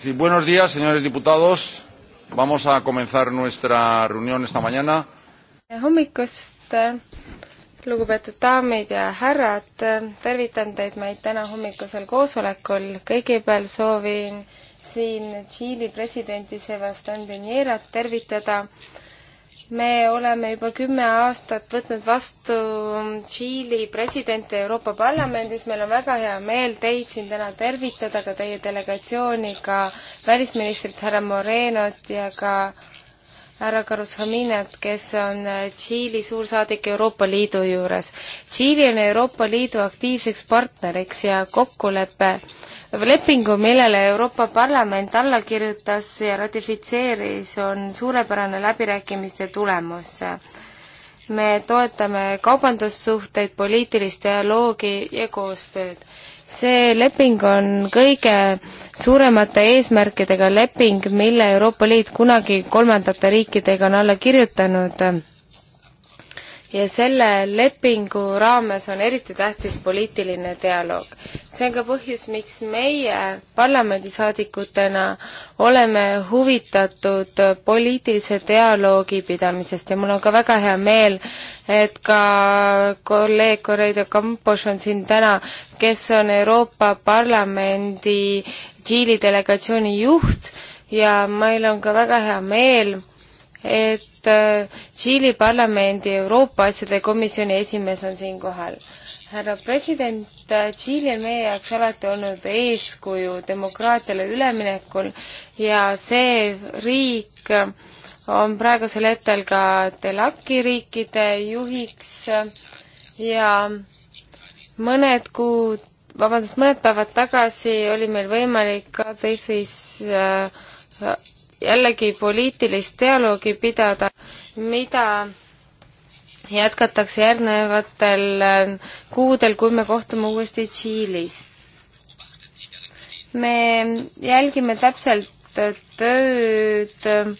Sí, buenos días, señores diputados. Vamos a comenzar nuestra reunión esta mañana. hommikust, lugupeetud daamid ja härrad, tervitan teid meid täna hommikusel koosolekul. kõigepealt soovin siin Tšiili presidenti Sebastian Pinerat tervitada me oleme juba kümme aastat võtnud vastu Tšiili presidenti Euroopa Parlamendis, meil on väga hea meel teid siin täna tervitada, ka teie delegatsiooni, ka välisministrit härra Morenot ja ka äh, härra Karushaminat, kes on äh, Tšiili suursaadik Euroopa Liidu juures. Tšiili on Euroopa Liidu aktiivseks partneriks ja kokkulepe, lepingu, millele Euroopa Parlament alla kirjutas ja ratifitseeris, on suurepärane läbirääkimiste tulemus. me toetame kaubandussuhteid, poliitilist dialoogi ja koostööd see leping on kõige suuremate eesmärkidega leping, mille Euroopa Liit kunagi kolmandate riikidega on alla kirjutanud ja selle lepingu raames on eriti tähtis poliitiline dialoog. see on ka põhjus, miks meie parlamendisaadikutena oleme huvitatud poliitilise dialoogi pidamisest ja mul on ka väga hea meel, et ka kolleeg Correio Campos on siin täna, kes on Euroopa Parlamendi Tšiili delegatsiooni juht ja meil on ka väga hea meel, et Äh, Tšiili parlamendi Euroopa asjade komisjoni esimees on siinkohal. härra president, äh, Tšiili on meie jaoks alati olnud eeskuju demokraatiale üleminekul ja see riik äh, on praegusel hetkel ka Telaki riikide juhiks ja mõned kuud vabandust, mõned päevad tagasi oli meil võimalik Cardiffis äh, jällegi poliitilist dialoogi pidada, mida jätkatakse järgnevatel äh, kuudel, kui me kohtume uuesti Tšiilis. me jälgime täpselt äh, tööd, äh,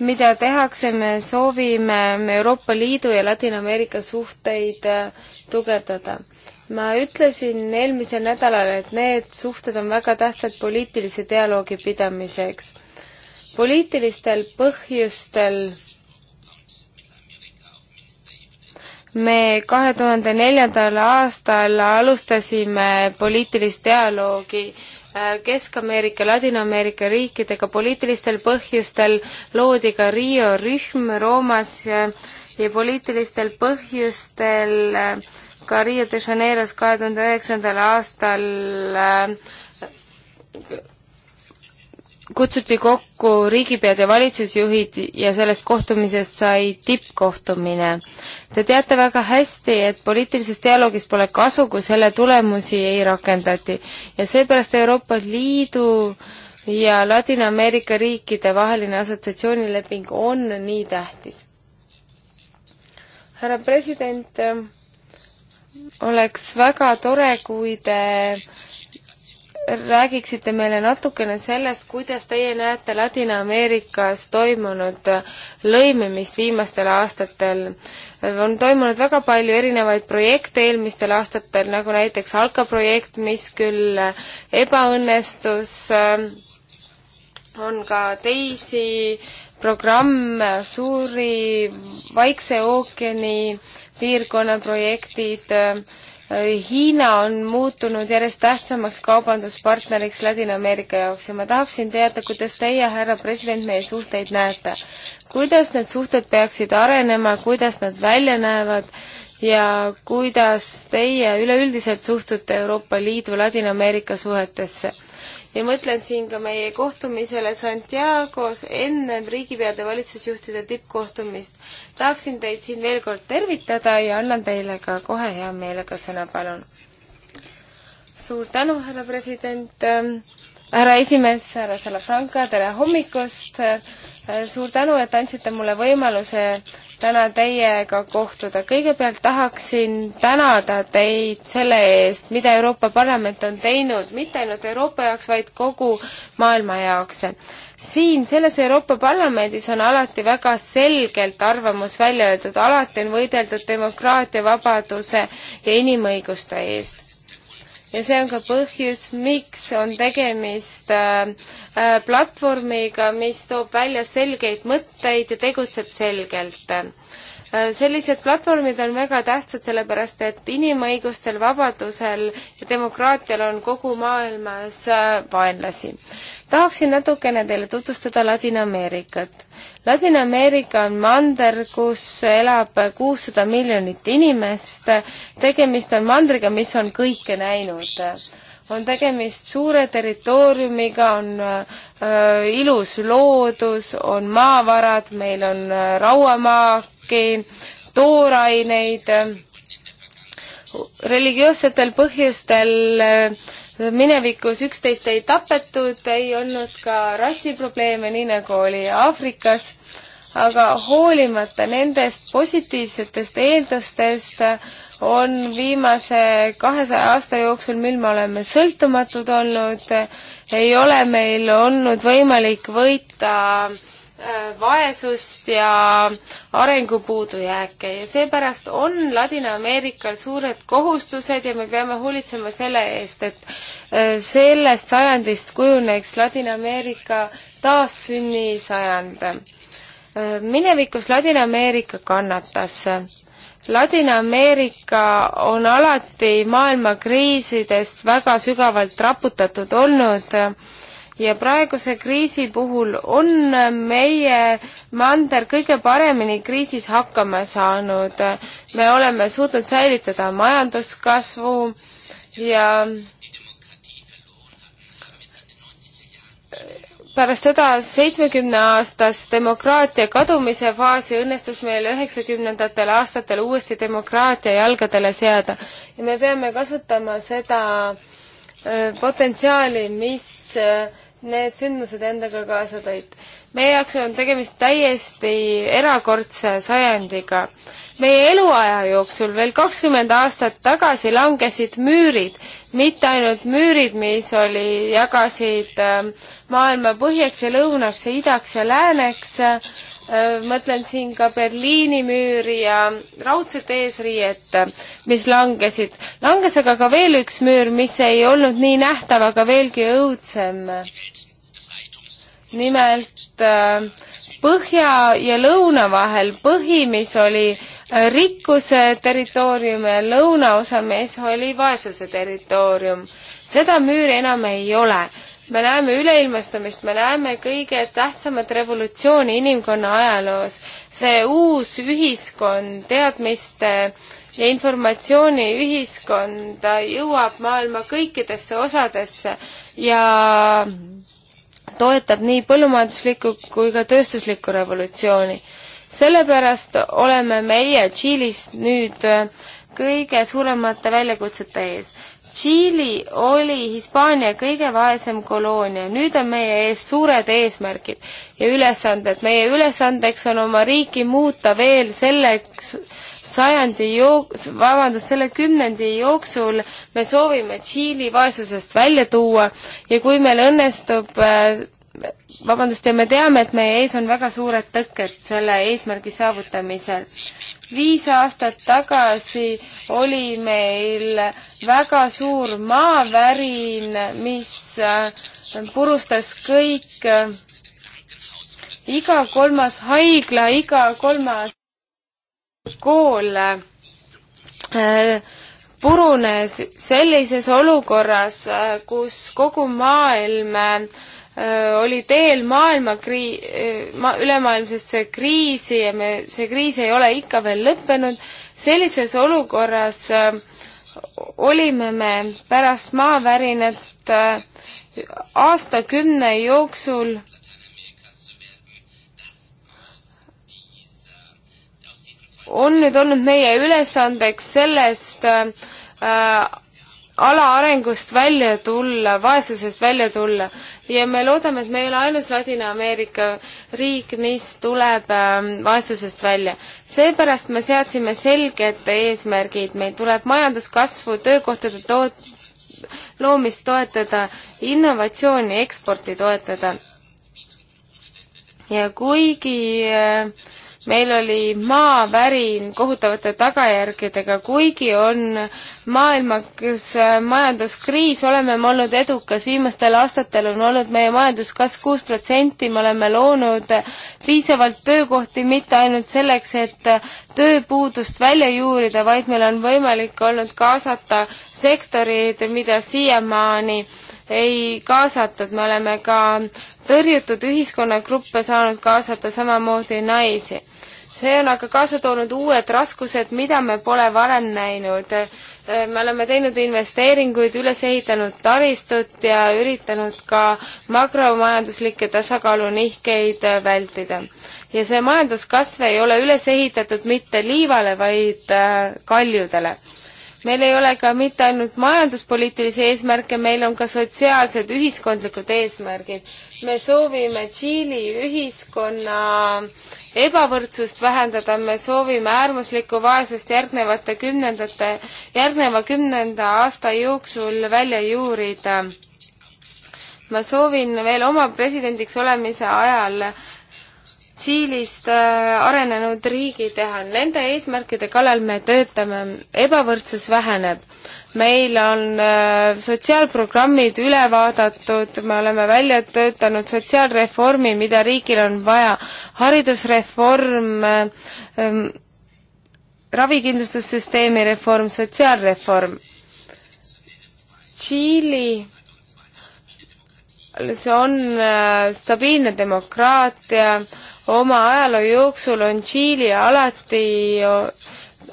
mida tehakse, me soovime Euroopa Liidu ja Ladina-Ameerika suhteid tugevdada ma ütlesin eelmisel nädalal, et need suhted on väga tähtsad poliitilise dialoogi pidamiseks poliitilistel põhjustel me kahe tuhande neljandal aastal alustasime poliitilist dialoogi äh, Kesk-Ameerika, Ladina-Ameerika riikidega poliitilistel põhjustel, loodi ka Rio rühm Roomas ja, ja poliitilistel põhjustel äh, ka Rio de Janeiros kahe tuhande üheksandal aastal äh, kutsuti kokku riigipead ja valitsusjuhid ja sellest kohtumisest sai tippkohtumine. Te teate väga hästi, et poliitilisest dialoogist pole kasu, kui selle tulemusi ei rakendati ja seepärast Euroopa Liidu ja Ladina-Ameerika riikide vaheline assotsiatsioonileping on nii tähtis. härra president, oleks väga tore, kui te räägiksite meile natukene sellest, kuidas teie näete Ladina-Ameerikas toimunud lõimimist viimastel aastatel? on toimunud väga palju erinevaid projekte eelmistel aastatel, nagu näiteks Alka projekt, mis küll ebaõnnestus, on ka teisi programme, suuri Vaikse ookeani piirkonna projektid, Hiina on muutunud järjest tähtsamaks kaubanduspartneriks Ladina-Ameerika jaoks ja ma tahaksin teada, kuidas teie, härra president, meie suhteid näete. kuidas need suhted peaksid arenema, kuidas nad välja näevad ja kuidas teie üleüldiselt suhtute Euroopa Liidu Ladina-Ameerika suhetesse? ja mõtlen siin ka meie kohtumisele Santiago's enne riigipeade valitsusjuhtide tippkohtumist. tahaksin teid siin veel kord tervitada ja annan teile ka kohe hea meelega sõna, palun. suur tänu, härra president, härra esimees, härra Salafranca, tere hommikust äh,! Äh, suur tänu, et andsite mulle võimaluse täna teiega kohtuda. kõigepealt tahaksin tänada teid selle eest, mida Euroopa Parlament on teinud, mitte ainult Euroopa jaoks, vaid kogu maailma jaoks. siin selles Euroopa Parlamendis on alati väga selgelt arvamus välja öeldud, alati on võideldud demokraatia, vabaduse ja inimõiguste eest ja see on ka põhjus, miks on tegemist äh, äh, platvormiga, mis toob välja selgeid mõtteid ja tegutseb selgelt äh, sellised platvormid on väga tähtsad, sellepärast et inimõigustel, vabadusel ja demokraatial on kogu maailmas vaenlasi tahaksin natukene teile tutvustada Ladina-Ameerikat. Ladina-Ameerika on mander, kus elab kuussada miljonit inimest, tegemist on mandriga, mis on kõike näinud. on tegemist suure territooriumiga, on äh, ilus loodus, on maavarad, meil on äh, rauamaaki, tooraineid äh,, religioossetel põhjustel äh, minevikus üksteist ei tapetud, ei olnud ka rassiprobleeme, nii nagu oli Aafrikas, aga hoolimata nendest positiivsetest eeldustest on viimase kahesaja aasta jooksul, mil me oleme sõltumatud olnud, ei ole meil olnud võimalik võita äh, Äh, vaesust ja arengupuudujääke ja seepärast on Ladina-Ameerikal suured kohustused ja me peame hoolitsema selle eest, et äh, sellest sajandist kujuneks Ladina-Ameerika taassünni sajand. Äh, minevikus Ladina-Ameerika kannatas Ladina-Ameerika on alati maailma kriisidest väga sügavalt raputatud olnud ja praeguse kriisi puhul on meie mander kõige paremini kriisis hakkama saanud. me oleme suutnud säilitada majanduskasvu ja pärast seda seitsmekümneaastast demokraatia kadumise faasi õnnestus meil üheksakümnendatel aastatel uuesti demokraatia jalgadele seada ja me peame kasutama seda äh, potentsiaali, mis äh, need sündmused endaga kaasa tõid. meie jaoks on tegemist täiesti erakordse sajandiga. meie eluaja jooksul veel kakskümmend aastat tagasi langesid müürid, mitte ainult müürid, mis oli, jagasid äh, maailma põhjaks ja lõunaks ja idaks ja lääneks Äh, mõtlen siin ka Berliini müüri ja raudset eesriiet, mis langesid. langes aga ka veel üks müür, mis ei olnud nii nähtav, aga veelgi õudsem. nimelt äh, põhja ja lõuna vahel, põhi, mis oli äh, rikkuse territoorium ja lõunaosa, mis oli vaesuse territoorium. seda müüri enam ei ole me näeme üleilmastumist, me näeme kõige tähtsamat revolutsiooni inimkonna ajaloos. see uus ühiskond, teadmiste ja informatsiooni ühiskond jõuab maailma kõikidesse osadesse ja toetab nii põllumajanduslikku kui ka tööstuslikku revolutsiooni. sellepärast oleme meie Tšiilis nüüd kõige suuremate väljakutsete ees. Tšiili oli Hispaania kõige vaesem koloonia, nüüd on meie ees suured eesmärgid ja ülesanded. meie ülesandeks on oma riiki muuta veel selleks sajandi jooks-, vabandust, selle kümnendi jooksul me soovime Tšiili vaesusest välja tuua ja kui meil õnnestub äh, vabandust, ja me teame, et meie ees on väga suured tõkked selle eesmärgi saavutamisel viis aastat tagasi oli meil väga suur maavärin, mis äh, purustas kõik, äh, iga kolmas haigla, iga kolmas kool äh, purunes sellises olukorras, kus kogu maailm äh, oli teel maailma krii-, ma-, ülemaailmsesse kriisi ja me, see kriis ei ole ikka veel lõppenud, sellises olukorras olime me pärast maavärinat aastakümne jooksul on nüüd olnud meie ülesandeks sellest äh, alaarengust välja tulla, vaesusest välja tulla ja me loodame, et me ei ole ainus Ladina-Ameerika riik, mis tuleb äh, vaesusest välja. seepärast me seadsime selged eesmärgid, meil tuleb majanduskasvu, töökohtade toot-, loomist toetada, innovatsiooni, eksporti toetada. ja kuigi äh, meil oli maavärin kohutavate tagajärgedega, kuigi on maailmas äh, majanduskriis, oleme me olnud edukas, viimastel aastatel on olnud meie majanduskasv kuus protsenti, me oleme loonud piisavalt töökohti mitte ainult selleks, et äh, tööpuudust välja juurida, vaid meil on võimalik olnud kaasata sektorid, mida siiamaani äh, ei kaasatud, me oleme ka tõrjutud ühiskonnagruppe saanud kaasata, samamoodi naisi. see on aga kaasa toonud uued raskused, mida me pole varem näinud. me oleme teinud investeeringuid, üles ehitanud taristut ja üritanud ka makromajanduslikke tasakaalunihkeid vältida. ja see majanduskasv ei ole üles ehitatud mitte liivale, vaid kaljudele meil ei ole ka mitte ainult majanduspoliitilisi eesmärke, meil on ka sotsiaalsed, ühiskondlikud eesmärgid. me soovime Tšiili ühiskonna ebavõrdsust vähendada, me soovime äärmuslikku vaesust järgnevate kümnendate, järgneva kümnenda aasta jooksul välja juurida ma soovin veel oma presidendiks olemise ajal Tšiilist äh, arenenud riigid teha. Nende eesmärkide kallal me töötame, ebavõrdsus väheneb. meil on äh, sotsiaalprogrammid üle vaadatud, me oleme välja töötanud sotsiaalreformi, mida riigil on vaja, haridusreform, äh, ähm, ravikindlustussüsteemi reform, sotsiaalreform. Tšiili see on stabiilne demokraatia, oma ajaloo jooksul on Tšiili alati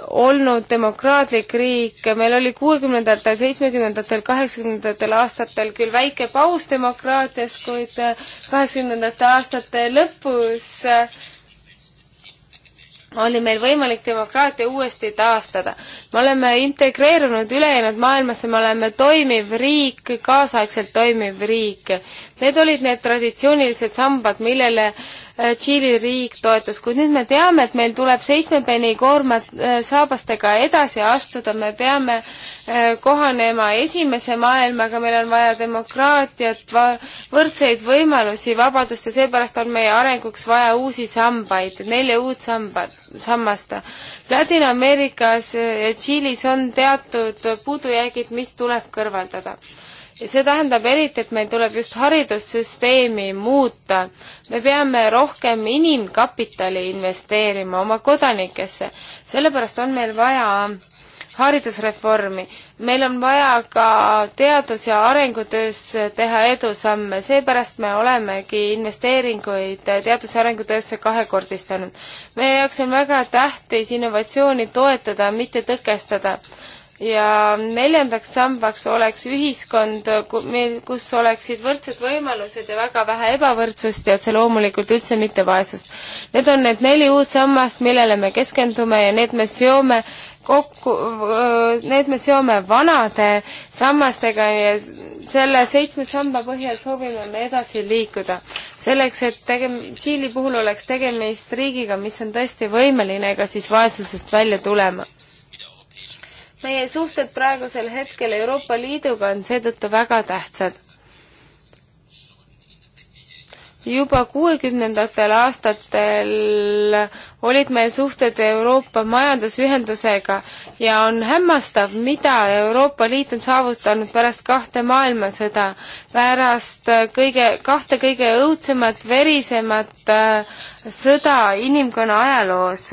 olnud demokraatlik riik, meil oli kuuekümnendatel, seitsmekümnendatel, kaheksakümnendatel aastatel küll väike paus demokraatias, kuid äh, kaheksakümnendate aastate lõpus äh, oli meil võimalik demokraatia uuesti taastada. me oleme integreerunud ülejäänud maailmasse, me oleme toimiv riik, kaasaegselt toimiv riik. Need olid need traditsioonilised sambad, millele äh, Äh, Tšiili riik toetas, kuid nüüd me teame, et meil tuleb seitsmepenni koormat äh, saabastega edasi astuda, me peame äh, kohanema esimese maailmaga, meil on vaja demokraatiat, võrdseid võimalusi, vabadust ja seepärast on meie arenguks vaja uusi sambaid, nelja uut samba, sammast. Ladina-Ameerikas ja Tšiilis on teatud puudujäägid, mis tuleb kõrvaldada see tähendab eriti, et meil tuleb just haridussüsteemi muuta. me peame rohkem inimkapitali investeerima oma kodanikesse, sellepärast on meil vaja haridusreformi. meil on vaja ka teadus- ja arengutöös teha edusamme, seepärast me olemegi investeeringuid teadus- ja arengutöösse kahekordistanud. meie jaoks on väga tähtis innovatsiooni toetada, mitte tõkestada ja neljandaks sambaks oleks ühiskond, kus oleksid võrdsed võimalused ja väga vähe ebavõrdsust ja otse loomulikult üldse mitte vaesust. Need on need neli uut sammast, millele me keskendume ja need me seome kokku, need me seome vanade sammastega ja selle seitsme samba põhjal soovime me edasi liikuda. selleks, et tegem-, Tšiili puhul oleks tegemist riigiga, mis on tõesti võimeline ka siis vaesusest välja tulema meie suhted praegusel hetkel Euroopa Liiduga on seetõttu väga tähtsad. juba kuuekümnendatel aastatel olid meie suhted Euroopa Majandusühendusega ja on hämmastav, mida Euroopa Liit on saavutanud pärast kahte maailmasõda, pärast kõige, kahte kõige õudsemat, verisemat äh, sõda inimkonna ajaloos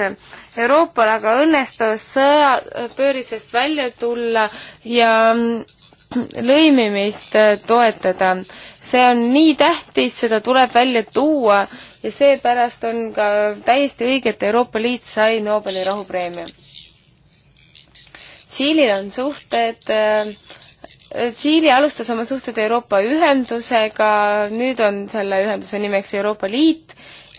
Euroopal aga õnnestus sõjapöörisest välja tulla ja lõimimist toetada. see on nii tähtis, seda tuleb välja tuua ja seepärast on ka täiesti õige, et Euroopa Liit sai Nobeli rahupreemia. Tšiilil on suhted äh, Tšiili alustas oma suhted Euroopa ühendusega, nüüd on selle ühenduse nimeks Euroopa Liit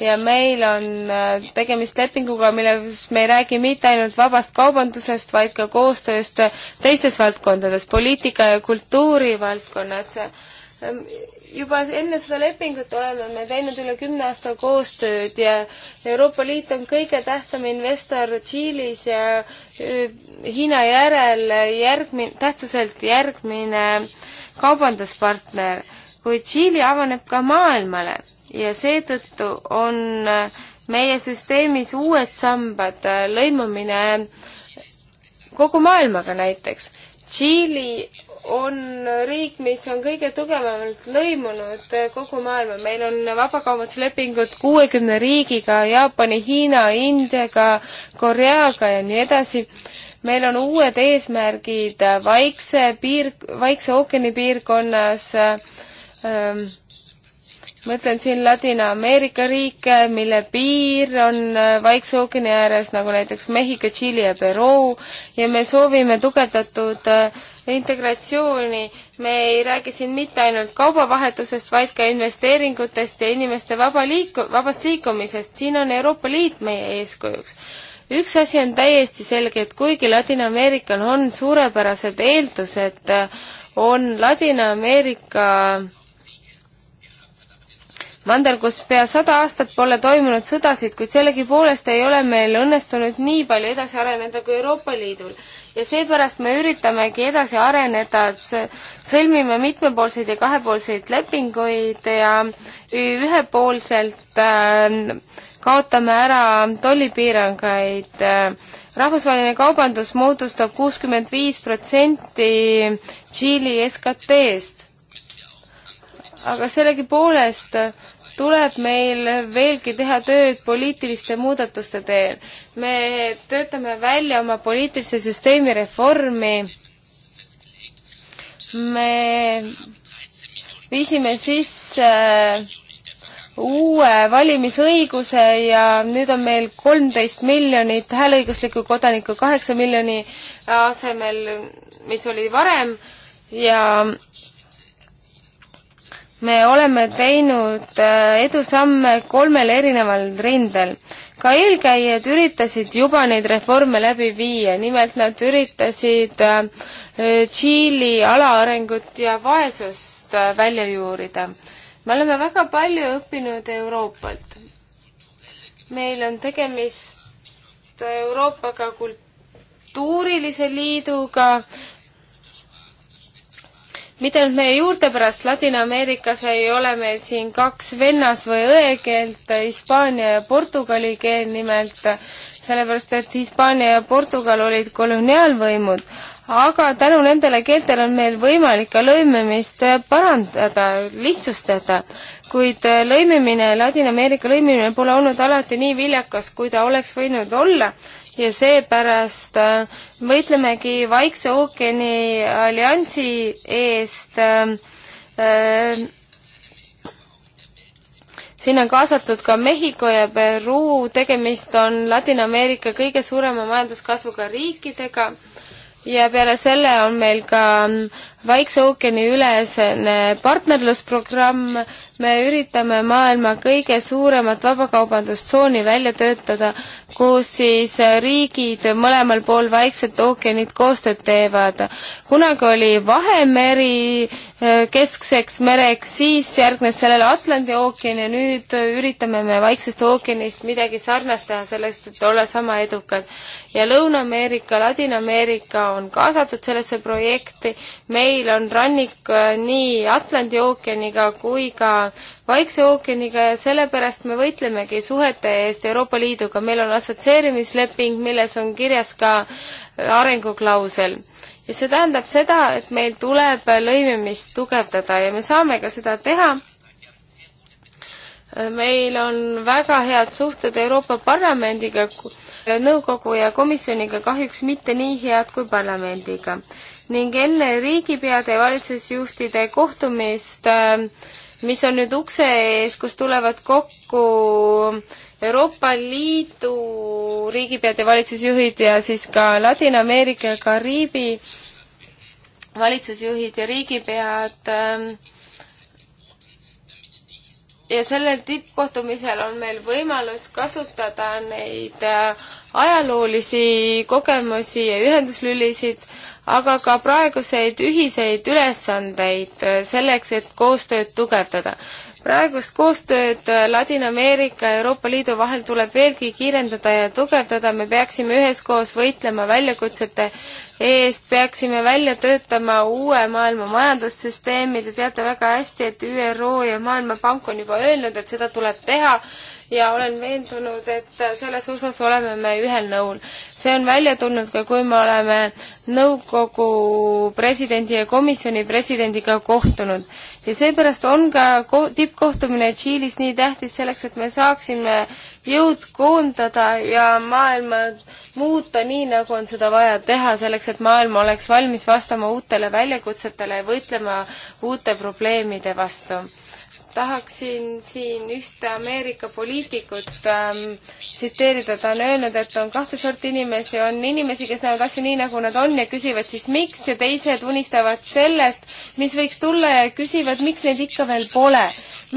ja meil on äh, tegemist lepinguga, milles me ei räägi mitte ainult vabast kaubandusest, vaid ka koostööst teistes valdkondades, poliitika ja kultuuri valdkonnas. Ähm, juba enne seda lepingut oleme me teinud üle kümne aasta koostööd ja Euroopa Liit on kõige tähtsam investor Tšiilis ja äh, Hiina järel järgmine, tähtsuselt järgmine kaubanduspartner, kuid Tšiili avaneb ka maailmale ja seetõttu on meie süsteemis uued sambad, äh, lõimumine kogu maailmaga näiteks. Tšiili on riik, mis on kõige tugevamalt lõimunud äh, kogu maailma. meil on vabakaubanduslepingud kuuekümne riigiga, Jaapani, Hiina, Indiaga, Koreaga ja nii edasi. meil on uued eesmärgid äh, Vaikse piir, Vaikse ookeani piirkonnas ähm, mõtlen siin Ladina-Ameerika riike, mille piir on äh, Vaikse ookeani ääres, nagu näiteks Mehhiko, Tšiili ja Peruu ja me soovime tugevdatud äh, integratsiooni. me ei räägi siin mitte ainult kaubavahetusest, vaid ka investeeringutest ja inimeste vaba liiku-, vabast liikumisest. siin on Euroopa Liit meie eeskujuks üks asi on täiesti selge, et kuigi Ladina-Ameerikal on suurepärased eeldused, äh, on Ladina-Ameerika mandel, kus pea sada aastat pole toimunud sõdasid, kuid sellegipoolest ei ole meil õnnestunud nii palju edasi areneda kui Euroopa Liidul. ja seepärast me üritamegi edasi areneda, sõlmime mitmepoolseid ja kahepoolseid lepinguid ja ühepoolselt äh, kaotame ära tollipiiranguid. rahvusvaheline kaubandus moodustab kuuskümmend viis protsenti Tšiili SKT-st aga sellegipoolest tuleb meil veelgi teha tööd poliitiliste muudatuste teel. me töötame välja oma poliitilise süsteemi reformi, me viisime sisse äh, uue valimisõiguse ja nüüd on meil kolmteist miljonit hääleõiguslikku kodanikku kaheksa miljoni asemel, mis oli varem ja me oleme teinud äh, edusamme kolmel erineval rindel. ka eelkäijad üritasid juba neid reforme läbi viia, nimelt nad üritasid äh, Tšiili alaarengut ja vaesust äh, välja juurida. me oleme väga palju õppinud Euroopalt. meil on tegemist Euroopaga kultuurilise liiduga, mitte ainult meie juurte pärast, Ladina-Ameerikas ei ole meil siin kaks vennas- või õekeelt, hispaania ja portugali keel nimelt, sellepärast et Hispaania ja Portugal olid koloniaalvõimud, aga tänu nendele keeltele on meil võimalik ka lõimimist parandada, lihtsustada. kuid lõimimine, Ladina-Ameerika lõimimine pole olnud alati nii viljakas, kui ta oleks võinud olla ja seepärast äh, võitlemegi Vaikse ookeani alliansi eest äh, äh, siin on kaasatud ka Mehhiko ja Peruu, tegemist on Ladina-Ameerika kõige suurema majanduskasvuga riikidega ja peale selle on meil ka Vaikse ookeani ülesene partnerlusprogramm, me üritame maailma kõige suuremat vabakaubandustsooni välja töötada, kus siis riigid mõlemal pool Vaikset ookeanit koostööd teevad. kunagi oli Vahemeri eh, keskseks mereks, siis järgnes sellele Atlandi ookean ja nüüd üritame me Vaiksest ookeanist midagi sarnast teha selleks, et olla sama edukad. ja Lõuna-Ameerika, Ladina-Ameerika on kaasatud sellesse projekti, meil meil on rannik äh, nii Atlandi ookeaniga kui ka Vaikse ookeaniga ja sellepärast me võitlemegi suhete eest Euroopa Liiduga. meil on assotsieerimisleping, milles on kirjas ka äh, arenguklausel. ja see tähendab seda, et meil tuleb lõimimist tugevdada ja me saame ka seda teha äh, meil on väga head suhted Euroopa Parlamendiga, nõukogu ja komisjoniga, kahjuks mitte nii head kui parlamendiga ning enne riigipeade ja valitsusjuhtide kohtumist, äh, mis on nüüd ukse ees, kus tulevad kokku Euroopa Liidu riigipead ja valitsusjuhid ja siis ka Ladina-Ameerika ja Kariibi valitsusjuhid ja riigipead ähm, ja sellel tippkohtumisel on meil võimalus kasutada neid äh, ajaloolisi kogemusi ja ühenduslülisid, aga ka praeguseid ühiseid ülesandeid äh, selleks, et koostööd tugevdada. praegust koostööd äh, Ladina-Ameerika ja Euroopa Liidu vahel tuleb veelgi kiirendada ja tugevdada, me peaksime üheskoos võitlema väljakutsete eest, peaksime välja töötama uue maailma majandussüsteemi, te teate väga hästi, et ÜRO ja Maailmapank on juba öelnud, et seda tuleb teha ja olen veendunud, et selles osas oleme me ühel nõul. see on välja tulnud ka, kui me oleme nõukogu presidendi ja komisjoni presidendiga kohtunud. ja seepärast on ka ko-, tippkohtumine Tšiilis nii tähtis selleks, et me saaksime jõud koondada ja maailma muuta nii, nagu on seda vaja teha, selleks et maailm oleks valmis vastama uutele väljakutsetele ja võitlema uute probleemide vastu tahaksin siin ühte Ameerika poliitikut ähm, tsiteerida, ta on öelnud, et on kahte sorti inimesi, on inimesi, kes näevad asju nii, nagu nad on ja küsivad siis miks ja teised unistavad sellest, mis võiks tulla ja küsivad, miks neid ikka veel pole.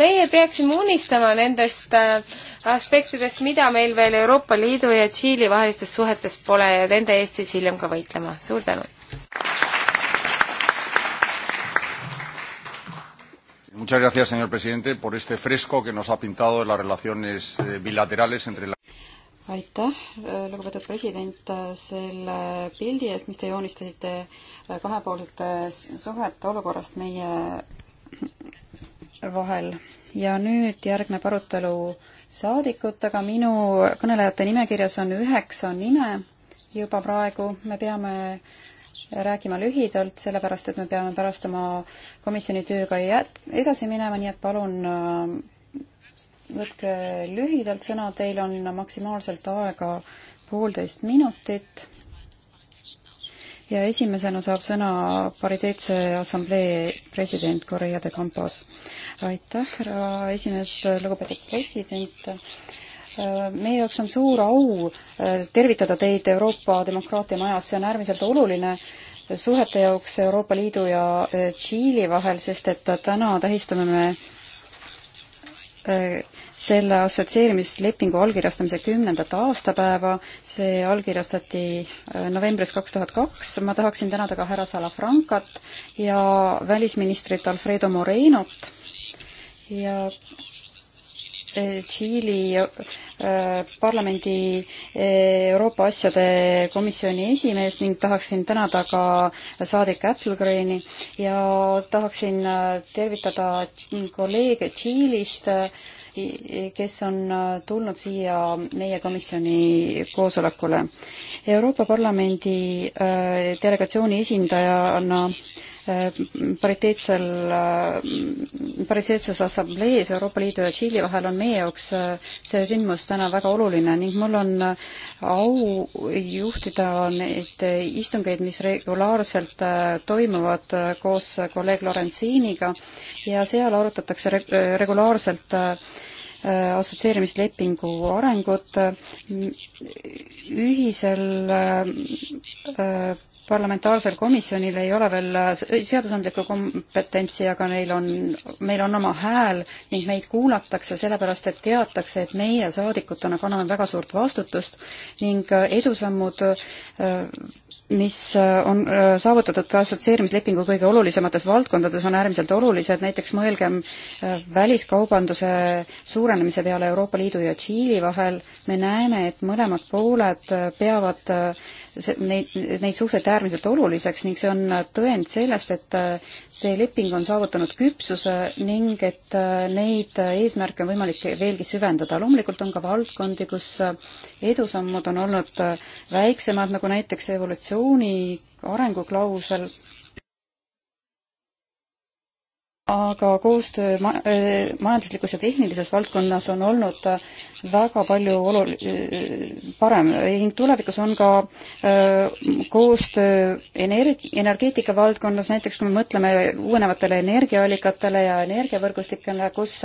meie peaksime unistama nendest äh, aspektidest, mida meil veel Euroopa Liidu ja Tšiili vahelistes suhetes pole ja nende eest siis hiljem ka võitlema. suur tänu! Muchas gracias, señor presidente, por este fresco que nos ha pintado las relaciones eh, bilaterales entre la aitäh, eh, lugupeetud president, selle pildi eest, mis te joonistasite eh, kahepoolsete suhete olukorrast meie vahel. ja nüüd järgneb arutelu saadikutega, minu kõnelejate nimekirjas on üheksa nime juba praegu, me peame äh, rääkima lühidalt, sellepärast et me peame pärast oma komisjoni tööga jät-, edasi minema, nii et palun äh, võtke lühidalt sõna, teil on maksimaalselt aega poolteist minutit ja esimesena saab sõna Pariteetse Assamblee president Correa de Campos. aitäh, härra esimees, lugupeetud president, Äh, meie jaoks on suur au äh, tervitada teid Euroopa Demokraatia Majas, see on äärmiselt oluline suhete jaoks Euroopa Liidu ja äh, Tšiili vahel, sest et täna tähistame me selle assotsieerimislepingu allkirjastamise kümnendat aastapäeva, see allkirjastati novembris kaks tuhat kaks, ma tahaksin tänada ka härra Salafrancat ja välisministrit Alfredo Morenot ja Äh, Tšiili äh, parlamendi äh, Euroopa asjade komisjoni esimees ning tahaksin tänada ka saadik Applegreni ja tahaksin tervitada kolleege Tšiilist, kes on tulnud siia meie komisjoni koosolekule. Euroopa Parlamendi delegatsiooni esindajana pariteetsel, pariteetses assamblees Euroopa Liidu ja Tšiili vahel on meie jaoks äh, see sündmus täna väga oluline ning mul on äh, au juhtida neid istungeid, mis regulaarselt äh, toimuvad koos kolleeg Lorentziiniga ja seal arutatakse reg regulaarselt assotsieerimislepingu arengut ühisel parlamentaarsel komisjonil ei ole veel äh, seadusandlikku kompetentsi, aga neil on, meil on oma hääl ning meid kuulatakse sellepärast, et teatakse, et meie saadikutena kanname väga suurt vastutust ning äh, edusammud, äh, mis on saavutatud assotsieerimislepingu kõige olulisemates valdkondades, on äärmiselt olulised, näiteks mõelgem väliskaubanduse suurenemise peale Euroopa Liidu ja Tšiili vahel, me näeme, et mõlemad pooled peavad neid, neid suhteid äärmiselt oluliseks ning see on tõend sellest, et äh, see leping on saavutanud küpsuse ning et äh, neid äh, eesmärke on võimalik veelgi süvendada. loomulikult on ka valdkondi, kus edusammud on olnud väiksemad, nagu näiteks evolutsiooni arenguklausel aga koostöö ma-, äh, majanduslikus ja tehnilises valdkonnas on olnud äh, väga palju olul-, äh, parem ning tulevikus on ka koostöö energi-, energeetika valdkonnas, näiteks kui me mõtleme uuenevatele energiaallikatele ja energiavõrgustikele, kus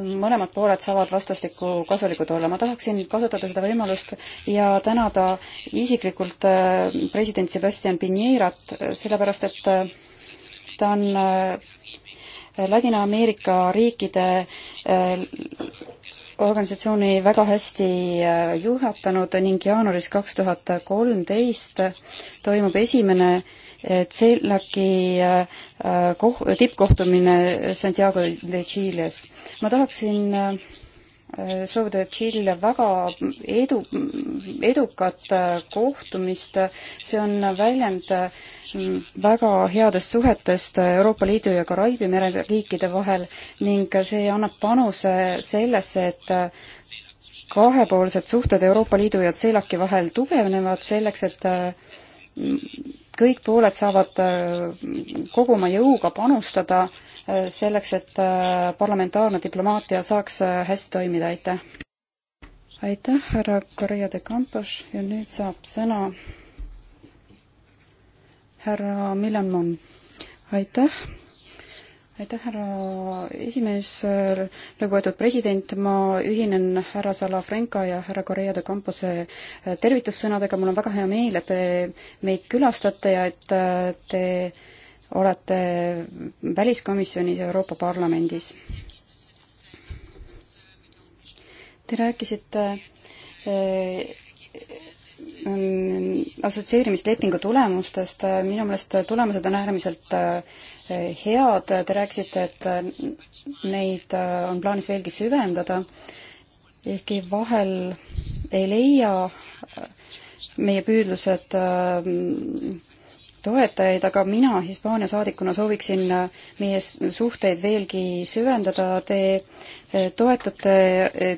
mõlemad pooled saavad vastastikku kasulikud olla. ma tahaksin kasutada seda võimalust ja tänada isiklikult president Sebastian Piñerat, sellepärast et ta on Ladina-Ameerika riikide eh, organisatsiooni väga hästi eh, juhatanud ning jaanuaris kaks tuhat kolmteist toimub esimene CELAC-i eh, koh-, tippkohtumine Santiago de Chiles. ma tahaksin soovida Tšiilile väga edu, edukat kohtumist, see on väljend Mm, väga headest suhetest Euroopa Liidu ja Karaiibi mere riikide vahel ning see annab panuse sellesse, et kahepoolsed suhted Euroopa Liidu ja CELAC-i vahel tugevnevad selleks, et mm, kõik pooled saavad mm, kogu oma jõuga panustada äh, selleks, et äh, parlamentaarne diplomaatia saaks äh, hästi toimida, aitäh! aitäh, härra Correa de Campos ja nüüd saab sõna härra Miljan Mann. aitäh aitäh, härra esimees, lugupeetud president, ma ühinen härra Salafranca ja härra Correa de Campose äh, tervitussõnadega, mul on väga hea meel, et te meid külastate ja et äh, te olete väliskomisjonis Euroopa Parlamendis. Te rääkisite äh, assotsieerimislepingu tulemustest, äh, minu meelest tulemused on äärmiselt äh, head, te rääkisite, et äh, neid on plaanis veelgi süvendada, ehkki vahel ei leia meie püüdlused toetajaid, aga mina Hispaania saadikuna sooviksin meie suhteid veelgi süvendada. Te toetate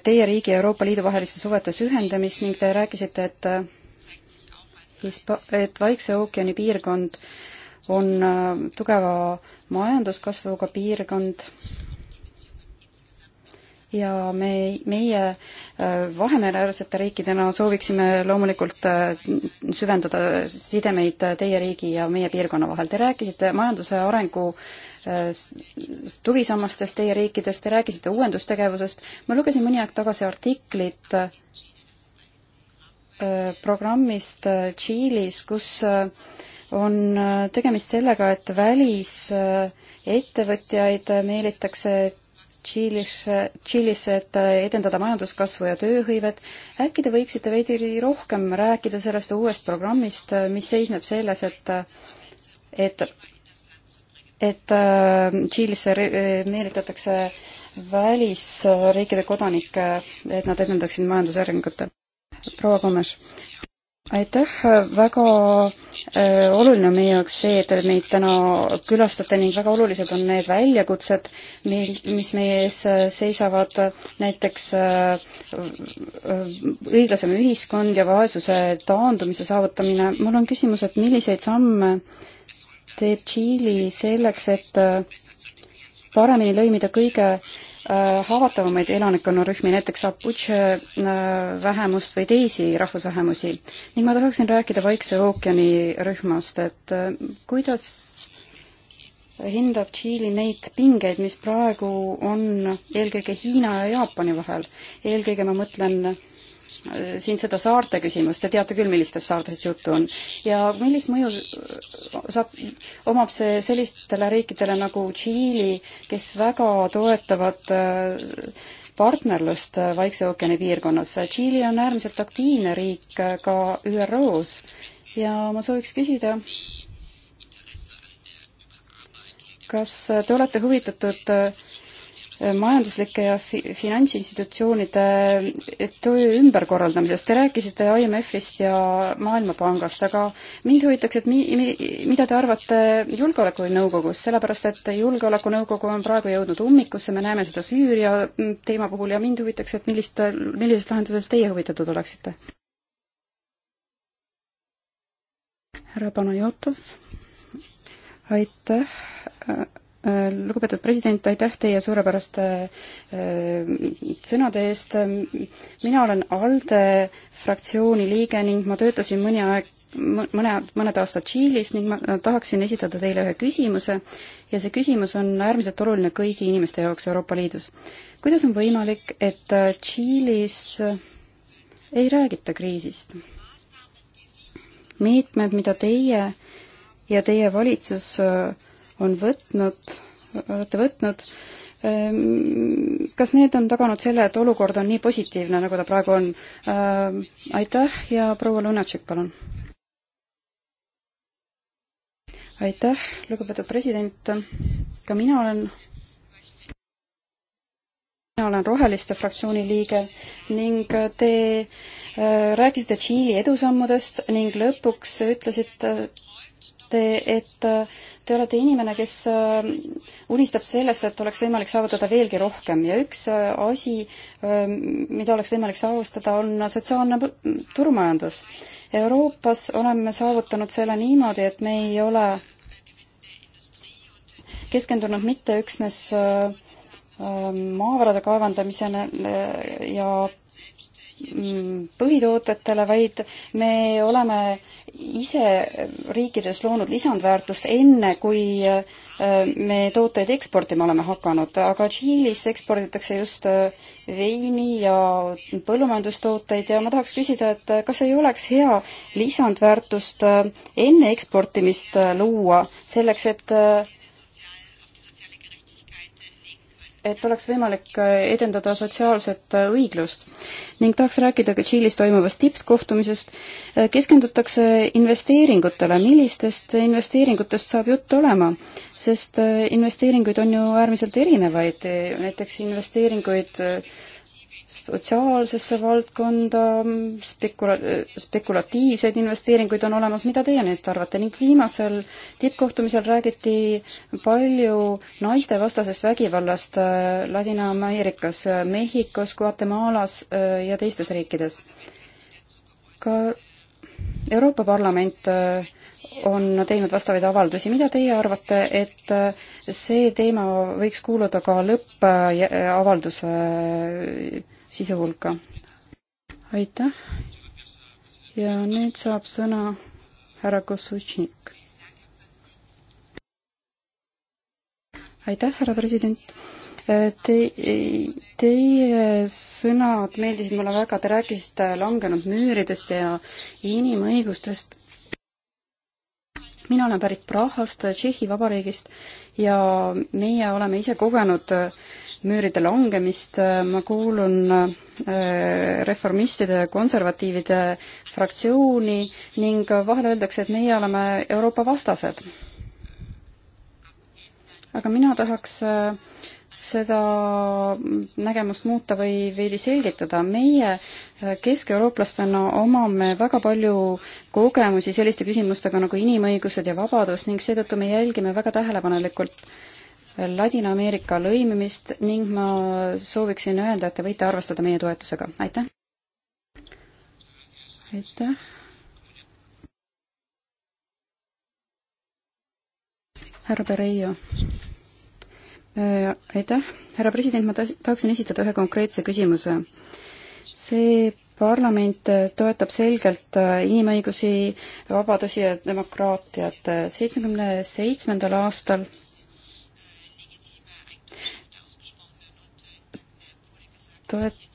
teie riigi ja Euroopa Liidu vaheliste suhete süvendamist ning te rääkisite, et Hispa-, et Vaikse ookeani piirkond on äh, tugeva majanduskasvuga piirkond ja me, meie äh, Vahemereäärsete riikidena sooviksime loomulikult äh, süvendada sidemeid teie riigi ja meie piirkonna vahel. Te rääkisite majanduse arengu tugisammastest teie riikidest, te rääkisite uuendustegevusest, ma lugesin mõni aeg tagasi artiklit Äh, programmist äh, Tšiilis, kus äh, on tegemist sellega, et välisettevõtjaid meelitakse Tšiilisse, Tšiilisse, et edendada majanduskasvu ja tööhõivet. äkki te võiksite veidi rohkem rääkida sellest uuest programmist, mis seisneb selles, et, et, et Tšiilisse meelitatakse välisriikide kodanikke, et nad edendaksid majandusarengut? proua Komes. aitäh, väga äh, oluline on meie jaoks see, et meid täna külastate ning väga olulised on need väljakutsed, mis meie ees äh, seisavad, näiteks äh, õiglasem ühiskond ja vaesuse taandumise saavutamine. mul on küsimus, et milliseid samme teeb Tšiili selleks, et paremini lõimida kõige Äh, haavatavamaid elanikkonnarühmi, näiteks Apuche äh, vähemust või teisi rahvusvähemusi. ning ma tahaksin rääkida Vaikse ookeani rühmast, et äh, kuidas hindab Tšiili neid pingeid, mis praegu on eelkõige Hiina ja Jaapani vahel. eelkõige ma mõtlen Äh, siin seda saarte küsimust, te teate küll, millistest saartest juttu on. ja millist mõju saab, omab see sellistele riikidele nagu Tšiili, kes väga toetavad äh, partnerlust äh, Vaikse ookeani piirkonnas. Tšiili on äärmiselt aktiivne riik ka ÜRO-s ja ma sooviks küsida, kas te olete huvitatud majanduslike ja fi finantsinstitutsioonide töö ümberkorraldamisest. Te rääkisite IMF-ist ja Maailmapangast, aga mind huvitaks, et mi-, mi-, mida te arvate Julgeolekunõukogust, sellepärast et Julgeolekunõukogu on praegu jõudnud ummikusse, me näeme seda Süüria teema puhul ja mind huvitaks, et millist, millisest lahendusest teie huvitatud oleksite? härra Panajotov, aitäh Lugupeetud president, aitäh teie suurepäraste äh, sõnade eest. mina olen ALDE fraktsiooni liige ning ma töötasin mõni aeg, mõne, mõned aastad Tšiilis ning ma tahaksin esitada teile ühe küsimuse ja see küsimus on äärmiselt oluline kõigi inimeste jaoks Euroopa Liidus. kuidas on võimalik, et äh, Tšiilis äh, ei räägita kriisist? meetmed, mida teie ja teie valitsus äh, on võtnud, olete võtnud, ehm, kas need on taganud selle, et olukord on nii positiivne, nagu ta praegu on? Ehm, aitäh ja proua Lunatšik, palun. aitäh, lugupeetud president. ka mina olen mina olen Roheliste fraktsiooni liige ning te eh, rääkisite Tšiili edusammudest ning lõpuks ütlesite, ütlete, et äh, te olete inimene, kes äh, unistab sellest, et oleks võimalik saavutada veelgi rohkem ja üks äh, asi, ähm, mida oleks võimalik saavutada, on sotsiaalne turumajandus. Euroopas oleme saavutanud selle niimoodi, et me ei ole keskendunud mitte üksnes maavarade kaevandamisele ja põhitootjatele, vaid me oleme ise riikides loonud lisandväärtust enne, kui äh, me tooteid eksportima oleme hakanud, aga Tšiilis eksporditakse just äh, veini ja põllumajandustooteid ja ma tahaks küsida, et äh, kas ei oleks hea lisandväärtust enne eksportimist luua, selleks et et oleks võimalik äh, edendada sotsiaalset äh, õiglust. ning tahaks rääkida ka Tšiilis toimuvast tippkohtumisest. Äh, keskendutakse investeeringutele, millistest investeeringutest saab jutt olema? sest investeeringuid on ju äärmiselt erinevaid, näiteks investeeringuid sotsiaalsesse valdkonda, spekula-, spekulatiivseid investeeringuid on olemas, mida teie neist arvate ning viimasel tippkohtumisel räägiti palju naistevastasest vägivallast äh, Ladina-Ameerikas, äh, Mehhikos, Guatemalas äh, ja teistes riikides. ka Euroopa Parlament on teinud vastavaid avaldusi, mida teie arvate, et see teema võiks kuuluda ka lõppavalduse sisu hulka. aitäh ja nüüd saab sõna härra Kossutšnik. aitäh, härra president. Te, teie sõnad meeldisid mulle väga, te rääkisite langenud müüridest ja inimõigustest. mina olen pärit Prahast, Tšehhi Vabariigist ja meie oleme ise kogenud müüride langemist, ma kuulun äh, reformistide ja konservatiivide fraktsiooni ning vahel öeldakse, et meie oleme Euroopa vastased. aga mina tahaks äh, seda nägemust muuta või veidi selgitada. meie äh, keskeurooplastena omame väga palju kogemusi selliste küsimustega nagu inimõigused ja vabadus ning seetõttu me jälgime väga tähelepanelikult äh, Ladina-Ameerika lõimimist ning ma sooviksin öelda, et te võite arvestada meie toetusega, aitäh! aitäh! härra Pereio. Äh, aitäh, härra president, ma tahaksin esitada ühe konkreetse küsimuse. see parlament toetab selgelt äh, inimõigusi, vabadusi ja demokraatiat. seitsmekümne seitsmendal aastal toet-,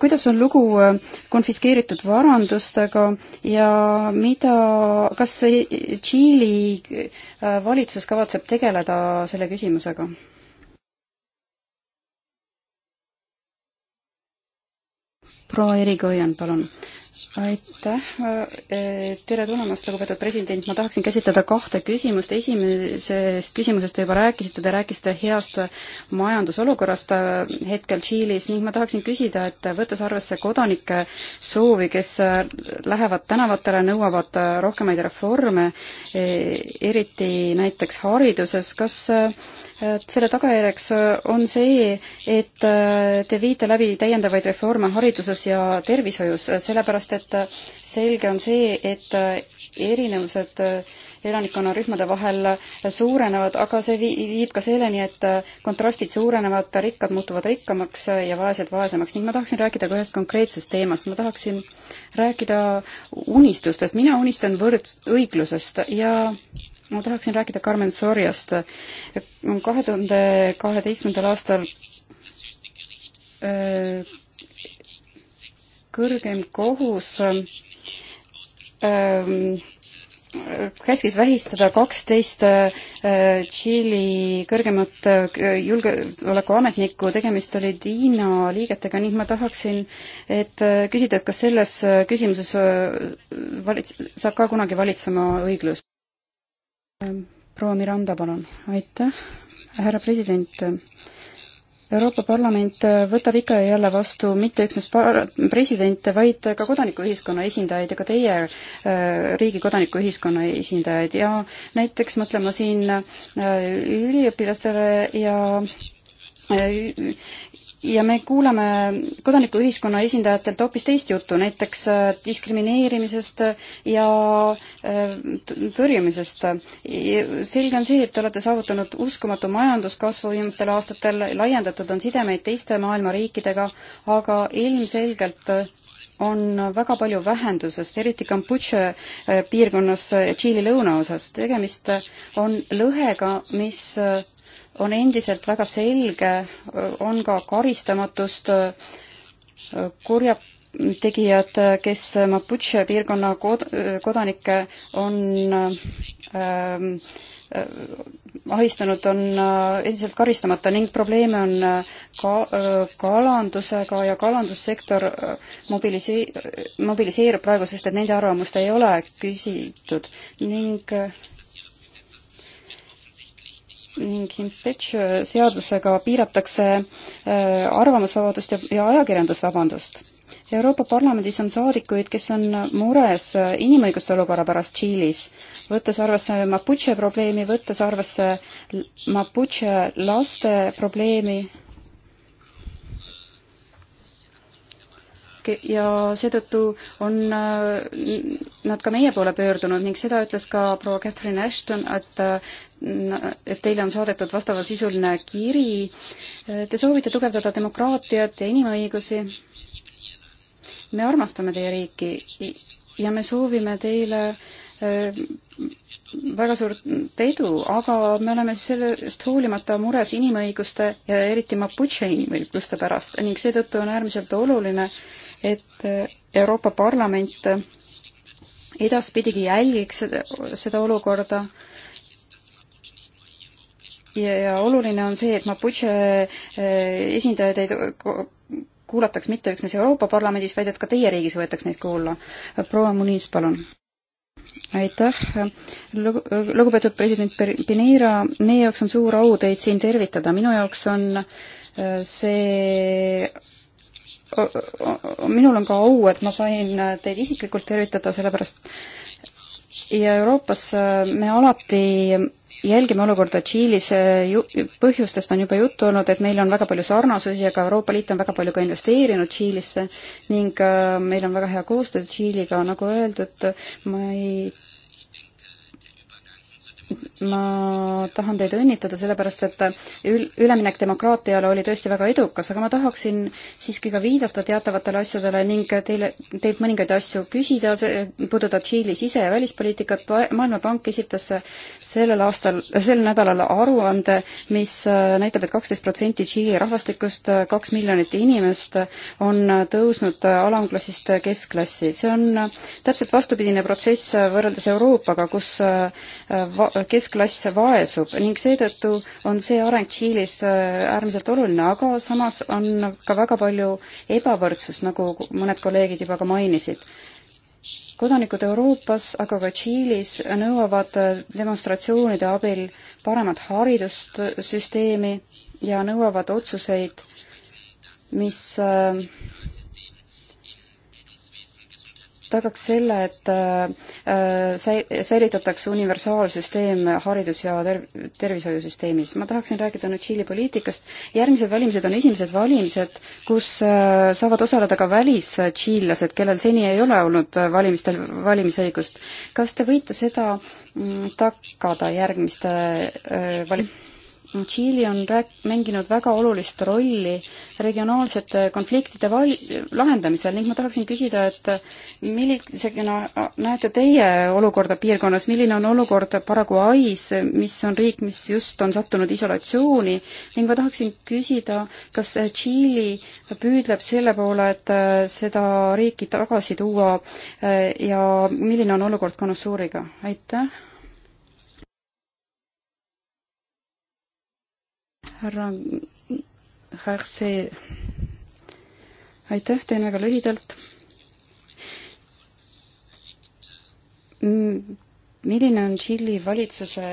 kuidas on lugu äh, konfiskeeritud varandustega ja mida, kas Tšiili äh, valitsus kavatseb tegeleda selle küsimusega? proua Erikoian, palun aitäh, tere tulemast, lugupeetud president, ma tahaksin käsitleda kahte küsimust, esimesest küsimusest te juba rääkisite, te rääkisite heast majandusolukorrast hetkel Tšiilis ning ma tahaksin küsida, et võttes arvesse kodanike soovi, kes lähevad tänavatele, nõuavad rohkemaid reforme, eriti näiteks hariduses, kas selle tagajärjeks äh, on see, et äh, te viite läbi täiendavaid reforme hariduses ja tervishoius, äh, sellepärast et selge on see, et erinevused elanikkonnarühmade vahel suurenevad, aga see viib ka selleni, et kontrastid suurenevad, rikkad muutuvad rikkamaks ja vaesed vaesemaks ning ma tahaksin rääkida ka ühest konkreetsest teemast, ma tahaksin rääkida unistustest, mina unistan võrd-, õiglusest ja ma tahaksin rääkida Carmen Soriast. kahe tuhande kaheteistkümnendal aastal äh, kõrgem kohus ähm, käskis vähistada kaksteist äh, Tšiili kõrgemat äh, julgeolekuametnikku, tegemist oli Hiina liigetega ning ma tahaksin, et küsida, et kas selles küsimuses valits-, saab ka kunagi valitsema õiglus? proua Miranda, palun. aitäh, härra president. Euroopa Parlament võtab ikka ja jälle vastu mitte üksnes presidente, vaid ka kodanikuühiskonna esindajaid ja ka teie äh, riigi kodanikuühiskonna esindajaid ja näiteks mõtlen ma siin äh, üliõpilastele ja äh, ja me kuuleme kodanikuühiskonna esindajatelt hoopis teist juttu, näiteks äh, diskrimineerimisest äh, ja äh, tõrjumisest. selge on see, et te olete saavutanud uskumatu majanduskasvu viimastel aastatel, laiendatud on sidemeid teiste maailma riikidega, aga ilmselgelt on väga palju vähendusest, eriti Kambutša piirkonnas Tšiili lõunaosas. tegemist on lõhega, mis on endiselt väga selge, on ka karistamatust äh, kurjategijad, kes Mapuche piirkonna kod-, kodanikke on ähm, äh, ahistanud, on äh, endiselt karistamata ning probleeme on ka kalandusega ja kalandussektor mobilise-, mobiliseerub praegu, sest et nende arvamust ei ole küsitud ning äh, ning Himpech äh, seadusega piiratakse äh, arvamusvabadust ja, ja ajakirjandusvabandust. Euroopa Parlamendis on saadikuid, kes on mures äh, inimõiguste olukorra pärast Tšiilis, võttes arvesse Mapuche probleemi, võttes arvesse Mapuche laste probleemi ja seetõttu on nad ka meie poole pöördunud ning seda ütles ka proua Catherine Ashton, et et teile on saadetud vastavasisuline kiri. Te soovite tugevdada demokraatiat ja inimõigusi. me armastame teie riiki ja me soovime teile äh, väga suurt edu, aga me oleme sellest hoolimata mures inimõiguste ja eriti Mapuche inimõiguste pärast ning seetõttu on äärmiselt oluline, et äh, Euroopa Parlament edaspidigi jälgiks seda, seda olukorda ja, ja oluline on see, et Mapuche eh, esindajaid ei kuulataks mitte üksnes Euroopa Parlamendis, vaid et ka teie riigis võetaks neid kuulla. proua Muniz, palun. aitäh, lugupeetud president Pinera, meie jaoks on suur au teid siin tervitada, minu jaoks on eh, see minul on ka au, et ma sain teid isiklikult tervitada, sellepärast ja Euroopas me alati jälgime olukorda Tšiilis, põhjustest on juba juttu olnud, et meil on väga palju sarnasusi, aga Euroopa Liit on väga palju ka investeerinud Tšiilisse ning äh, meil on väga hea koostöö Tšiiliga, nagu öeldud, ma ei ma tahan teid õnnitleda, sellepärast et ül-, üleminek demokraatiale oli tõesti väga edukas, aga ma tahaksin siiski ka viidata teatavatele asjadele ning teile, teilt mõningaid asju küsida, see puudutab Tšiili sise- ja välispoliitikat, Maailmapank esitas sellel aastal, sel nädalal aruande, mis äh, näitab et, et kaksteist protsenti Tšiili rahvastikust, kaks miljonit inimest, on tõusnud alamklassist keskklassi. see on täpselt vastupidine protsess võrreldes Euroopaga, kus äh, va-, keskklass vaesub ning seetõttu on see areng Tšiilis äh, äärmiselt oluline, aga samas on ka väga palju ebavõrdsust, nagu mõned kolleegid juba ka mainisid. kodanikud Euroopas, aga ka Tšiilis nõuavad äh, demonstratsioonide abil paremat haridust, süsteemi ja nõuavad otsuseid, mis äh, tagaks selle, et äh, äh, säilitatakse universaalsüsteem haridus- ja ter-, tervishoiusüsteemis. ma tahaksin rääkida nüüd Tšiili poliitikast. järgmised valimised on esimesed valimised, kus äh, saavad osaleda ka välistšiillased, kellel seni ei ole olnud valimistel valimisõigust. kas te võite seda mm, tagada järgmiste vali-? Tšiili on rääk-, mänginud väga olulist rolli regionaalsete konfliktide val-, lahendamisel ning ma tahaksin küsida, et millisena näete teie olukorda piirkonnas, milline on olukord Paraguay's, mis on riik, mis just on sattunud isolatsiooni ning ma tahaksin küsida, kas Tšiili püüdleb selle poole, et seda riiki tagasi tuua ja milline on olukord Connoissuriga? aitäh härra Härsi, aitäh teile väga lühidalt. milline on Tšiili valitsuse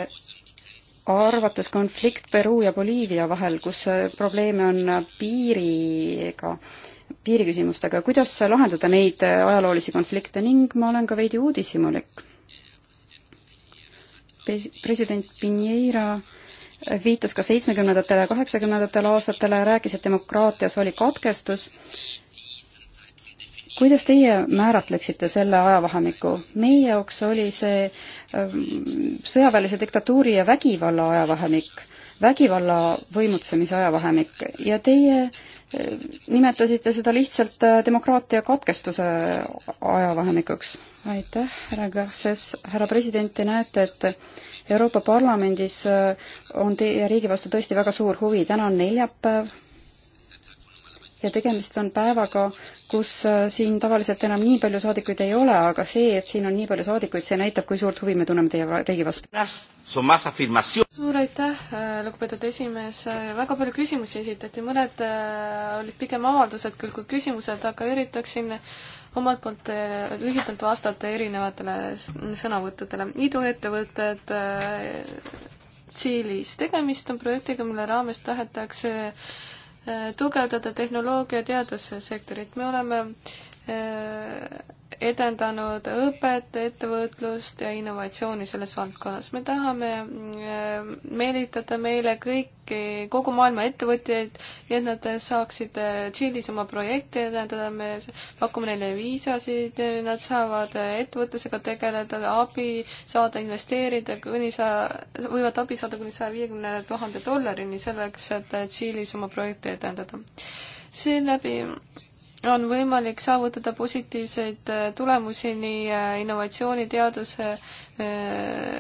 arvates konflikt Peruu ja Boliivia vahel, kus probleeme on piiriga, piiriküsimustega, kuidas lahendada neid ajaloolisi konflikte ning ma olen ka veidi uudishimulik. president Pinheira viitas ka seitsmekümnendatele ja kaheksakümnendatel aastatele, rääkis, et demokraatias oli katkestus. kuidas teie määratleksite selle ajavahemiku? meie jaoks oli see ähm, sõjaväelise diktatuuri ja vägivalla ajavahemik, vägivalla võimutsemise ajavahemik ja teie äh, nimetasite seda lihtsalt äh, demokraatia katkestuse ajavahemikuks. aitäh, härra Kõrses, härra president, te näete, et Euroopa Parlamendis äh, on teie riigi vastu tõesti väga suur huvi, täna on neljapäev ja tegemist on päevaga, kus äh, siin tavaliselt enam nii palju saadikuid ei ole, aga see, et siin on nii palju saadikuid, see näitab, kui suurt huvi me tunneme teie riigi vastu. suur aitäh, äh, lugupeetud esimees, väga palju küsimusi esitati, mõned olid pigem avaldused küll kui küsimused, aga üritaksin omalt poolt eh, lühidalt vastata erinevatele sõnavõttudele. iduettevõtted eh, Tšiilis. tegemist on projektiga, mille raames tahetakse eh, tugevdada tehnoloogia teadussektorit. me oleme edendanud õpet, ettevõtlust ja innovatsiooni selles valdkonnas. me tahame äh, meelitada meile kõiki, kogu maailma ettevõtjaid, nii et nad saaksid äh, Tšiilis oma projekte edendada, me pakume neile viisasid, nad saavad ettevõtlusega tegeleda, abi saada, investeerida, kuni sa, võivad abi saada kuni saja viiekümne tuhande dollarini selleks, et Tšiilis oma projekte edendada. seeläbi on võimalik saavutada positiivseid äh, tulemusi nii äh, innovatsiooni, teaduse äh,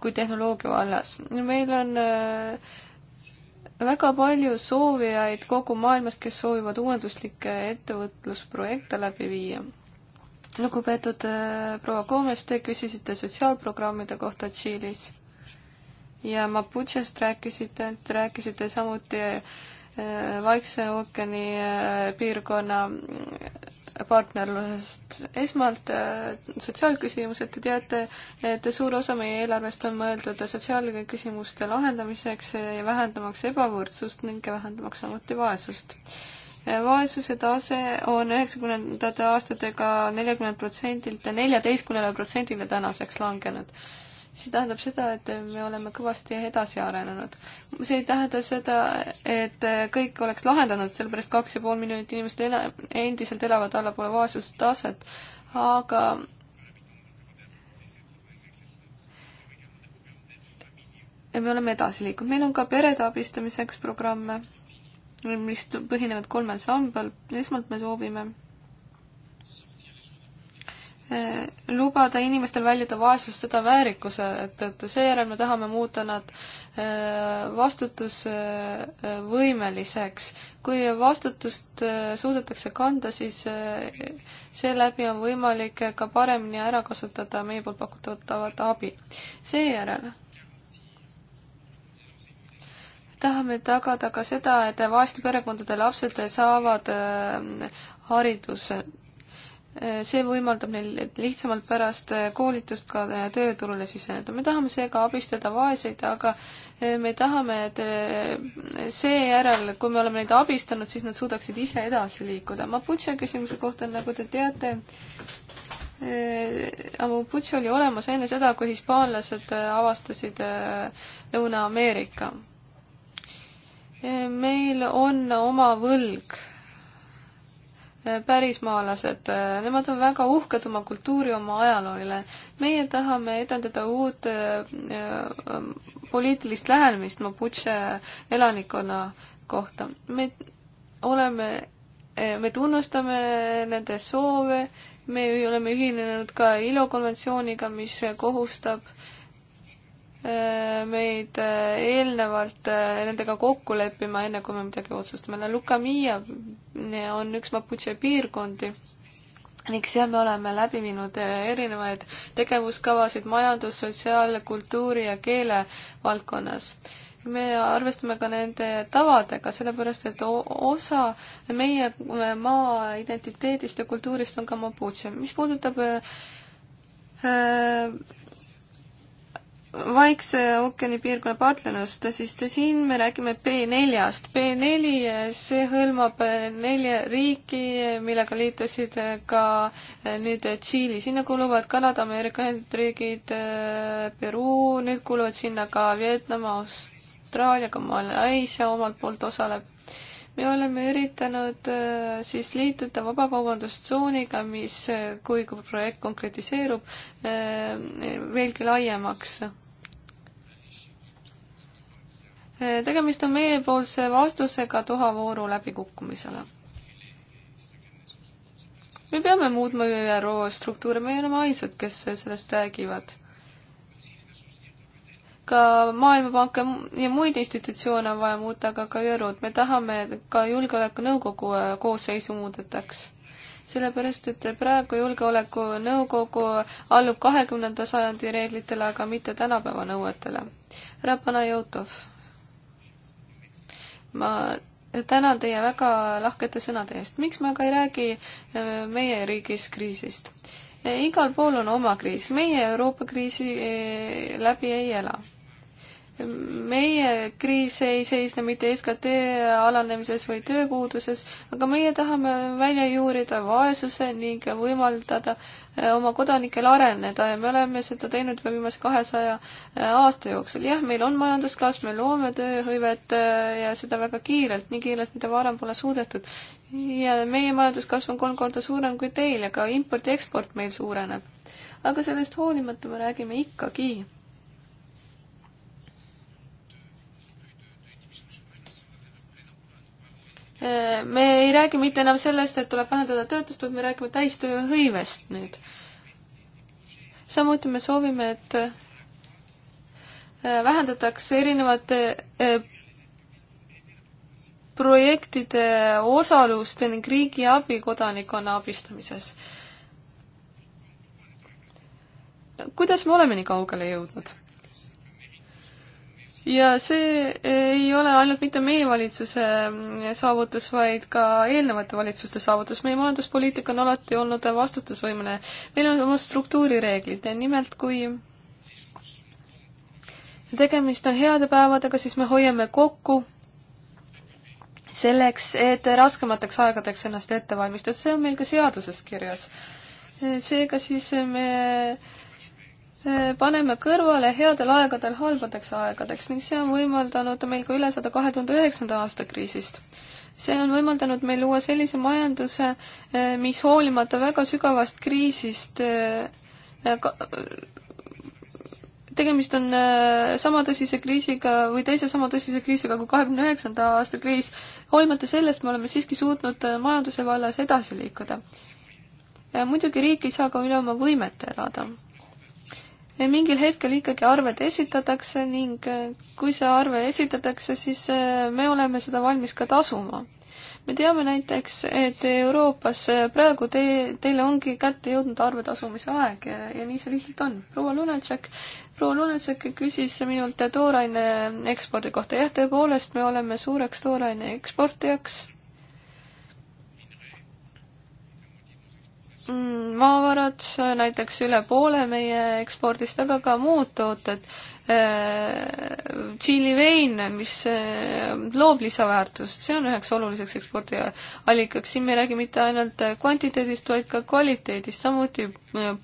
kui tehnoloogia vallas. meil on väga palju soovijaid kogu maailmast, kes soovivad uuenduslikke ettevõtlusprojekte läbi viia. lugupeetud proua Koomes, te küsisite sotsiaalprogrammide kohta Tšiilis ja Mapuchest rääkisite, rääkisite samuti Äh, Vaikse ookeani äh, piirkonna äh, partnerlusest. esmalt sotsiaalküsimused, te teate, et suur osa meie eelarvest on mõeldud sotsiaalküsimuste lahendamiseks ja vähendamaks ebavõrdsust ning vähendamaks samuti vaesust. vaesuse tase on üheksakümnendate aastatega neljakümnelt protsendilt neljateistkümnele protsendile tänaseks langenud see tähendab seda, et me oleme kõvasti edasi arenenud. see ei tähenda seda, et kõik oleks lahendanud, sellepärast kaks ja pool miljonit inimest ela-, endiselt elavad allapoole vaesustaset, aga ja me oleme edasi liikunud, meil on ka perede abistamiseks programme, mis põhinevad kolmel sambal, esmalt me soovime lubada inimestel väljuda vaesust seda väärikuse tõttu, seejärel me tahame muuta nad äh, vastutusvõimeliseks. kui vastutust äh, suudetakse kanda, siis äh, seeläbi on võimalik ka paremini ära kasutada meie poolt pakutavat abi. seejärel tahame tagada ka seda, et vaeste perekondade lapsed saavad hariduse Äh, see võimaldab neil lihtsamalt pärast äh, koolitust ka äh, tööturule siseneda. me tahame seega abistada vaeseid, aga me tahame, et seejärel, kui me oleme neid abistanud, siis nad suudaksid ise edasi liikuda. Maputše küsimuse kohta, nagu te teate, Maputše oli olemas enne seda, kui hispaanlased avastasid Lõuna-Ameerika. meil on oma võlg pärismaalased, nemad on väga uhked oma kultuuri, oma ajaloo üle. meie tahame edendada uut äh, poliitilist lähenemist Mapuche elanikkonna kohta. me oleme, me tunnustame nende soove, me oleme ühinenud ka ILO konventsiooniga, mis kohustab äh, Äh, meid äh, eelnevalt äh, nendega kokku leppima, enne kui me midagi otsustame. Luka Miia on üks Mapuche piirkondi ning seal me oleme läbi viinud erinevaid tegevuskavasid majandus, sotsiaal, kultuuri ja keele valdkonnas. me arvestame ka nende tavadega, sellepärast et osa meie maa identiteedist ja kultuurist on ka Mapuche. mis puudutab äh, Vaikse ookeani piirkonna partnerlust, siis siin me räägime P4-st. P4, see hõlmab nelja riiki, millega liitusid ka eh, nüüd Tšiili, sinna kuuluvad Kanada, Ameerika Ühendriigid, eh, Peruu, nüüd kuuluvad sinna ka Vietnam, Austraalia, ka Malaisia omalt poolt osaleb me oleme üritanud eh, siis liituda vabakaubandustsooniga, mis, kui projekt konkretiseerub, veelgi laiemaks tegemist on meiepoolse vastusega tuhavoolu läbikukkumisele. me peame muutma ÜRO struktuure, me oleme ainsad, kes sellest räägivad. ka Maailmapanka ja muid institutsioone on vaja muuta, aga ka ÜRO-d, me tahame ka Julgeolekunõukogu äh, koosseisu muudetaks sellepärast, et praegu Julgeolekunõukogu allub kahekümnenda sajandi reeglitele, aga mitte tänapäeva nõuetele. Rapana Jõutov ma tänan teie väga lahkete sõnade eest. miks ma aga ei räägi äh, meie riigis kriisist? Äh, igal pool on oma kriis, meie Euroopa kriisi äh, läbi ei ela. meie kriis ei seisne mitte SKT alanemises või tööpuuduses, aga meie tahame välja juurida vaesuse ning võimaldada äh, Äh, oma kodanikel areneda ja me oleme seda teinud juba viimase kahesaja äh, aasta jooksul. jah, meil on majanduskasv, me loome tööhõivet äh, ja seda väga kiirelt, nii kiirelt, mida varem pole suudetud. ja meie majanduskasv on kolm korda suurem kui teil ja ka import ja eksport meil suureneb. aga sellest hoolimata me räägime ikkagi me ei räägi mitte enam sellest, et tuleb vähendada töötust, vaid me räägime täistööhõivest nüüd. samuti me soovime, et äh, vähendatakse erinevate äh, projektide osalust ning riigi abi kodanikkonna abistamises. kuidas me oleme nii kaugele jõudnud? ja see ei ole ainult mitte meie valitsuse mm, saavutus, vaid ka eelnevate valitsuste saavutus. meie majanduspoliitika on alati olnud vastutusvõimeline. meil on oma struktuurireeglid, nimelt kui tegemist on heade päevadega, siis me hoiame kokku selleks, et raskemateks aegadeks ennast ette valmistada, see on meil ka seaduses kirjas. seega siis me paneme kõrvale headel aegadel halbadeks aegadeks ning see on võimaldanud meil ka üle saada kahe tuhande üheksanda aasta kriisist. see on võimaldanud meil luua sellise majanduse, eh, mis hoolimata väga sügavast kriisist eh, tegemist on eh, sama tõsise kriisiga või teise sama tõsise kriisiga kui kahekümne üheksanda aasta kriis, hoolimata sellest me oleme siiski suutnud majanduse vallas edasi liikuda. muidugi riik ei saa ka üle oma võimete elada mingil hetkel ikkagi arved esitatakse ning äh, kui see arve esitatakse, siis äh, me oleme seda valmis ka tasuma. me teame näiteks, et Euroopas äh, praegu te, teile ongi kätte jõudnud arve tasumise aeg ja, ja nii see lihtsalt on. proua Lunatšek, proua Lunatšek küsis minult tooraine ekspordi kohta. jah, tõepoolest, me oleme suureks tooraine eksportijaks Mm, maavarad, näiteks üle poole meie ekspordist, aga ka muud tooted. Äh, Tšiili vein, mis äh, loob lisaväärtust, see on üheks oluliseks ekspordiallikaks, siin me ei räägi mitte ainult äh, kvantiteedist, vaid ka kvaliteedist, samuti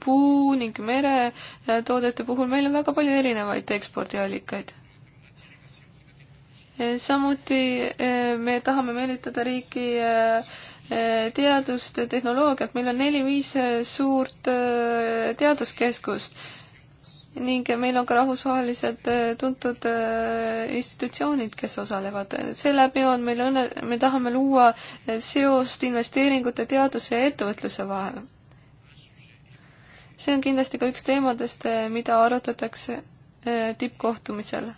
puu ning meretoodete puhul meil on väga palju erinevaid ekspordiallikaid. samuti me tahame meelitada riiki äh, Eh, teadust, tehnoloogiat, meil on neli-viis eh, suurt eh, teaduskeskust ning meil on ka rahvusvahelised tuntud institutsioonid, kes osalevad. seeläbi on meil õnne, me tahame luua seost investeeringute teaduse ja ettevõtluse vahel. see on kindlasti ka üks teemadest, mida arutatakse tippkohtumisel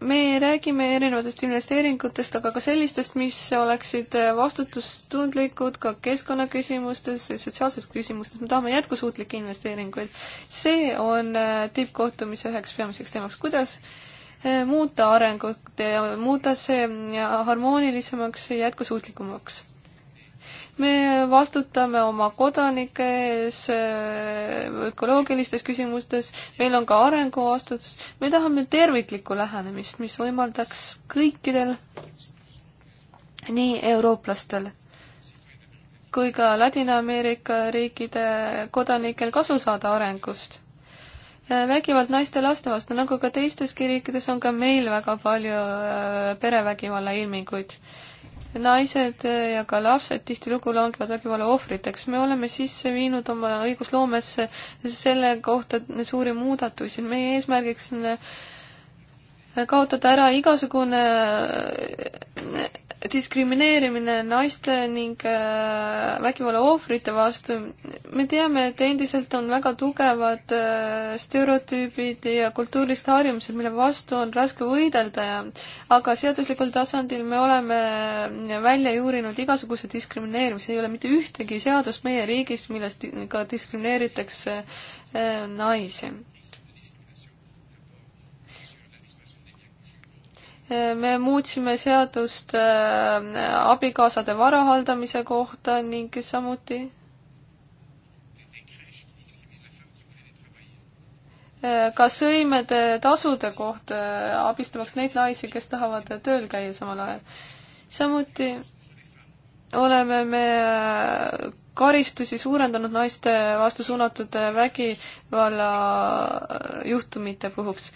me räägime erinevatest investeeringutest, aga ka sellistest, mis oleksid vastutustundlikud ka keskkonnaküsimustes, sotsiaalses küsimustes, me tahame jätkusuutlikke investeeringuid. see on äh, tippkohtumise üheks peamiseks teemaks, kuidas äh, muuta arengut ja muuta see äh, harmoonilisemaks ja jätkusuutlikumaks me vastutame oma kodanike ees äh, ökoloogilistes küsimustes, meil on ka arenguvastutus, me tahame terviklikku lähenemist, mis võimaldaks kõikidel, nii eurooplastel kui ka Ladina-Ameerika riikide kodanikel kasu saada arengust äh, vägivald naiste laste vastu, nagu ka teisteski riikides, on ka meil väga palju äh, perevägivalla ilminguid naised ja ka lapsed tihtilugu langevad vägivalla ohvriteks. me oleme sisse viinud oma õigusloomesse selle kohta suuri muudatusi. meie eesmärgiks on kaotada ära igasugune diskrimineerimine naiste ning äh, vägivalla ohvrite vastu, me teame, et endiselt on väga tugevad äh, stereotüübid ja kultuurilised harjumused, mille vastu on raske võidelda ja aga seaduslikul tasandil me oleme välja juurinud igasuguse diskrimineerimise, ei ole mitte ühtegi seadust meie riigis, millest ka diskrimineeritakse äh, naisi me muutsime seadust äh, abikaasade vara haldamise kohta ning samuti äh, ka sõimede tasude kohta, äh, abistamaks neid naisi, kes tahavad tööl käia samal ajal. samuti oleme me karistusi suurendanud naiste vastu suunatud vägivalla juhtumite puhuks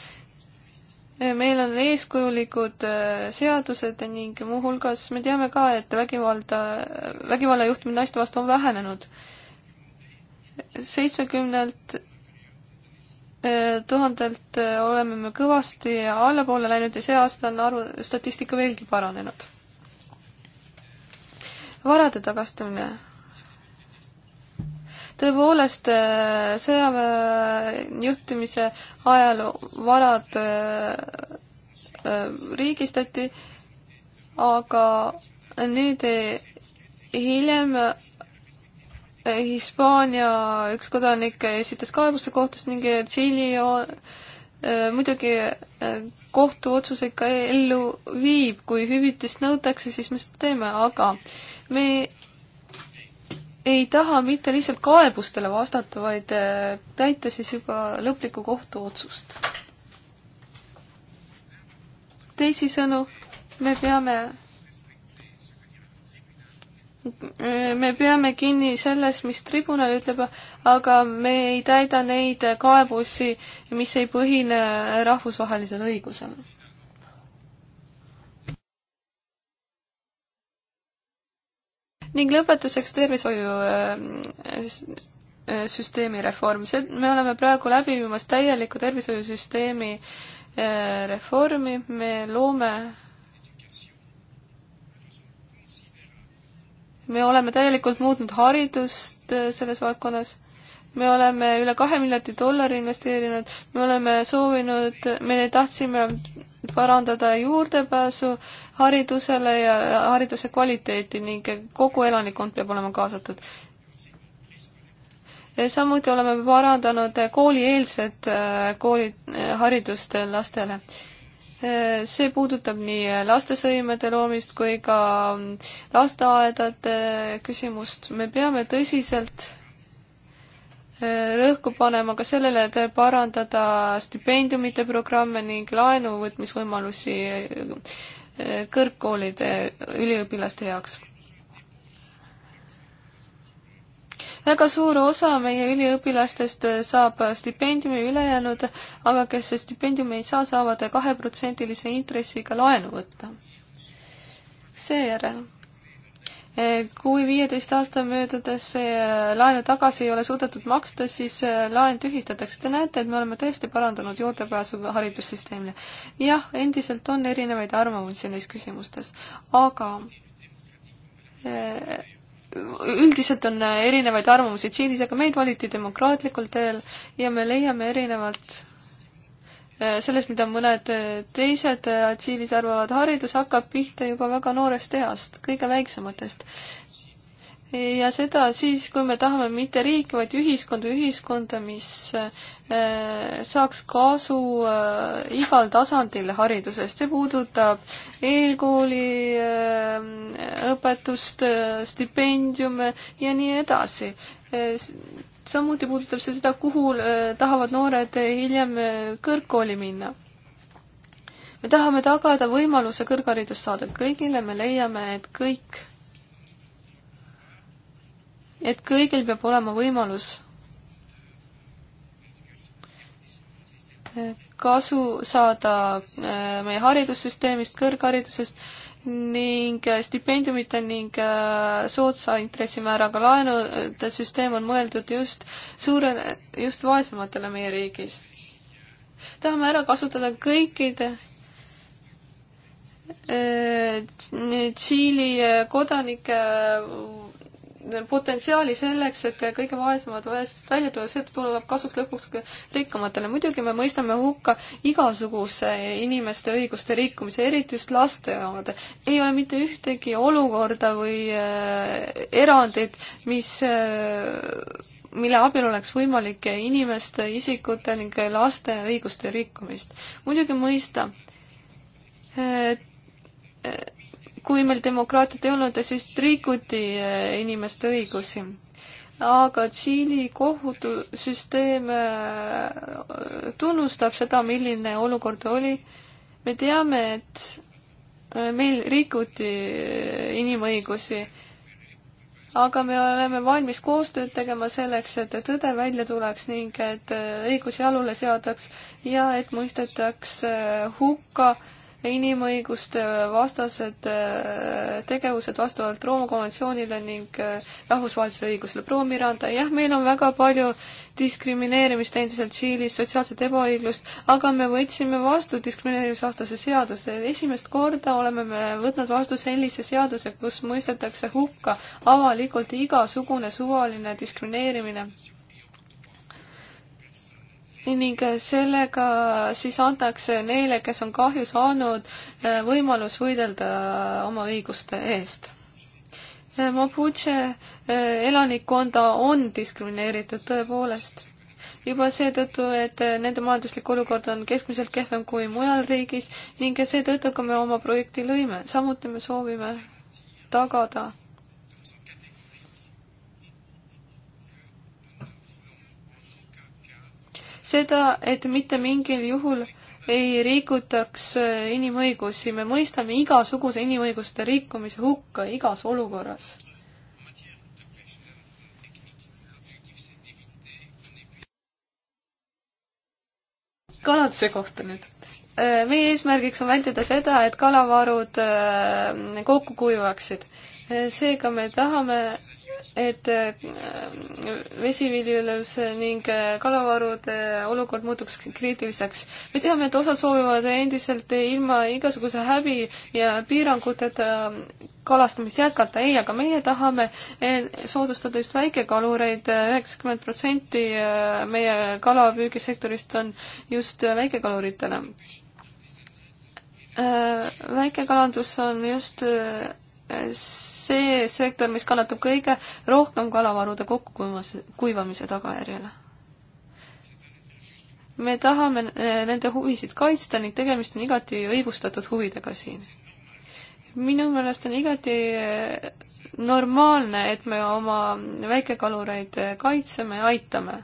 meil on eeskujulikud äh, seadused ning muuhulgas me teame ka, et vägivalda, vägivalla juhtumine naiste vastu on vähenenud. seitsmekümnelt äh, tuhandelt äh, oleme me kõvasti allapoole läinud ja see aasta on arvu, statistika veelgi paranenud. varade tagastamine tõepoolest, äh, sõjaväe juhtimise ajal varad äh, äh, riigistati, aga nüüd hiljem Hispaania üks kodanik esitas kaebuse kohtust ning Tšiili muidugi kohtuotsuseid ka ellu viib, kui hüvitist nõutakse, siis me seda teeme, aga me ei taha mitte lihtsalt kaebustele vastata, vaid äh, täita siis juba lõplikku kohtuotsust. teisisõnu, me peame, me peame kinni sellest, mis tribunal ütleb, aga me ei täida neid kaebusi, mis ei põhine rahvusvahelisel õigusel ning lõpetuseks tervishoiusüsteemi äh, äh, reform, see, me oleme praegu läbi viimas täielikku tervishoiusüsteemi äh, reformi, me loome me oleme täielikult muutnud haridust selles valdkonnas, me oleme üle kahe miljardi dollari investeerinud, me oleme soovinud, me tahtsime parandada juurdepääsu haridusele ja hariduse kvaliteeti ning kogu elanikkond peab olema kaasatud. samuti oleme parandanud koolieelset äh, kooli, äh, haridust lastele. Äh, see puudutab nii lastesõimede loomist kui ka mm, lasteaedade küsimust. me peame tõsiselt Äh, rõhku panema ka sellele, et parandada stipendiumite programme ning laenuvõtmisvõimalusi äh, kõrgkoolide üliõpilaste jaoks. väga suur osa meie üliõpilastest saab stipendiumi, ülejäänud aga, kes stipendiumi ei saa, saavad kaheprotsendilise intressiga laenu võtta. seejärel kui viieteist aasta möödudes äh, laenu tagasi ei ole suudetud maksta, siis äh, laen tühistatakse. Te näete, et me oleme tõesti parandanud juurdepääsu haridussüsteemile. jah, endiselt on erinevaid arvamusi neis küsimustes, aga äh, üldiselt on erinevaid arvamusi Tšiilis, aga meid valiti demokraatlikul teel ja me leiame erinevalt Äh, sellest, mida mõned äh, teised äh, Tšiilis arvavad, haridus hakkab pihta juba väga noorest east, kõige väiksematest. ja seda siis, kui me tahame mitte riiki, vaid ühiskonda, ühiskonda, mis saaks kasu igal tasandil haridusest. see puudutab eelkooli õpetust, stipendiume ja nii edasi samuti puudutab see seda, kuhu äh, tahavad noored äh, hiljem äh, kõrgkooli minna. me tahame tagada võimaluse kõrgharidust saada kõigile, me leiame, et kõik, et kõigil peab olema võimalus kasu saada meie haridussüsteemist, kõrgharidusest ning äh, stipendiumite ning äh, soodsa intressimääraga laenude süsteem on mõeldud just suure, just vaesematele meie riigis. tahame ära kasutada kõikide äh, Tšiili kodanike potentsiaali selleks, et kõige vaesemad vaesusest välja tulla, see tuleb kasuks lõpuks ka rikkamatele. muidugi me mõistame hukka igasuguse inimeste õiguste rikkumise, eriti just laste omade. ei ole mitte ühtegi olukorda või äh, erandit, mis äh, mille abil oleks võimalik inimeste, isikute ning laste õiguste rikkumist. muidugi mõista äh,. Äh, kui meil demokraatiat ei olnud, siis rikuti eh, inimeste õigusi. aga Tšiili kohtusüsteem eh, tunnustab seda, milline olukord oli. me teame, et eh, meil rikuti inimõigusi, aga me oleme valmis koostööd tegema selleks, et tõde välja tuleks ning et õigus jalule seadaks ja et mõistetaks hukka äh, inimõiguste vastased äh, tegevused vastavalt Rooma konventsioonile ning äh, rahvusvahelisele õigusele. proua Miranda, jah, meil on väga palju diskrimineerimist endiselt Tšiilis, sotsiaalset ebaõiglust, aga me võtsime vastu diskrimineerimisvastase seaduse. esimest korda oleme me võtnud vastu sellise seaduse, kus mõistetakse hukka avalikult igasugune suvaline diskrimineerimine ning sellega siis antakse neile, kes on kahju saanud, võimalus võidelda oma õiguste eest. Mapuche eh, elanikkonda on diskrimineeritud tõepoolest juba seetõttu, et eh, nende majanduslik olukord on keskmiselt kehvem kui mujal riigis ning seetõttu ka me oma projekti lõime. samuti me soovime tagada seda, et mitte mingil juhul ei rikutaks äh, inimõigusi, me mõistame igasuguse inimõiguste rikkumise hukka igas olukorras. kalanduse kohta nüüd. Äh, meie eesmärgiks on vältida seda, et kalavarud äh, kokku kuivaksid. seega me tahame et äh, vesiviljelus ning äh, kalavarude olukord muutuks kriitiliseks. me teame, et osad soovivad endiselt ilma igasuguse häbi ja piiranguteta kalastamist jätkata, ei, aga meie tahame soodustada just väikekalureid, üheksakümmend protsenti äh, meie kalapüügisektorist on just väikekaluritele väikekalandus on just see sektor, mis kannatab kõige rohkem kalavarude kokkukuivamise, kuivamise tagajärjel. me tahame nende huvisid kaitsta ning tegemist on igati õigustatud huvidega siin. minu meelest on igati eh, normaalne, et me oma väikekalureid eh, kaitseme ja aitame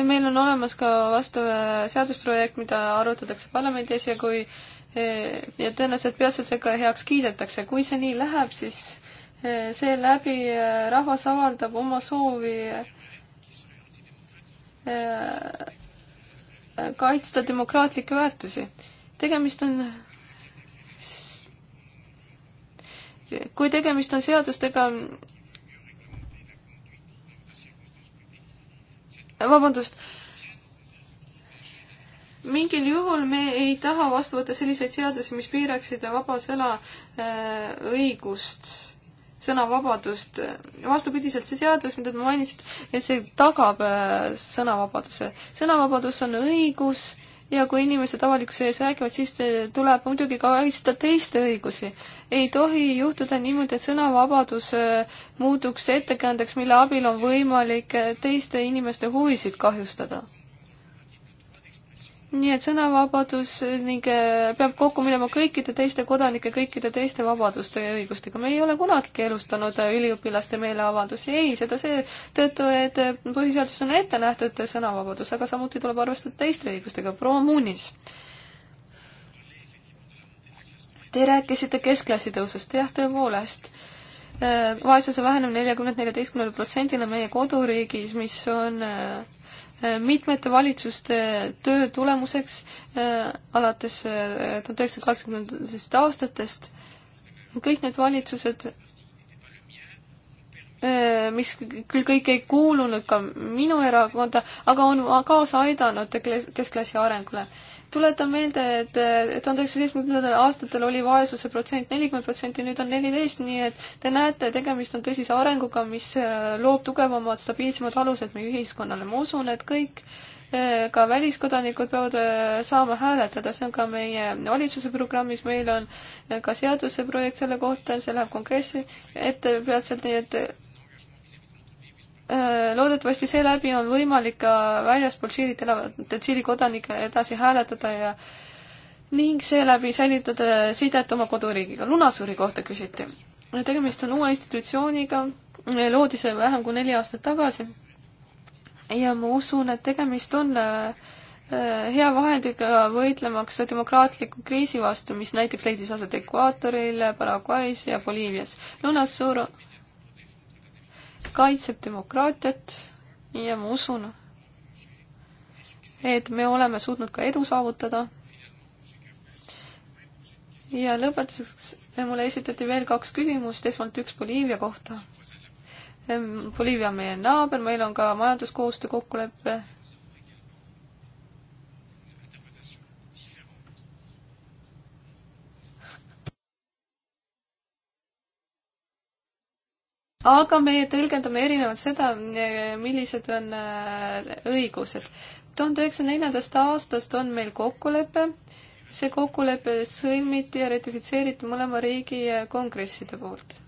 meil on olemas ka vastav äh, seadusprojekt, mida arutatakse parlamendi ees ja kui äh, ja tõenäoliselt peatselt see ka heaks kiidetakse, kui see nii läheb, siis äh, seeläbi rahvas avaldab oma soovi kaitsta demokraatlikke väärtusi. tegemist on kui tegemist on seadustega, vabandust, mingil juhul me ei taha vastu võtta selliseid seadusi, mis piiraksid vaba sõna äh, õigust, sõnavabadust. vastupidiselt see seadus, mida te mainisite, see tagab äh, sõnavabaduse. sõnavabadus on õigus ja kui inimesed avalikkuse ees räägivad, siis tuleb muidugi kaitsta teiste õigusi. ei tohi juhtuda niimoodi, et sõnavabadus äh, muutuks ettekäändeks, mille abil on võimalik äh, teiste inimeste huvisid kahjustada nii et sõnavabadus ning äh, peab kokku minema kõikide teiste kodanike, kõikide teiste vabaduste ja õigustega. me ei ole kunagi keelustanud äh, üliõpilaste meeleavaldusi, ei, seda seetõttu, et äh, põhiseadus on ette nähtud sõnavabadus, aga samuti tuleb arvestada teiste õigustega, proua Muunis. Te rääkisite keskklassi tõusust, jah, tõepoolest vaesuse vähenemine neljakümnelt neljateistkümnele protsendile meie koduriigis, mis on Äh, mitmete valitsuste äh, töö tulemuseks äh, alates tuhande üheksasaja kaheksakümnendatest aastatest. kõik need valitsused, mis küll kõik ei kuulunud ka minu erakonda, aga on kaasa aidanud keskklassi arengule tuletan meelde, et tuhande üheksasaja seitsmekümnendatel aastatel oli vaesuse protsent nelikümmend protsenti, nüüd on neliteist, nii et te näete, tegemist on tõsise arenguga, mis äh, loob tugevamad, stabiilsemad alused meie ühiskonnale. ma usun, et kõik äh, ka väliskodanikud peavad äh, saama hääletada, see on ka meie valitsuse programmis, meil on ka seaduseprojekt selle kohta, see läheb kongressi, et peatselt, nii et Äh, loodetavasti seeläbi on võimalik ka väljaspool Tšiilit elavate Tšiili kodanike edasi hääletada ja ning seeläbi säilitada sidet oma koduriigiga. Lunasuri kohta küsiti. tegemist on uue institutsiooniga, loodi see vähem kui neli aastat tagasi. ja ma usun, et tegemist on äh, äh, hea vahendiga võitlemaks demokraatliku kriisi vastu, mis näiteks leidis aset Ekvaatoril, Paraguay's ja Boliivias. Lunasur kaitseb demokraatiat ja ma usun, et me oleme suutnud ka edu saavutada. ja lõpetuseks mulle esitati veel kaks küsimust, esmalt üks Boliivia kohta. Boliivia on meie naaber, meil on ka majanduskoostöö kokkulepe aga me tõlgendame erinevalt seda, millised on äh, õigused. tuhande üheksasaja neljandast aastast on meil kokkulepe, see kokkulepe sõlmiti ja ratifitseeriti mõlema riigi äh, kongresside poolt.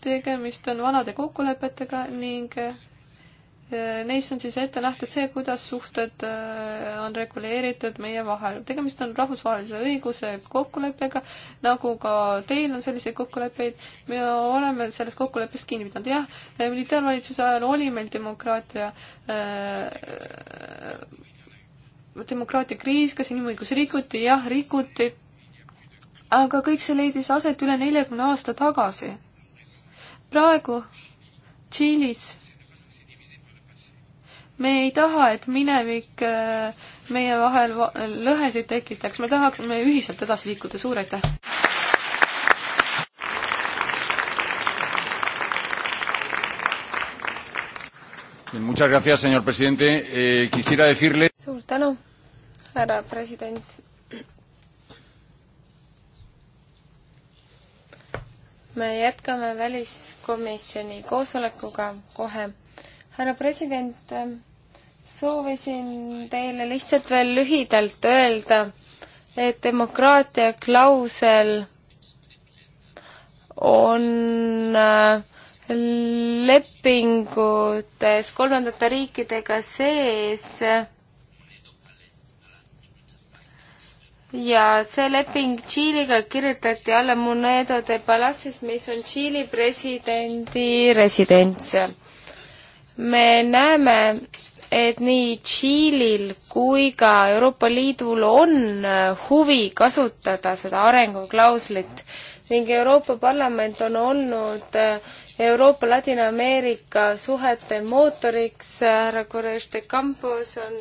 tegemist on vanade kokkulepetega ning äh, Neis on siis ette nähtud see, kuidas suhted äh, on reguleeritud meie vahel. tegemist on rahvusvahelise õiguse kokkuleppega, nagu ka teil on selliseid kokkuleppeid. me oleme sellest kokkuleppest kinni pidanud. jah, militaarvalitsuse ajal oli meil demokraatia äh, demokraatia kriis, kas inimõigusi rikuti? jah, rikuti. aga kõik see leidis aset üle neljakümne aasta tagasi. praegu Tšiilis me ei taha, et minevik äh, meie vahel lõhesid tekitaks, me tahaksime ühiselt edasi liikuda, suur aitäh! Muchas gracias, señor presidente. Eh, quisiera decirle. Suur tänu, härra president. me jätkame väliskomisjoni koosolekuga kohe. härra president soovisin teile lihtsalt veel lühidalt öelda, et demokraatia klausel on äh, lepingutes kolmandate riikidega sees ja see leping Tšiiliga kirjutati alla Monedo de Palacis, mis on Tšiili presidendi residents. me näeme, et nii Tšiilil kui ka Euroopa Liidul on äh, huvi kasutada seda arenguklauslit ning Euroopa Parlament on olnud äh, Euroopa Ladina-Ameerika suhete mootoriks, härra Correas de Campos on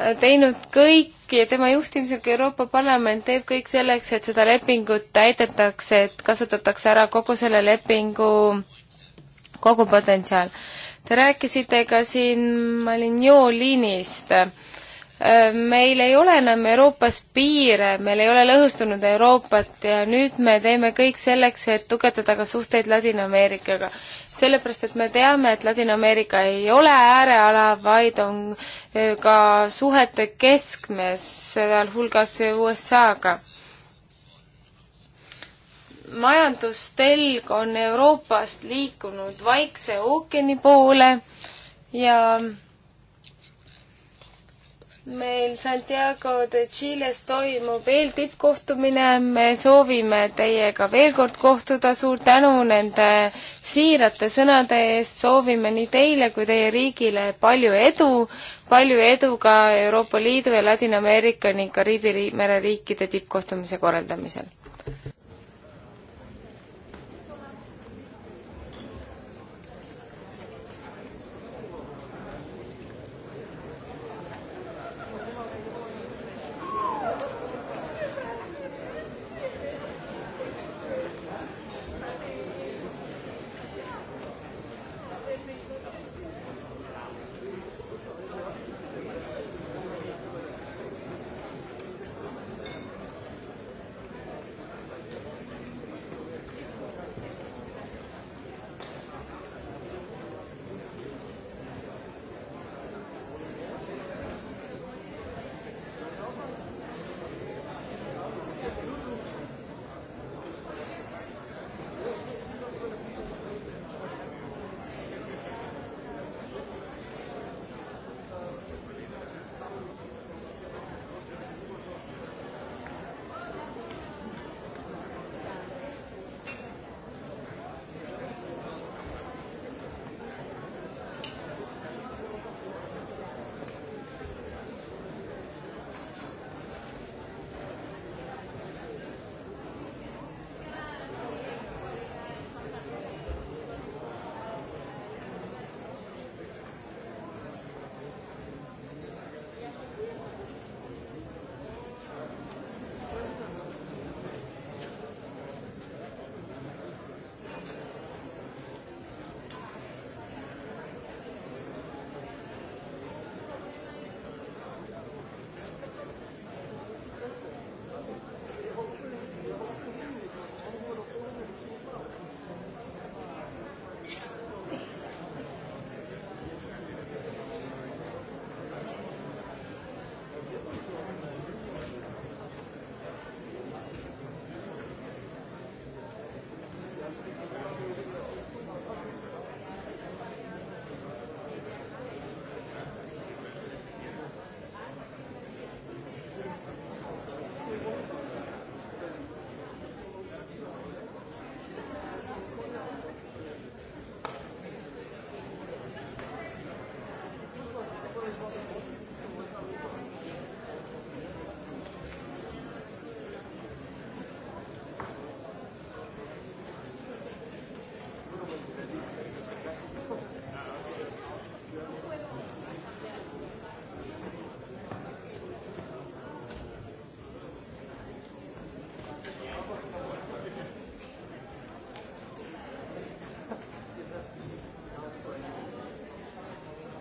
äh, teinud kõik ja tema juhtimisel ka Euroopa Parlament teeb kõik selleks, et seda lepingut täidetakse, et kasutatakse ära kogu selle lepingu kogu potentsiaal Te rääkisite ka siin Malignon liinist. Äh, meil ei ole enam Euroopas piire, meil ei ole lõhustunud Euroopat ja nüüd me teeme kõik selleks, et tugevdada ka suhteid Ladina-Ameerikaga. sellepärast, et me teame, et Ladina-Ameerika ei ole ääreala, vaid on äh, ka suhete keskmes, sealhulgas USA-ga majandustelg on Euroopast liikunud Vaikse ookeani poole ja meil Santiago de Chiles toimub eeltippkohtumine, me soovime teiega veel kord kohtuda, suur tänu nende siirate sõnade eest, soovime nii teile kui teie riigile palju edu, palju edu ka Euroopa Liidu ja Ladina-Ameerika ning Kariibi mere riikide tippkohtumise korraldamisel!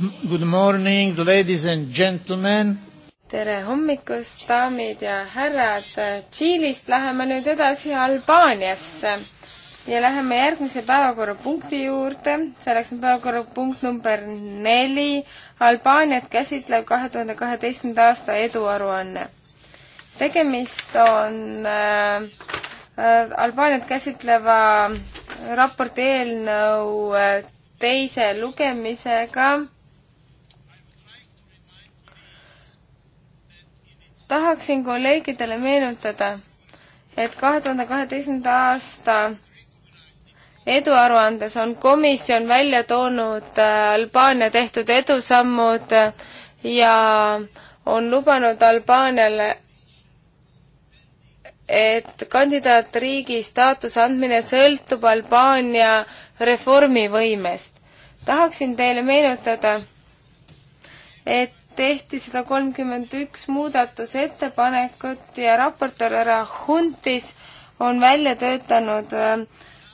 Good morning, ladies and gentlemen. tere hommikust, daamid ja härrad. Tšiilist läheme nüüd edasi Albaaniasse ja läheme järgmise päevakorrapunkti juurde, selleks on päevakorrapunkt number neli, Albaaniat käsitlev kahe tuhande kaheteistkümnenda aasta eduaruanne. tegemist on äh, Albaaniat käsitleva raporti eelnõu äh, teise lugemisega tahaksin kolleegidele meenutada, et kahe tuhande kaheteistkümnenda aasta eduaruandes on komisjon välja toonud äh, Albaania tehtud edusammud ja on lubanud Albaaniale, et kandidaatriigi staatuse andmine sõltub Albaania reformivõimest. tahaksin teile meenutada, et tehti sada kolmkümmend üks muudatusettepanekut ja raportöör härra Huntis on välja töötanud äh,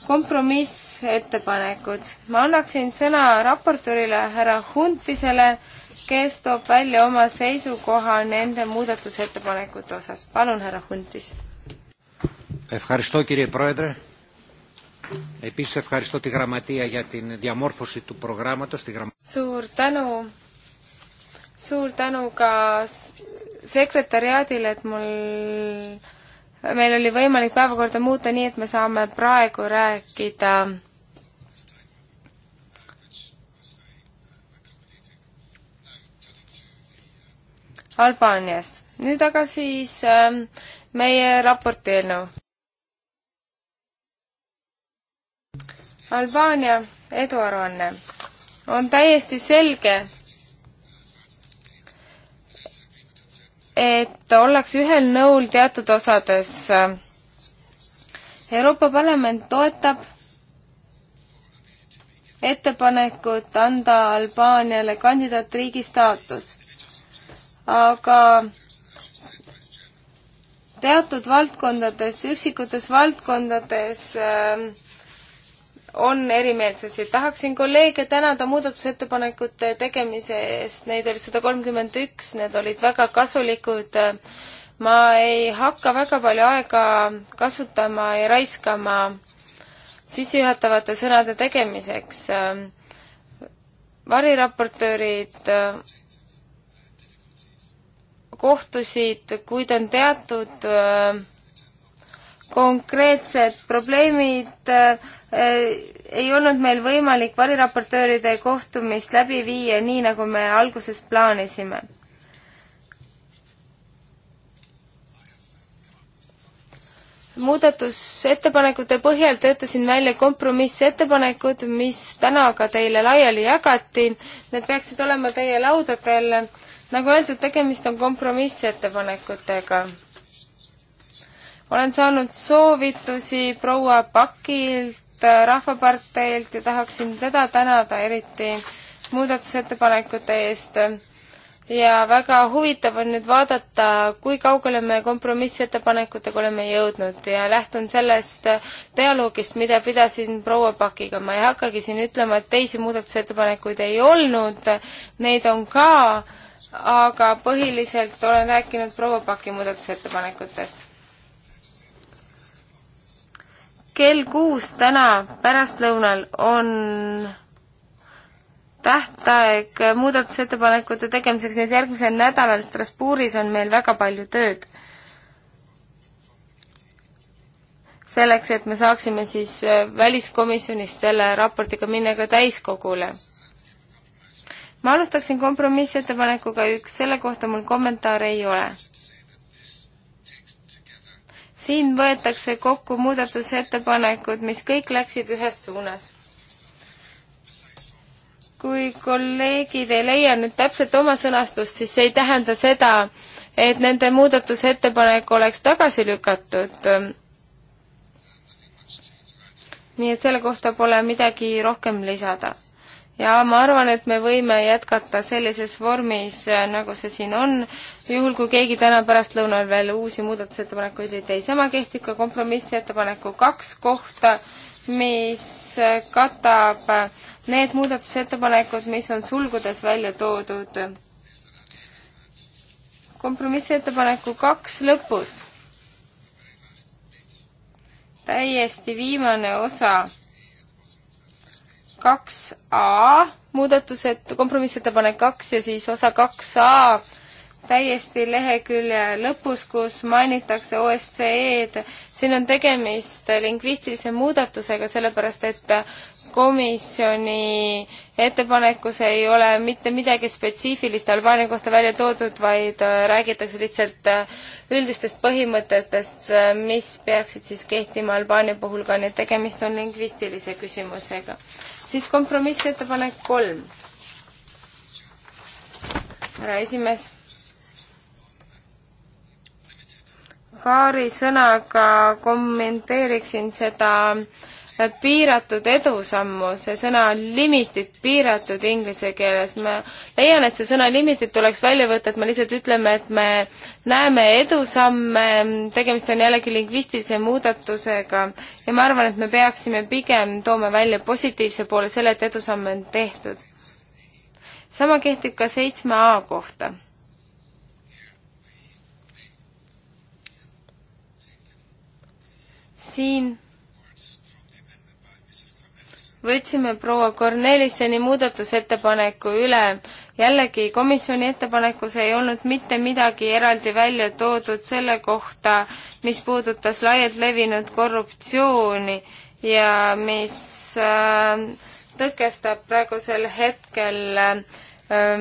kompromissettepanekud. ma annaksin sõna raportöörile härra Huntisele, kes toob välja oma seisukoha nende muudatusettepanekute osas. palun, härra Huntis. Suur tänu suur tänu ka sekretäriaadile, et mul, meil oli võimalik päevakorda muuta nii, et me saame praegu rääkida Albaaniast. nüüd aga siis äh, meie raporti eelnõu. Albaania eduaruanne on täiesti selge, et ollakse ühel nõul teatud osades. Euroopa Parlament toetab ettepanekut anda Albaaniale kandidaatriigi staatus, aga teatud valdkondades, üksikutes valdkondades äh, on erimeelsusi. tahaksin kolleege tänada muudatusettepanekute tegemise eest, neid oli sada kolmkümmend üks, need olid väga kasulikud. ma ei hakka väga palju aega kasutama ja raiskama sissejuhatavate sõnade tegemiseks. variraportöörid kohtusid, kuid on teatud öö, konkreetsed probleemid äh, ei olnud meil võimalik variraportööride kohtumist läbi viia nii, nagu me alguses plaanisime. muudatusettepanekute põhjal töötasin välja kompromissettepanekud, mis täna ka teile laiali jagati. Need peaksid olema teie laudadel. nagu öeldud, tegemist on kompromissettepanekutega olen saanud soovitusi proua Pakilt, äh, Rahvaparteilt ja tahaksin teda tänada eriti muudatusettepanekute eest. ja väga huvitav on nüüd vaadata, kui kaugele me kompromissettepanekutega oleme jõudnud ja lähtun sellest dialoogist, mida pidasin proua Pakiga. ma ei hakkagi siin ütlema, et teisi muudatusettepanekuid ei olnud, neid on ka, aga põhiliselt olen rääkinud proua Paki muudatusettepanekutest kell kuus täna pärastlõunal on tähtaeg muudatusettepanekute tegemiseks, nii et järgmisel nädalal Strasbourgis on meil väga palju tööd. selleks, et me saaksime siis väliskomisjonist selle raportiga minna ka täiskogule. ma alustaksin kompromissettepanekuga üks, selle kohta mul kommentaare ei ole siin võetakse kokku muudatusettepanekud, mis kõik läksid ühes suunas. kui kolleegid ei leia nüüd täpselt oma sõnastust, siis see ei tähenda seda, et nende muudatusettepanek oleks tagasi lükatud. nii et selle kohta pole midagi rohkem lisada ja ma arvan, et me võime jätkata sellises vormis, äh, nagu see siin on, juhul kui keegi täna pärastlõunal veel uusi muudatusettepanekuid ei tee. sama kehtib ka kompromissettepaneku kaks kohta, mis äh, katab äh, need muudatusettepanekud, mis on sulgudes välja toodud. kompromissettepaneku kaks lõpus, täiesti viimane osa kaks A muudatused, kompromissettepanek kaks ja siis osa kaks A täiesti lehekülje lõpus, kus mainitakse OSCE-d. siin on tegemist lingvistilise muudatusega, sellepärast et komisjoni ettepanekus ei ole mitte midagi spetsiifilist Albaania kohta välja toodud, vaid äh, räägitakse lihtsalt äh, üldistest põhimõtetest, äh, mis peaksid siis kehtima Albaania puhul ka, nii et tegemist on lingvistilise küsimusega siis kompromissettepanek kolm. härra esimees. paari sõnaga kommenteeriksin seda äh, piiratud edusammu, see sõna limited, piiratud inglise keeles, ma leian, et see sõna limited tuleks välja võtta, et me lihtsalt ütleme, et me näeme edusamme, tegemist on jällegi lingvistilise muudatusega ja ma arvan, et me peaksime pigem tooma välja positiivse poole selle, et edusamme on tehtud. sama kehtib ka seitsme A kohta siin võtsime proua Kornelisseni muudatusettepaneku üle. jällegi, komisjoni ettepanekus ei olnud mitte midagi eraldi välja toodud selle kohta, mis puudutas laialt levinud korruptsiooni ja mis äh, tõkestab praegusel hetkel äh,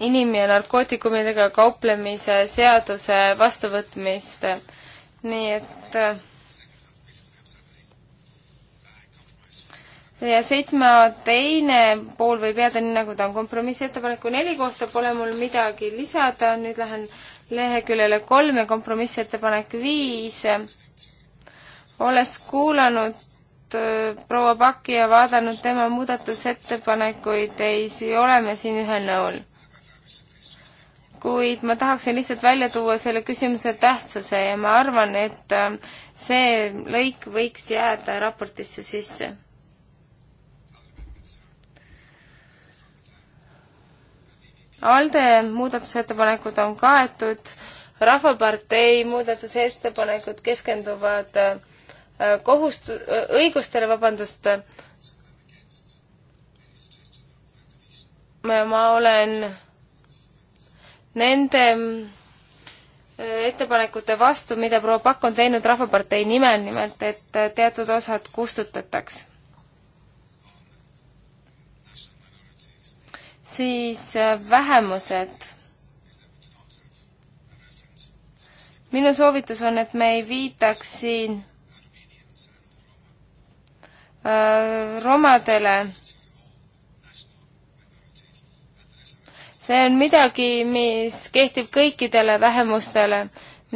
inim- ja narkootikumidega kauplemise seaduse vastuvõtmist. nii et äh, ja seitsme teine pool võib jääda nii, nagu ta on. kompromissettepaneku neli kohta pole mul midagi lisada, nüüd lähen leheküljele kolm ja kompromissettepanek viis. olles kuulanud äh, proua Paki ja vaadanud tema muudatusettepanekuid, ei ole me siin ühel nõul. kuid ma tahaksin lihtsalt välja tuua selle küsimuse tähtsuse ja ma arvan, et äh, see lõik võiks jääda raportisse sisse ALDE muudatusettepanekud on kaetud, Rahvapartei muudatusettepanekud keskenduvad äh, kohust-, äh, õigustele, vabandust, ma olen nende mm, äh, ettepanekute vastu, mida proua Pakk on teinud Rahvapartei nimel, nimelt et teatud osad kustutataks. siis äh, vähemused. minu soovitus on, et me ei viitaks siin äh, romadele. see on midagi, mis kehtib kõikidele vähemustele,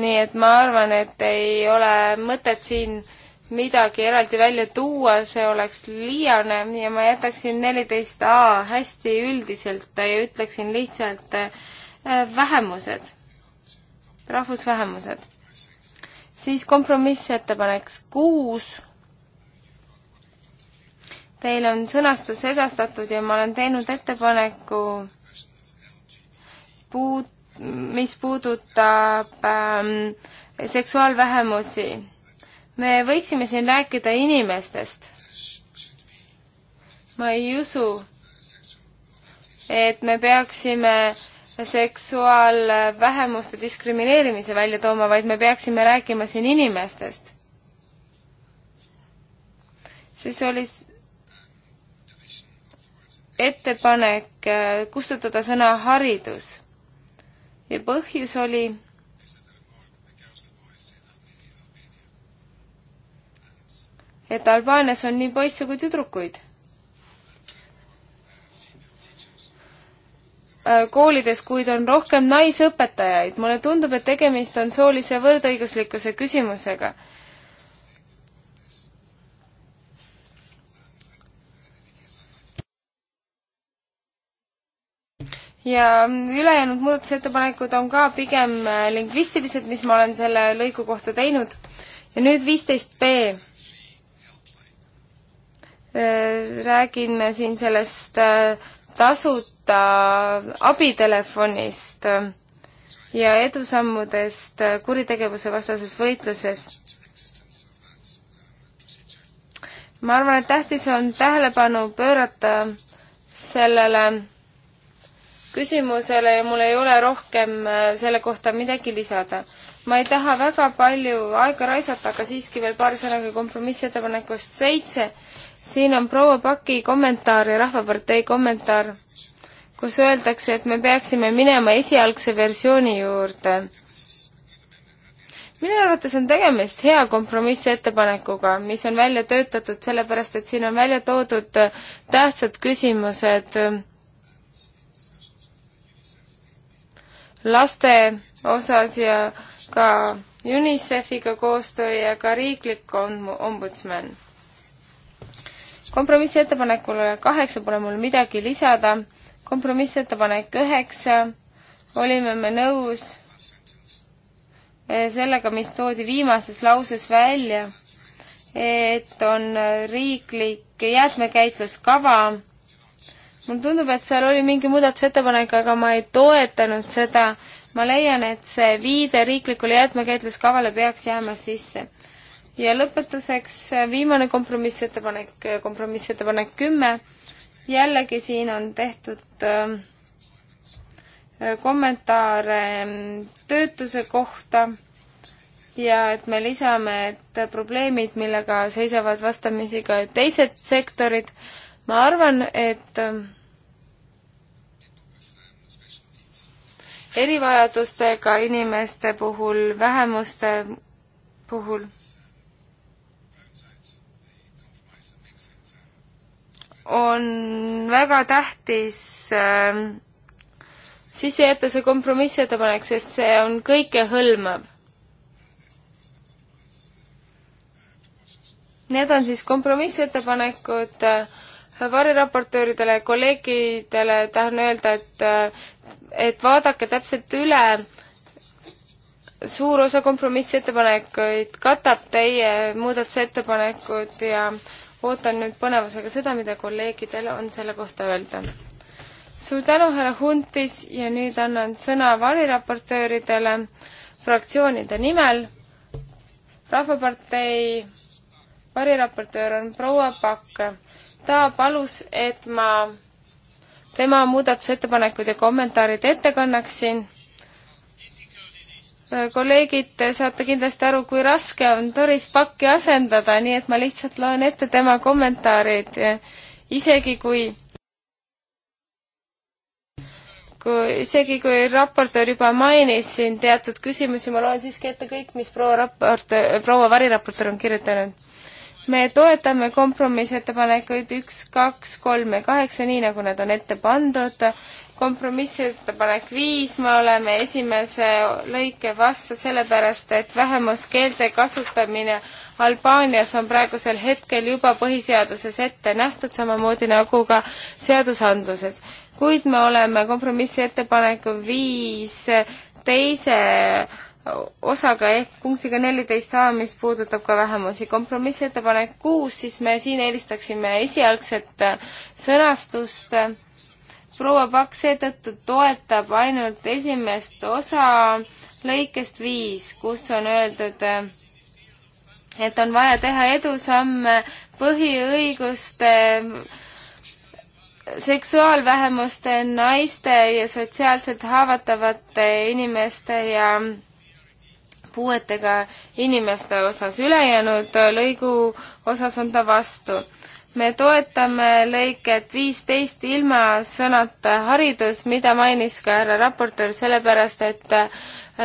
nii et ma arvan, et ei ole mõtet siin äh, midagi eraldi välja tuua, see oleks liiane ja ma jätaksin neliteist A hästi üldiselt ja ütleksin lihtsalt äh, vähemused, rahvusvähemused. siis kompromissettepanek kuus. Teil on sõnastus edastatud ja ma olen teinud ettepaneku puud-, mis puudutab ähm, seksuaalvähemusi me võiksime siin rääkida inimestest. ma ei usu, et me peaksime seksuaalvähemuste diskrimineerimise välja tooma, vaid me peaksime rääkima siin inimestest. siis oli ettepanek äh, kustutada sõna haridus ja põhjus oli et Albaanias on nii poisse kui tüdrukuid. Äh, koolides, kuid on rohkem naisõpetajaid. mulle tundub, et tegemist on soolise võrdõiguslikkuse küsimusega ja ülejäänud muudatusettepanekud on ka pigem äh, lingvistilised, mis ma olen selle lõigu kohta teinud. ja nüüd viisteist B. Äh, räägin siin sellest äh, tasuta abitelefonist äh, ja edusammudest kuritegevuse vastases võitluses. ma arvan, et tähtis on tähelepanu pöörata sellele küsimusele ja mul ei ole rohkem selle kohta midagi lisada. ma ei taha väga palju aega raisata, aga siiski veel paari sõnaga kompromissettepanekust seitse siin on proua Paki kommentaar ja Rahvapartei kommentaar, kus öeldakse, et me peaksime minema esialgse versiooni juurde. minu arvates on tegemist hea kompromissettepanekuga, mis on välja töötatud sellepärast, et siin on välja toodud tähtsad küsimused laste osas ja ka UNICEF-iga koostöö ja ka riiklik ombudsman kompromissettepanekule kaheksa pole mul midagi lisada. kompromissettepanek üheksa, olime me nõus eh, sellega, mis toodi viimases lauses välja, et on eh, riiklik jäätmekäitluskava. mulle tundub, et seal oli mingi muudatusettepanek, aga ma ei toetanud seda. ma leian, et see viide riiklikule jäätmekäitluskavale peaks jääma sisse ja lõpetuseks äh, viimane kompromissettepanek, äh, kompromissettepanek kümme. jällegi siin on tehtud ähm, äh, kommentaare ähm, töötuse kohta ja et me lisame, et probleemid, millega seisavad vastamisi ka teised sektorid, ma arvan, et ähm, erivajadustega inimeste puhul, vähemuste puhul on väga tähtis ähm, sisse jätta see kompromissettepanek, sest see on kõikehõlmav. Need on siis kompromissettepanekud äh, variraportööridele, kolleegidele tahan öelda, et, äh, et vaadake täpselt üle, suur osa kompromissettepanekuid katab teie muudatusettepanekud ja ootan nüüd põnevusega seda, mida kolleegidel on selle kohta öelda. suur tänu, härra Huntis, ja nüüd annan sõna variraportööridele fraktsioonide nimel. rahvapartei variraportöör on proua Pakk. ta palus, et ma tema muudatusettepanekud ja kommentaarid ette kannaksin Äh, kolleegid, te saate kindlasti aru, kui raske on Doris Pakki asendada, nii et ma lihtsalt loen ette tema kommentaarid, isegi kui kui, isegi kui raportöör juba mainis siin teatud küsimusi, ma loen siiski ette kõik, mis proua raport, proua variraportöör on kirjutanud. me toetame kompromissettepanekuid üks, kaks, kolm ja kaheksa, nii nagu nad on ette pandud kompromissettepanek viis, me oleme esimese lõike vastu sellepärast, et vähemuskeelte kasutamine Albaanias on praegusel hetkel juba põhiseaduses ette nähtud, samamoodi nagu ka seadusandluses. kuid me oleme kompromissettepaneku viis teise osaga ehk punktiga neliteist A, mis puudutab ka vähemusi. kompromissettepanek kuus, siis me siin eelistaksime esialgset sõnastust äh, proua Pakk seetõttu toetab ainult esimest osa lõikest viis, kus on öeldud, et on vaja teha edusamme põhiõiguste seksuaalvähemuste, naiste ja sotsiaalselt haavatavate inimeste ja puuetega inimeste osas, ülejäänud lõigu osas on ta vastu me toetame lõiket viisteist ilma sõnata haridus, mida mainis ka härra raportöör, sellepärast et äh,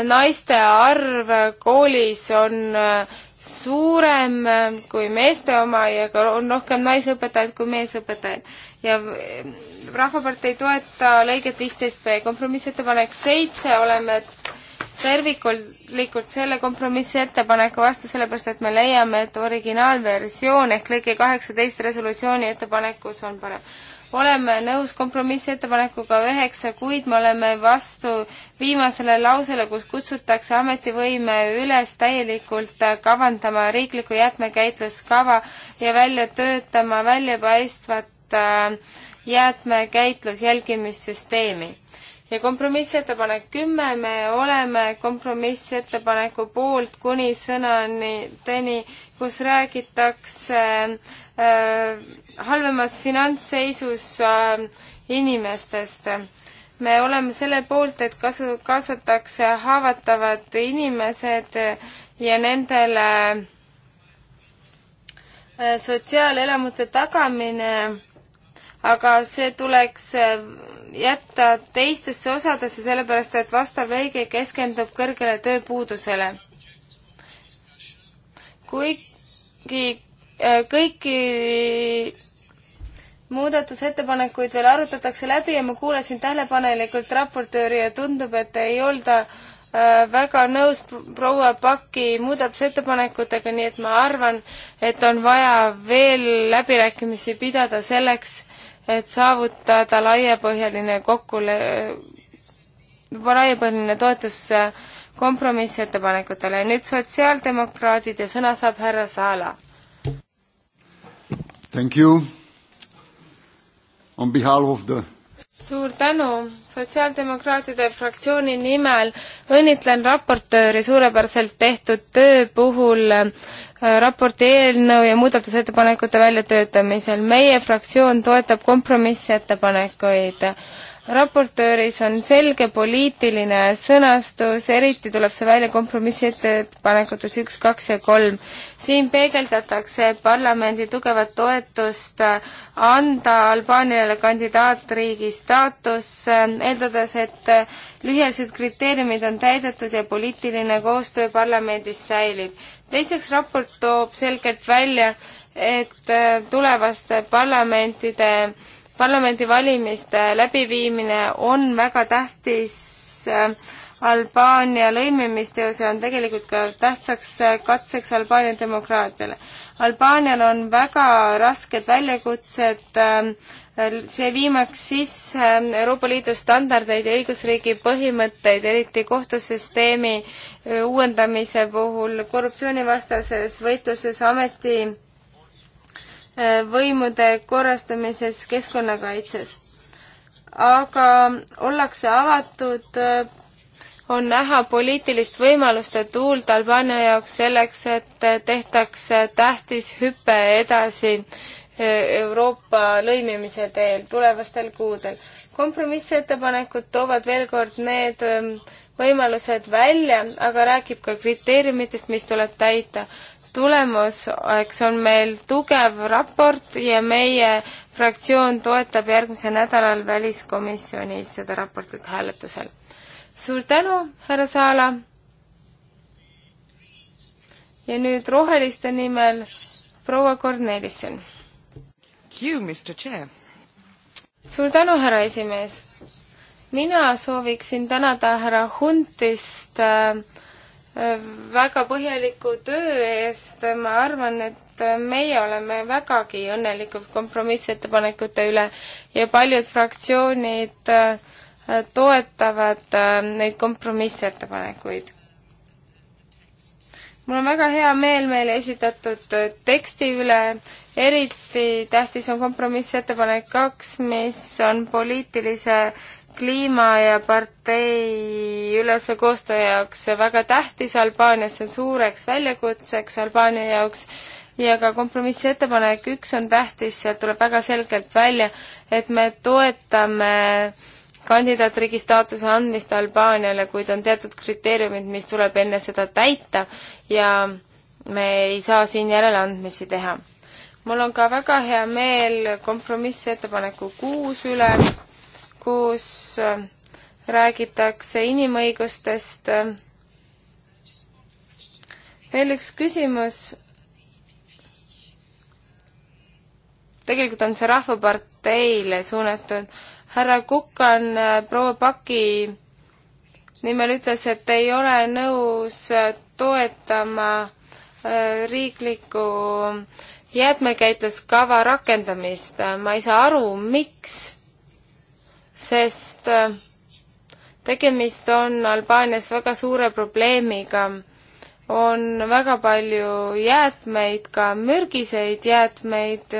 naiste arv koolis on äh, suurem äh, kui meeste oma ja ka on rohkem naisõpetajaid kui meesõpetajaid. ja Rahvapartei toeta lõiget viisteist B. kompromissettepanek seitse oleme terviklikult selle kompromissi ettepaneku vastu, sellepärast et me leiame, et originaalversioon ehk lõige kaheksateist resolutsiooni ettepanekus on parem. oleme nõus kompromissi ettepanekuga üheksa, kuid me oleme vastu viimasele lausele, kus kutsutakse ametivõime üles täielikult kavandama riikliku jäätmekäitluskava ja välja töötama väljapaistvat äh, jäätmekäitlus jälgimissüsteemi ja kompromissettepanek kümme, me oleme kompromissettepaneku poolt kuni sõnani, teni, kus räägitakse äh, halvemas finantsseisus äh, inimestest. me oleme selle poolt, et kasu, kaasatakse haavatavad inimesed ja nendele äh, sotsiaalelamute tagamine, aga see tuleks äh, jätta teistesse osadesse, sellepärast et vastav lõige keskendub kõrgele tööpuudusele. kuigi äh, kõiki muudatusettepanekuid veel arutatakse läbi ja ma kuulasin tähelepanelikult raportööri ja tundub, et ei olda äh, väga nõus proua Paki muudatusettepanekutega, nii et ma arvan, et on vaja veel läbirääkimisi pidada selleks, et saavutada laiapõhjaline kokkule-, laiapõhjaline toetus kompromissettepanekutele. nüüd sotsiaaldemokraadid ja sõna saab härra Saala. Thank you. On behalf of the suur tänu! sotsiaaldemokraatide fraktsiooni nimel õnnitlen raportööri suurepäraselt tehtud töö puhul Äh, raporti eelnõu ja muudatusettepanekute väljatöötamisel. meie fraktsioon toetab kompromissettepanekuid raportööris on selge poliitiline sõnastus, eriti tuleb see välja kompromissettepanekutes üks, kaks ja kolm. siin peegeldatakse parlamendi tugevat toetust äh, anda Albaaniale kandidaatriigi staatus, äh, eeldades, et äh, lühiajalised kriteeriumid on täidetud ja poliitiline koostöö parlamendis säilib. teiseks raport toob selgelt välja, et tulevaste parlamentide parlamendivalimiste läbiviimine on väga tähtis äh, Albaania lõimimist ja see on tegelikult ka tähtsaks äh, katseks Albaania demokraatiale. Albaanial on väga rasked väljakutsed, äh, see viimaks sisse Euroopa Liidu standardeid ja õigusriigi põhimõtteid, eriti kohtusüsteemi uuendamise puhul, korruptsioonivastases võitluses ameti võimude korrastamises, keskkonnakaitses. aga ollakse avatud, on näha poliitilist võimalust ja tuult Albaania jaoks selleks, et tehtaks tähtis hüpe edasi Euroopa lõimimise teel tulevastel kuudel. kompromissettepanekud toovad veel kord need ähm, võimalused välja, aga räägib ka kriteeriumitest, mis tuleb täita tulemuseks on meil tugev raport ja meie fraktsioon toetab järgmisel nädalal väliskomisjonis seda raportit hääletusel. suur tänu, härra Saala! ja nüüd roheliste nimel proua Kornelissen. suur tänu, härra esimees! mina sooviksin tänada härra Huntist äh, väga põhjaliku töö eest, ma arvan, et meie oleme vägagi õnnelikud kompromissettepanekute üle ja paljud fraktsioonid äh, toetavad äh, neid kompromissettepanekuid. mul on väga hea meel meile esitatud teksti üle, eriti tähtis on kompromissettepanek kaks, mis on poliitilise kliima ja partei ülese koostöö jaoks väga tähtis Albaanias, see on suureks väljakutseks Albaania jaoks ja ka kompromissettepanek üks on tähtis, sealt tuleb väga selgelt välja, et me toetame kandidaatriigi staatuse andmist Albaaniale, kuid on teatud kriteeriumid, mis tuleb enne seda täita ja me ei saa siin järeleandmisi teha. mul on ka väga hea meel kompromissettepaneku kuus üle kus äh, räägitakse inimõigustest. veel üks küsimus. tegelikult on see Rahvaparteile suunatud. härra Kukan äh, proua Paki nimel ütles, et ei ole nõus äh, toetama riikliku jäätmekäitluskava rakendamist. ma ei saa aru, miks sest äh, tegemist on Albaanias väga suure probleemiga. on väga palju jäätmeid, ka mürgiseid jäätmeid,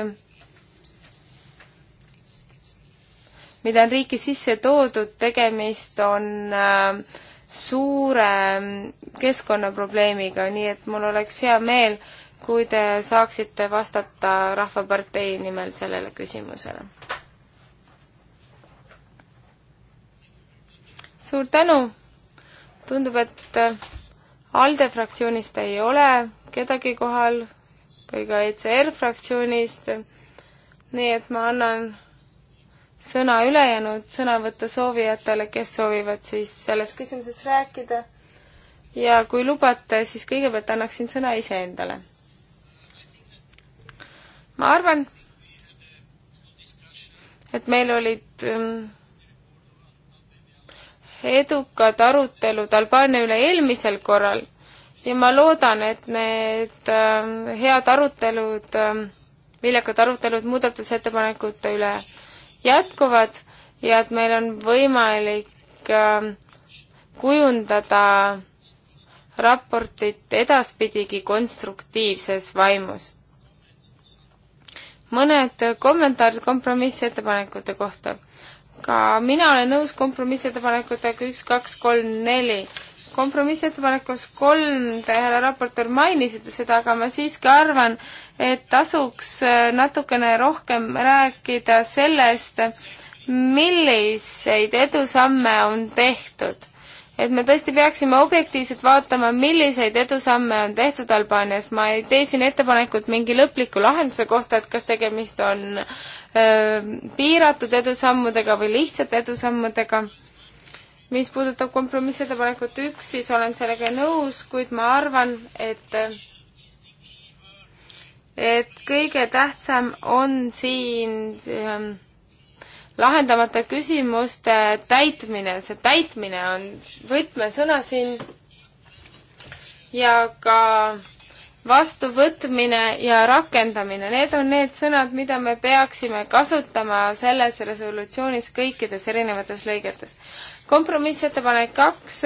mida on riiki sisse toodud, tegemist on äh, suure mm, keskkonnaprobleemiga, nii et mul oleks hea meel, kui te saaksite vastata Rahvapartei nimel sellele küsimusele. suur tänu. tundub, et äh, ALDE fraktsioonist ei ole kedagi kohal või ka ECR fraktsioonist. nii et ma annan sõna ülejäänud sõnavõtte soovijatele, kes soovivad siis selles küsimuses rääkida. ja kui lubate, siis kõigepealt annaksin sõna iseendale. ma arvan, et meil olid ähm, edukad arutelud Albaania üle eelmisel korral ja ma loodan, et need ähm, head arutelud, ähm, viljakad arutelud muudatusettepanekute üle jätkuvad ja et meil on võimalik ähm, kujundada raportit edaspidigi konstruktiivses vaimus. mõned kommentaarid kompromissettepanekute kohta ka mina olen nõus kompromissettepanekutega üks, kaks, kolm, neli. kompromissettepanekus kolm te, härra raportöör, mainisite seda, aga ma siiski arvan, et tasuks äh, natukene rohkem rääkida sellest, milliseid edusamme on tehtud et me tõesti peaksime objektiivselt vaatama, milliseid edusamme on tehtud Albaanias. ma ei tee siin ettepanekut mingi lõpliku lahenduse kohta, et kas tegemist on öö, piiratud edusammudega või lihtsate edusammudega. mis puudutab kompromissettepanekut üks, siis olen sellega nõus, kuid ma arvan, et et kõige tähtsam on siin öö, lahendamata küsimuste täitmine, see täitmine on võtmesõna siin ja ka vastuvõtmine ja rakendamine, need on need sõnad, mida me peaksime kasutama selles resolutsioonis kõikides erinevates lõigetes. kompromissettepanek kaks,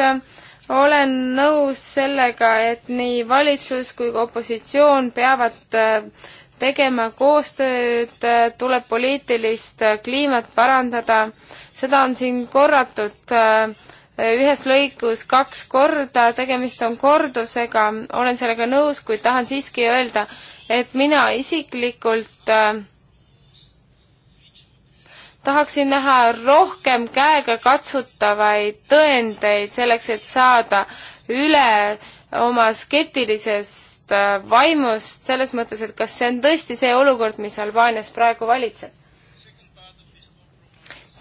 olen nõus sellega, et nii valitsus kui ka opositsioon peavad äh, tegema koostööd, tuleb poliitilist kliimat parandada, seda on siin korratud äh, ühes lõikus kaks korda, tegemist on kordusega, olen sellega nõus, kuid tahan siiski öelda, et mina isiklikult äh, tahaksin näha rohkem käegakatsutavaid tõendeid selleks, et saada üle oma skeptilisest Äh, vaimust selles mõttes, et kas see on tõesti see olukord, mis Albaanias praegu valitseb?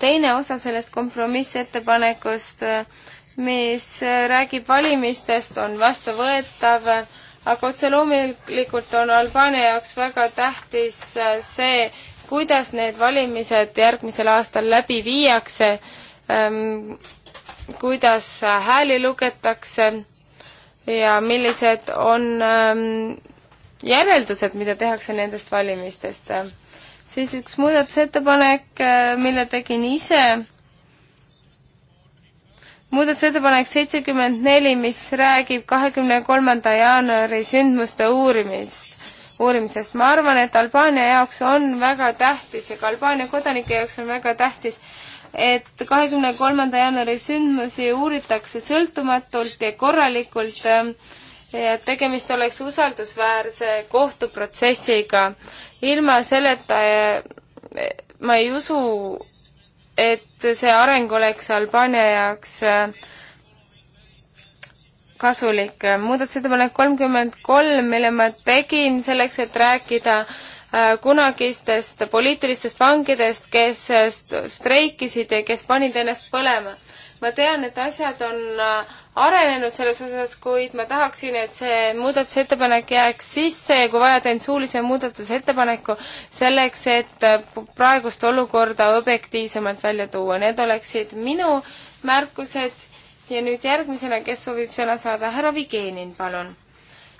teine osa sellest kompromissettepanekust, äh, mis äh, räägib valimistest, on vastuvõetav, aga otse loomulikult on Albaania jaoks väga tähtis see, kuidas need valimised järgmisel aastal läbi viiakse, ähm, kuidas hääli lugetakse ja millised on ähm, järeldused, mida tehakse nendest valimistest. siis üks muudatusettepanek, äh, mille tegin ise, muudatusettepanek seitsekümmend neli, mis räägib kahekümne kolmanda jaanuari sündmuste uurimist uurimisest. ma arvan, et Albaania jaoks on väga tähtis ja ka Albaania kodanike jaoks on väga tähtis, et kahekümne kolmanda jaanuari sündmusi uuritakse sõltumatult ja korralikult ähm, ja et tegemist oleks usaldusväärse kohtuprotsessiga. ilma selleta äh, ma ei usu, et see areng oleks Albaania jaoks äh, kasulik. muudatusettepanek kolmkümmend kolm, mille ma tegin selleks, et rääkida Äh, kunagistest poliitilistest vangidest, kes äh, streikisid ja kes panid ennast põlema. ma tean, et asjad on äh, arenenud selles osas, kuid ma tahaksin, et see muudatusettepanek jääks sisse ja kui vaja, teen suulise muudatusettepaneku selleks, et praegust olukorda objektiivsemalt välja tuua. Need oleksid minu märkused ja nüüd järgmisena, kes soovib sõna saada, härra Vigenin, palun.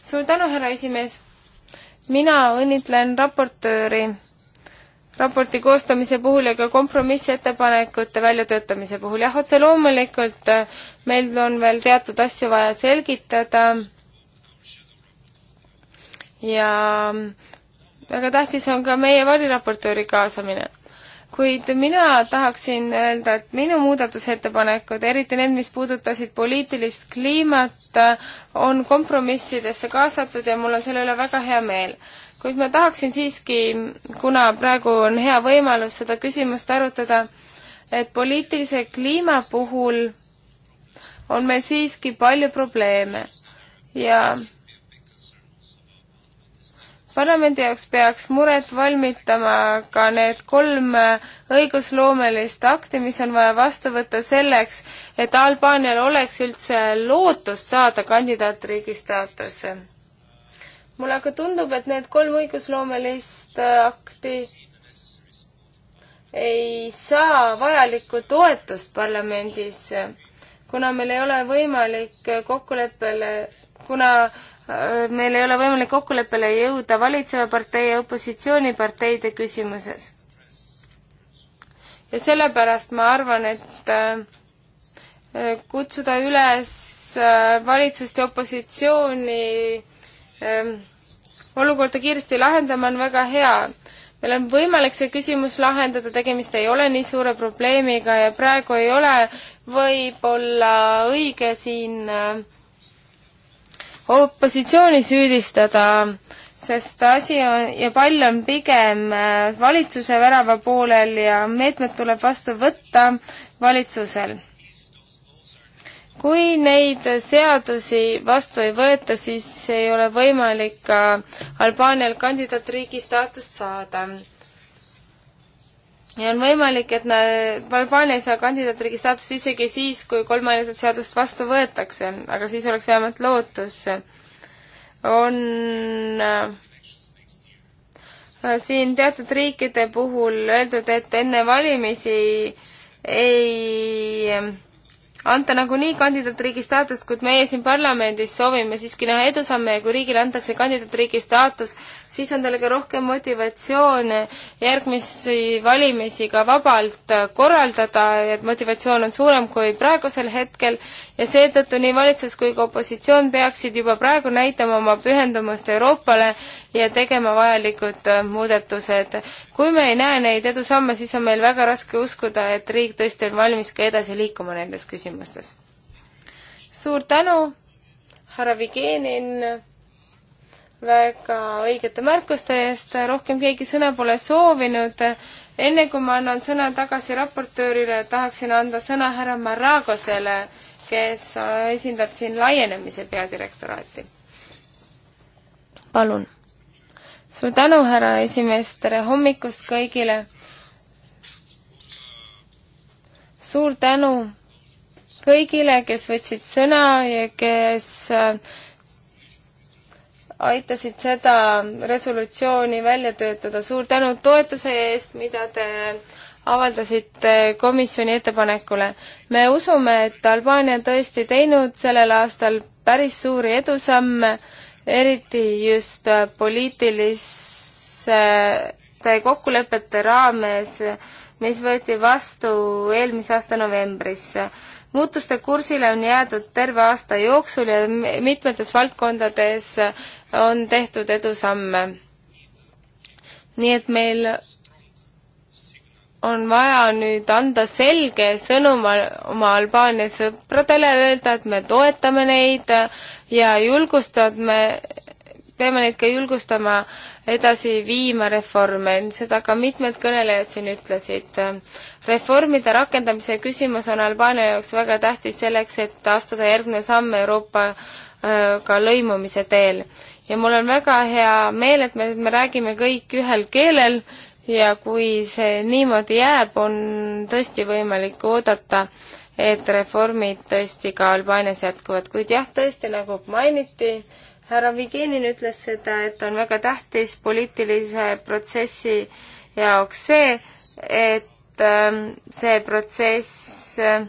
suur tänu, härra esimees mina õnnitlen raportööri raporti koostamise puhul ja ka kompromissettepanekute väljatöötamise puhul. jah, otse loomulikult äh, meil on veel teatud asju vaja selgitada ja mm, väga tähtis on ka meie variraportööri kaasamine kuid mina tahaksin öelda, et minu muudatusettepanekud, eriti need, mis puudutasid poliitilist kliimat, on kompromissidesse kaasatud ja mul on selle üle väga hea meel. kuid ma tahaksin siiski, kuna praegu on hea võimalus seda küsimust arutada, et poliitilise kliima puhul on meil siiski palju probleeme ja parlamendi jaoks peaks muret valmitama ka need kolm õigusloomelist akti, mis on vaja vastu võtta selleks, et Albaanial oleks üldse lootust saada kandidaatriigi staatuse. mulle aga tundub, et need kolm õigusloomelist akti ei saa vajalikku toetust parlamendis, kuna meil ei ole võimalik kokkuleppele, kuna äh, Äh, meil ei ole võimalik kokkuleppele jõuda valitseva partei ja opositsiooniparteide küsimuses. ja sellepärast ma arvan, et äh, äh, kutsuda üles valitsust ja opositsiooni olukorda kiiresti lahendama on väga hea meil on võimalik see küsimus lahendada, tegemist ei ole nii suure probleemiga ja praegu ei ole võib-olla õige siin opositsiooni süüdistada, sest asi on ja pall on pigem äh, valitsuse värava poolel ja meetmed tuleb vastu võtta valitsusel. kui neid seadusi vastu ei võeta, siis ei ole võimalik ka Albaanial kandidaatriigi staatust saada ja on võimalik, et Albaania ei saa kandidaatriigi staatust isegi siis, kui kolmandat seadust vastu võetakse, aga siis oleks vähemalt lootus. on äh, siin teatud riikide puhul öeldud, et enne valimisi ei anta nagunii kandidaatriigi staatust, kuid meie siin parlamendis soovime siiski näha edusamme ja kui riigile antakse kandidaatriigi staatus, siis on tal ka rohkem motivatsioone järgmisi valimisi ka vabalt korraldada, et motivatsioon on suurem kui praegusel hetkel ja seetõttu nii valitsus kui ka opositsioon peaksid juba praegu näitama oma pühendumust Euroopale ja tegema vajalikud äh, muudatused. kui me ei näe neid edusamme, siis on meil väga raske uskuda, et riik tõesti on valmis ka edasi liikuma nendes küsimustes. suur tänu, härra Vigenin väga õigete märkuste eest, rohkem keegi sõna pole soovinud. enne kui ma annan sõna tagasi raportöörile, tahaksin anda sõna härra Maragosele, kes esindab siin laienemise peadirektoraati. palun. suur tänu, härra esimees, tere hommikust kõigile. suur tänu kõigile, kes võtsid sõna ja kes äh, aitasid seda resolutsiooni välja töötada. suur tänu toetuse eest, mida te avaldasite komisjoni ettepanekule. me usume, et Albaania on tõesti teinud sellel aastal päris suuri edusamme, eriti just poliitiliste kokkulepete raames, mis võeti vastu eelmise aasta novembris. muutuste kursile on jäädud terve aasta jooksul ja mitmetes valdkondades on tehtud edusamme. nii et meil on vaja nüüd anda selge sõnum oma Albaania sõpradele, öelda, et me toetame neid ja julgustame, peame neid ka julgustama edasi viima reforme, seda ka mitmed kõnelejad siin ütlesid. reformide rakendamise küsimus on Albaania jaoks väga tähtis selleks, et astuda järgmine samm Euroopaga äh, lõimumise teel ja mul on väga hea meel, et me, me räägime kõik ühel keelel ja kui see niimoodi jääb, on tõesti võimalik oodata, et reformid tõesti ka Albaanias jätkuvad, kuid jah, tõesti, nagu mainiti, härra Vigenin ütles seda, et on väga tähtis poliitilise protsessi jaoks see, et ähm, see protsess äh,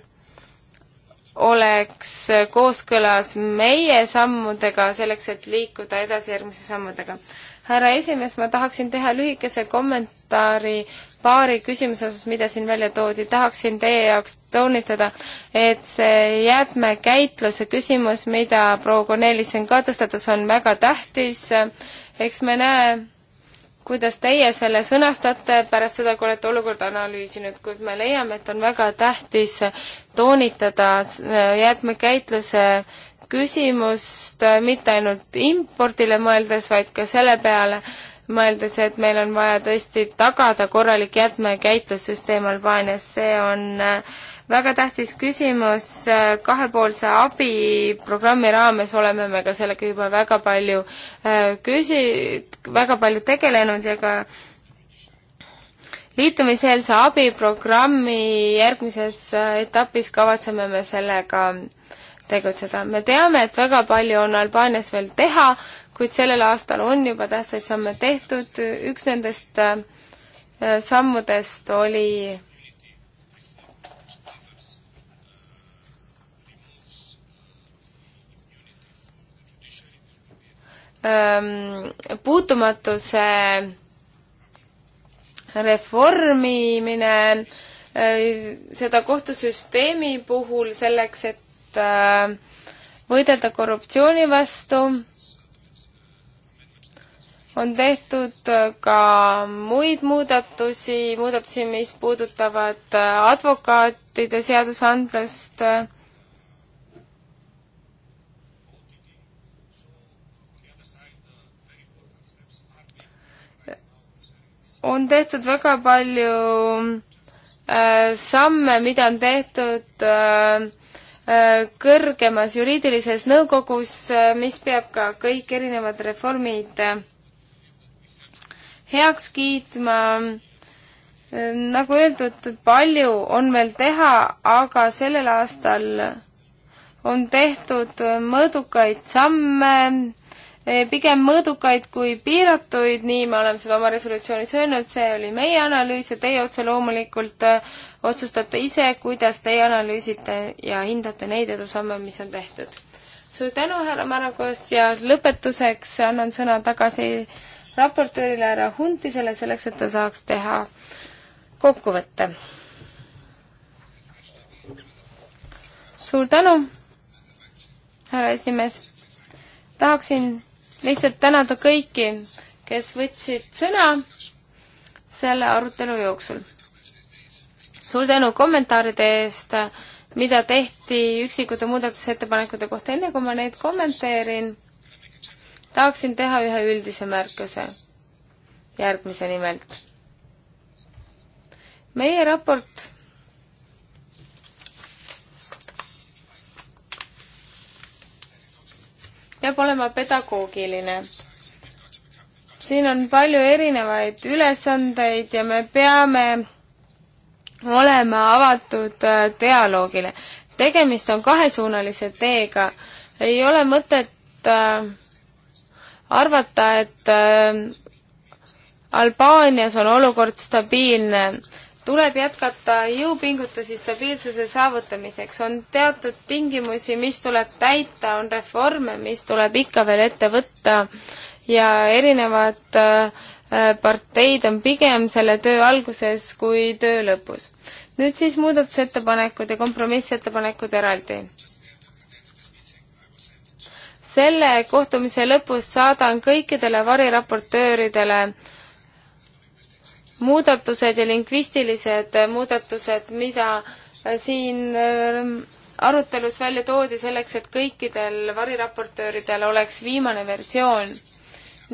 oleks kooskõlas meie sammudega selleks, et liikuda edasi järgmise sammudega. härra esimees, ma tahaksin teha lühikese kommentaari paari küsimuse osas, mida siin välja toodi, tahaksin teie jaoks toonitada, et see jäätmekäitluse küsimus, mida proua Cornelis siin ka tõstatas, on väga tähtis, eks me näe, kuidas teie selle sõnastate pärast seda, kui olete olukorda analüüsinud, kuid me leiame, et on väga tähtis toonitada jäätmekäitluse küsimust mitte ainult impordile mõeldes, vaid ka selle peale mõeldes, et meil on vaja tõesti tagada korralik jäätmekäitlussüsteem Albaanias, see on äh, väga tähtis küsimus, kahepoolse abiprogrammi raames oleme me ka sellega juba väga palju äh, küsi-, väga palju tegelenud ja ka liitumiseelse abiprogrammi järgmises äh, etapis kavatseme me sellega tegutseda. me teame, et väga palju on Albaanias veel teha, kuid sellel aastal on juba tähtsaid samme tehtud, üks nendest äh, sammudest oli Ähm, puutumatuse reformimine, äh, seda kohtusüsteemi puhul selleks, et äh, võidelda korruptsiooni vastu, on tehtud äh, ka muid muudatusi, muudatusi, mis puudutavad advokaatide seadusandlust on tehtud väga palju äh, samme, mida on tehtud äh, äh kõrgemas juriidilises nõukogus, äh, mis peab ka kõik erinevad reformid äh, heaks kiitma. nagu öeldud, palju on veel teha, aga sellel aastal on tehtud mõõdukaid samme Eh, pigem mõõdukaid kui piiratuid, nii me oleme seda oma resolutsioonis öelnud, see oli meie analüüs ja teie otse loomulikult eh, otsustate ise, kuidas teie analüüsite ja hindate neid edusamme, mis on tehtud. suur tänu, härra Maragos ja lõpetuseks annan sõna tagasi raportöörile härra Huntisele, selleks et ta saaks teha kokkuvõtte. suur tänu, härra esimees tahaksin lihtsalt tänada kõiki, kes võtsid sõna selle arutelu jooksul. suur tänu kommentaaride eest, mida tehti üksikute muudatusettepanekute kohta, enne kui ma neid kommenteerin, tahaksin teha ühe üldise märkuse järgmise nimelt. meie raport peab olema pedagoogiline. siin on palju erinevaid ülesandeid ja me peame olema avatud äh, dialoogile. tegemist on kahesuunalise teega. ei ole mõtet äh, arvata, et äh, Albaanias on olukord stabiilne tuleb jätkata jõupingutusi stabiilsuse saavutamiseks, on teatud tingimusi, mis tuleb täita, on reforme, mis tuleb ikka veel ette võtta ja erinevad äh, parteid on pigem selle töö alguses kui töö lõpus. nüüd siis muudatusettepanekud ja kompromissettepanekud eraldi. selle kohtumise lõpus saadan kõikidele variraportööridele äh, muudatused ja lingvistilised muudatused, mida siin ähm, arutelus välja toodi selleks, et kõikidel variraportööridel oleks viimane versioon.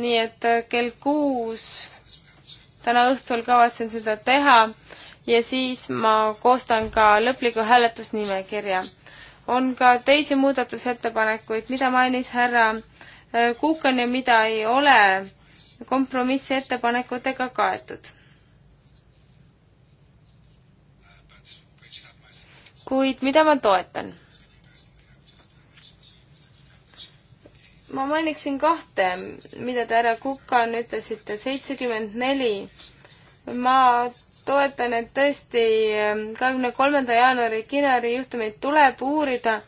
nii et äh, kell kuus täna õhtul kavatsen seda teha ja siis ma koostan ka lõpliku hääletusnimekirja. on ka teisi muudatusettepanekuid, mida mainis härra äh, Kuukan ja mida ei ole kompromissettepanekutega kaetud kuid mida ma toetan? ma mainiksin kahte, mida te, härra Kukan, ütlesite, seitsekümmend neli. ma toetan, et tõesti ähm, kahekümne kolmanda jaanuari Kinari juhtumeid tuleb uurida.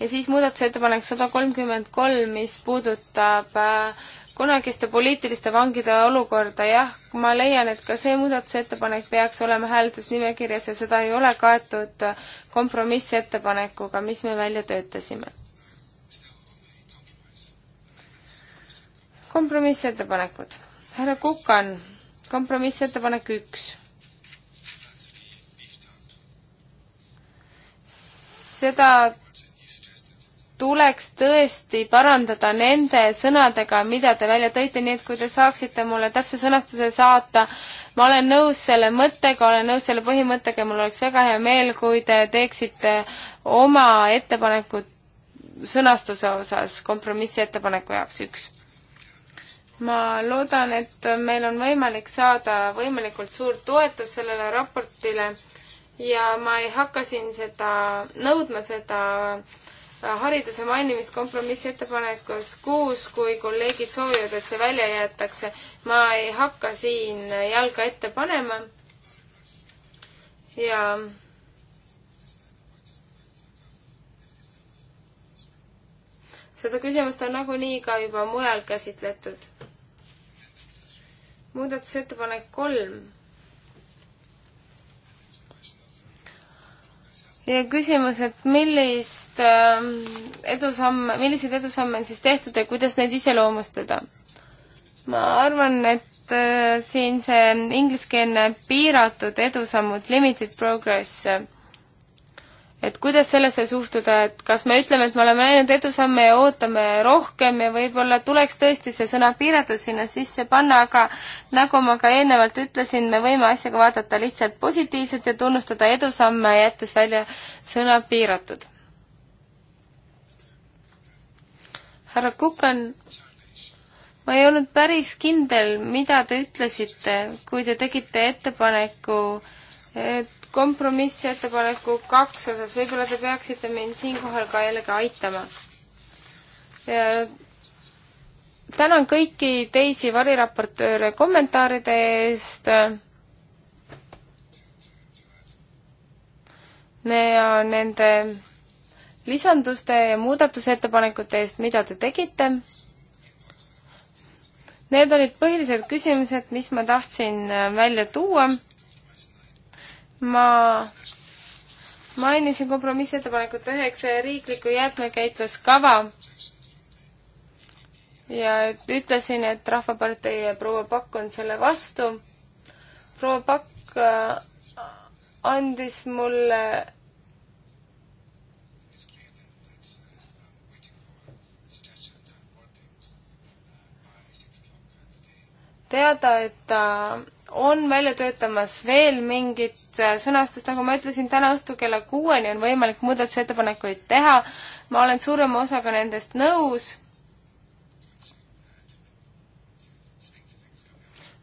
ja siis muudatusettepanek sada kolmkümmend kolm, mis puudutab äh, kunagiste poliitiliste vangide olukorda, jah, ma leian, et ka see muudatusettepanek peaks olema hääletusnimekirjas ja seda ei ole kaetud kompromissettepanekuga, mis me välja töötasime. kompromissettepanekud. härra Kukan, kompromissettepanek üks. seda tuleks tõesti parandada nende sõnadega, mida te välja tõite, nii et kui te saaksite mulle täpse sõnastuse saata, ma olen nõus selle mõttega, olen nõus selle põhimõttega ja mul oleks väga hea meel, kui te teeksite oma ettepanekud sõnastuse osas kompromissettepaneku jaoks üks. ma loodan, et meil on võimalik saada võimalikult suurt toetust sellele raportile ja ma ei hakka siin seda, nõudma seda äh, hariduse mainimist kompromissettepanekus kuus, kui kolleegid soovivad, et see välja jäetakse. ma ei hakka siin jalga ette panema. ja seda küsimust on nagunii ka juba mujal käsitletud. muudatusettepanek kolm ja küsimus, et millist ähm, edusamme, milliseid edusamme on siis tehtud ja kuidas neid iseloomustada? ma arvan, et äh, siin see ingliskeelne piiratud edusammud, limited progress äh, et kuidas sellesse suhtuda, et kas me ütleme, et me oleme näinud edusamme ja ootame rohkem ja võib-olla tuleks tõesti see sõna piiratud sinna sisse panna, aga nagu ma ka eelnevalt ütlesin, me võime asjaga vaadata lihtsalt positiivselt ja tunnustada edusamme, jättes välja sõna piiratud. härra Kukan, ma ei olnud päris kindel, mida te ütlesite, kui te tegite ettepaneku et kompromissettepaneku kaks osas, võib-olla te peaksite mind siinkohal ka jällegi aitama. tänan kõiki teisi variraportööre kommentaaride eest. ja nende lisanduste ja muudatusettepanekute eest, mida te tegite. Need olid põhilised küsimused, mis ma tahtsin välja tuua ma mainisin kompromissettepanekut üheksa ja riikliku jäätmekäitluskava ja ütlesin, et Rahvapartei ja proua Pakk on selle vastu. proua Pakk äh, andis mulle teada, et ta on välja töötamas veel mingit äh, sõnastust, nagu ma ütlesin, täna õhtul kella kuueni on võimalik muudatusettepanekuid teha. ma olen suurema osaga nendest nõus.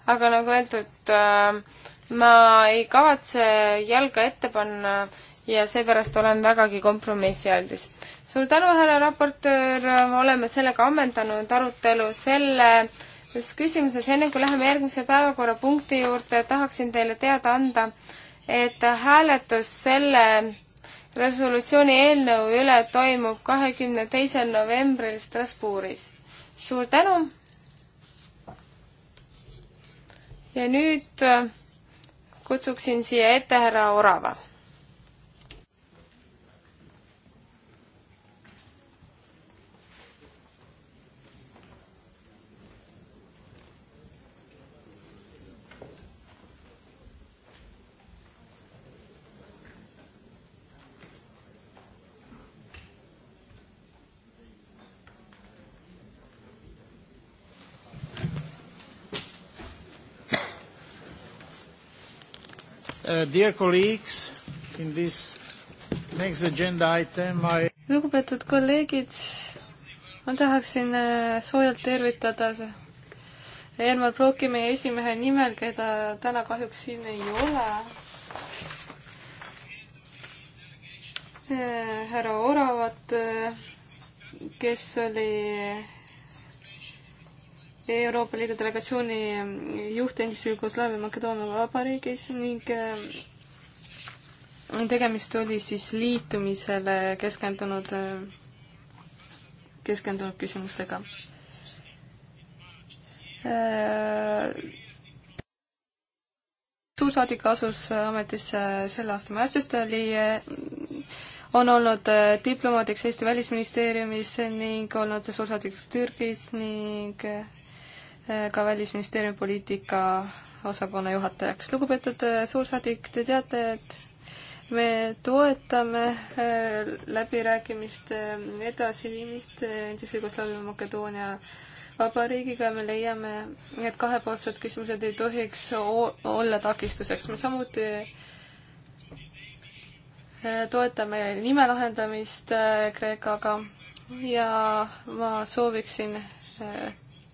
aga nagu öeldud, äh, ma ei kavatse jalga ette panna ja seepärast olen vägagi kompromissialdis. suur tänu, härra raportöör, oleme sellega ammendanud arutelu selle küsimuses, enne kui läheme järgmise päevakorrapunkti juurde, tahaksin teile teada anda, et hääletus selle resolutsiooni eelnõu üle toimub kahekümne teisel novembril Strasbourgis. suur tänu! ja nüüd äh, kutsuksin siia ette härra Orava Uh, dear colleagues, in this next agenda item I lugupeetud kolleegid, ma tahaksin uh, soojalt tervitada Elmar Brocki meie esimehe nimel, keda täna kahjuks siin ei ole. Uh, härra Oravat, uh, kes oli Euroopa Liidu delegatsiooni juht endise Jugoslaavia Makedoonia Vabariigis ning äh, tegemist oli siis liitumisele keskendunud, äh, keskendunud küsimustega. Äh, suursaadik asus ametisse selle aasta märtsis, ta oli, on olnud diplomaadiks Eesti Välisministeeriumis ning olnud suursaadikuks Türgis ning Äh, ka Välisministeeriumi poliitika osakonna juhatajaks. lugupeetud äh, suursaadik, te teate, et me toetame äh, läbirääkimiste edasiviimist endise Jugoslaavia Makedoonia vabariigiga me leiame, et kahepoolsed küsimused ei tohiks olla takistuseks. me samuti toetame nime lahendamist Kreekaga ja ma sooviksin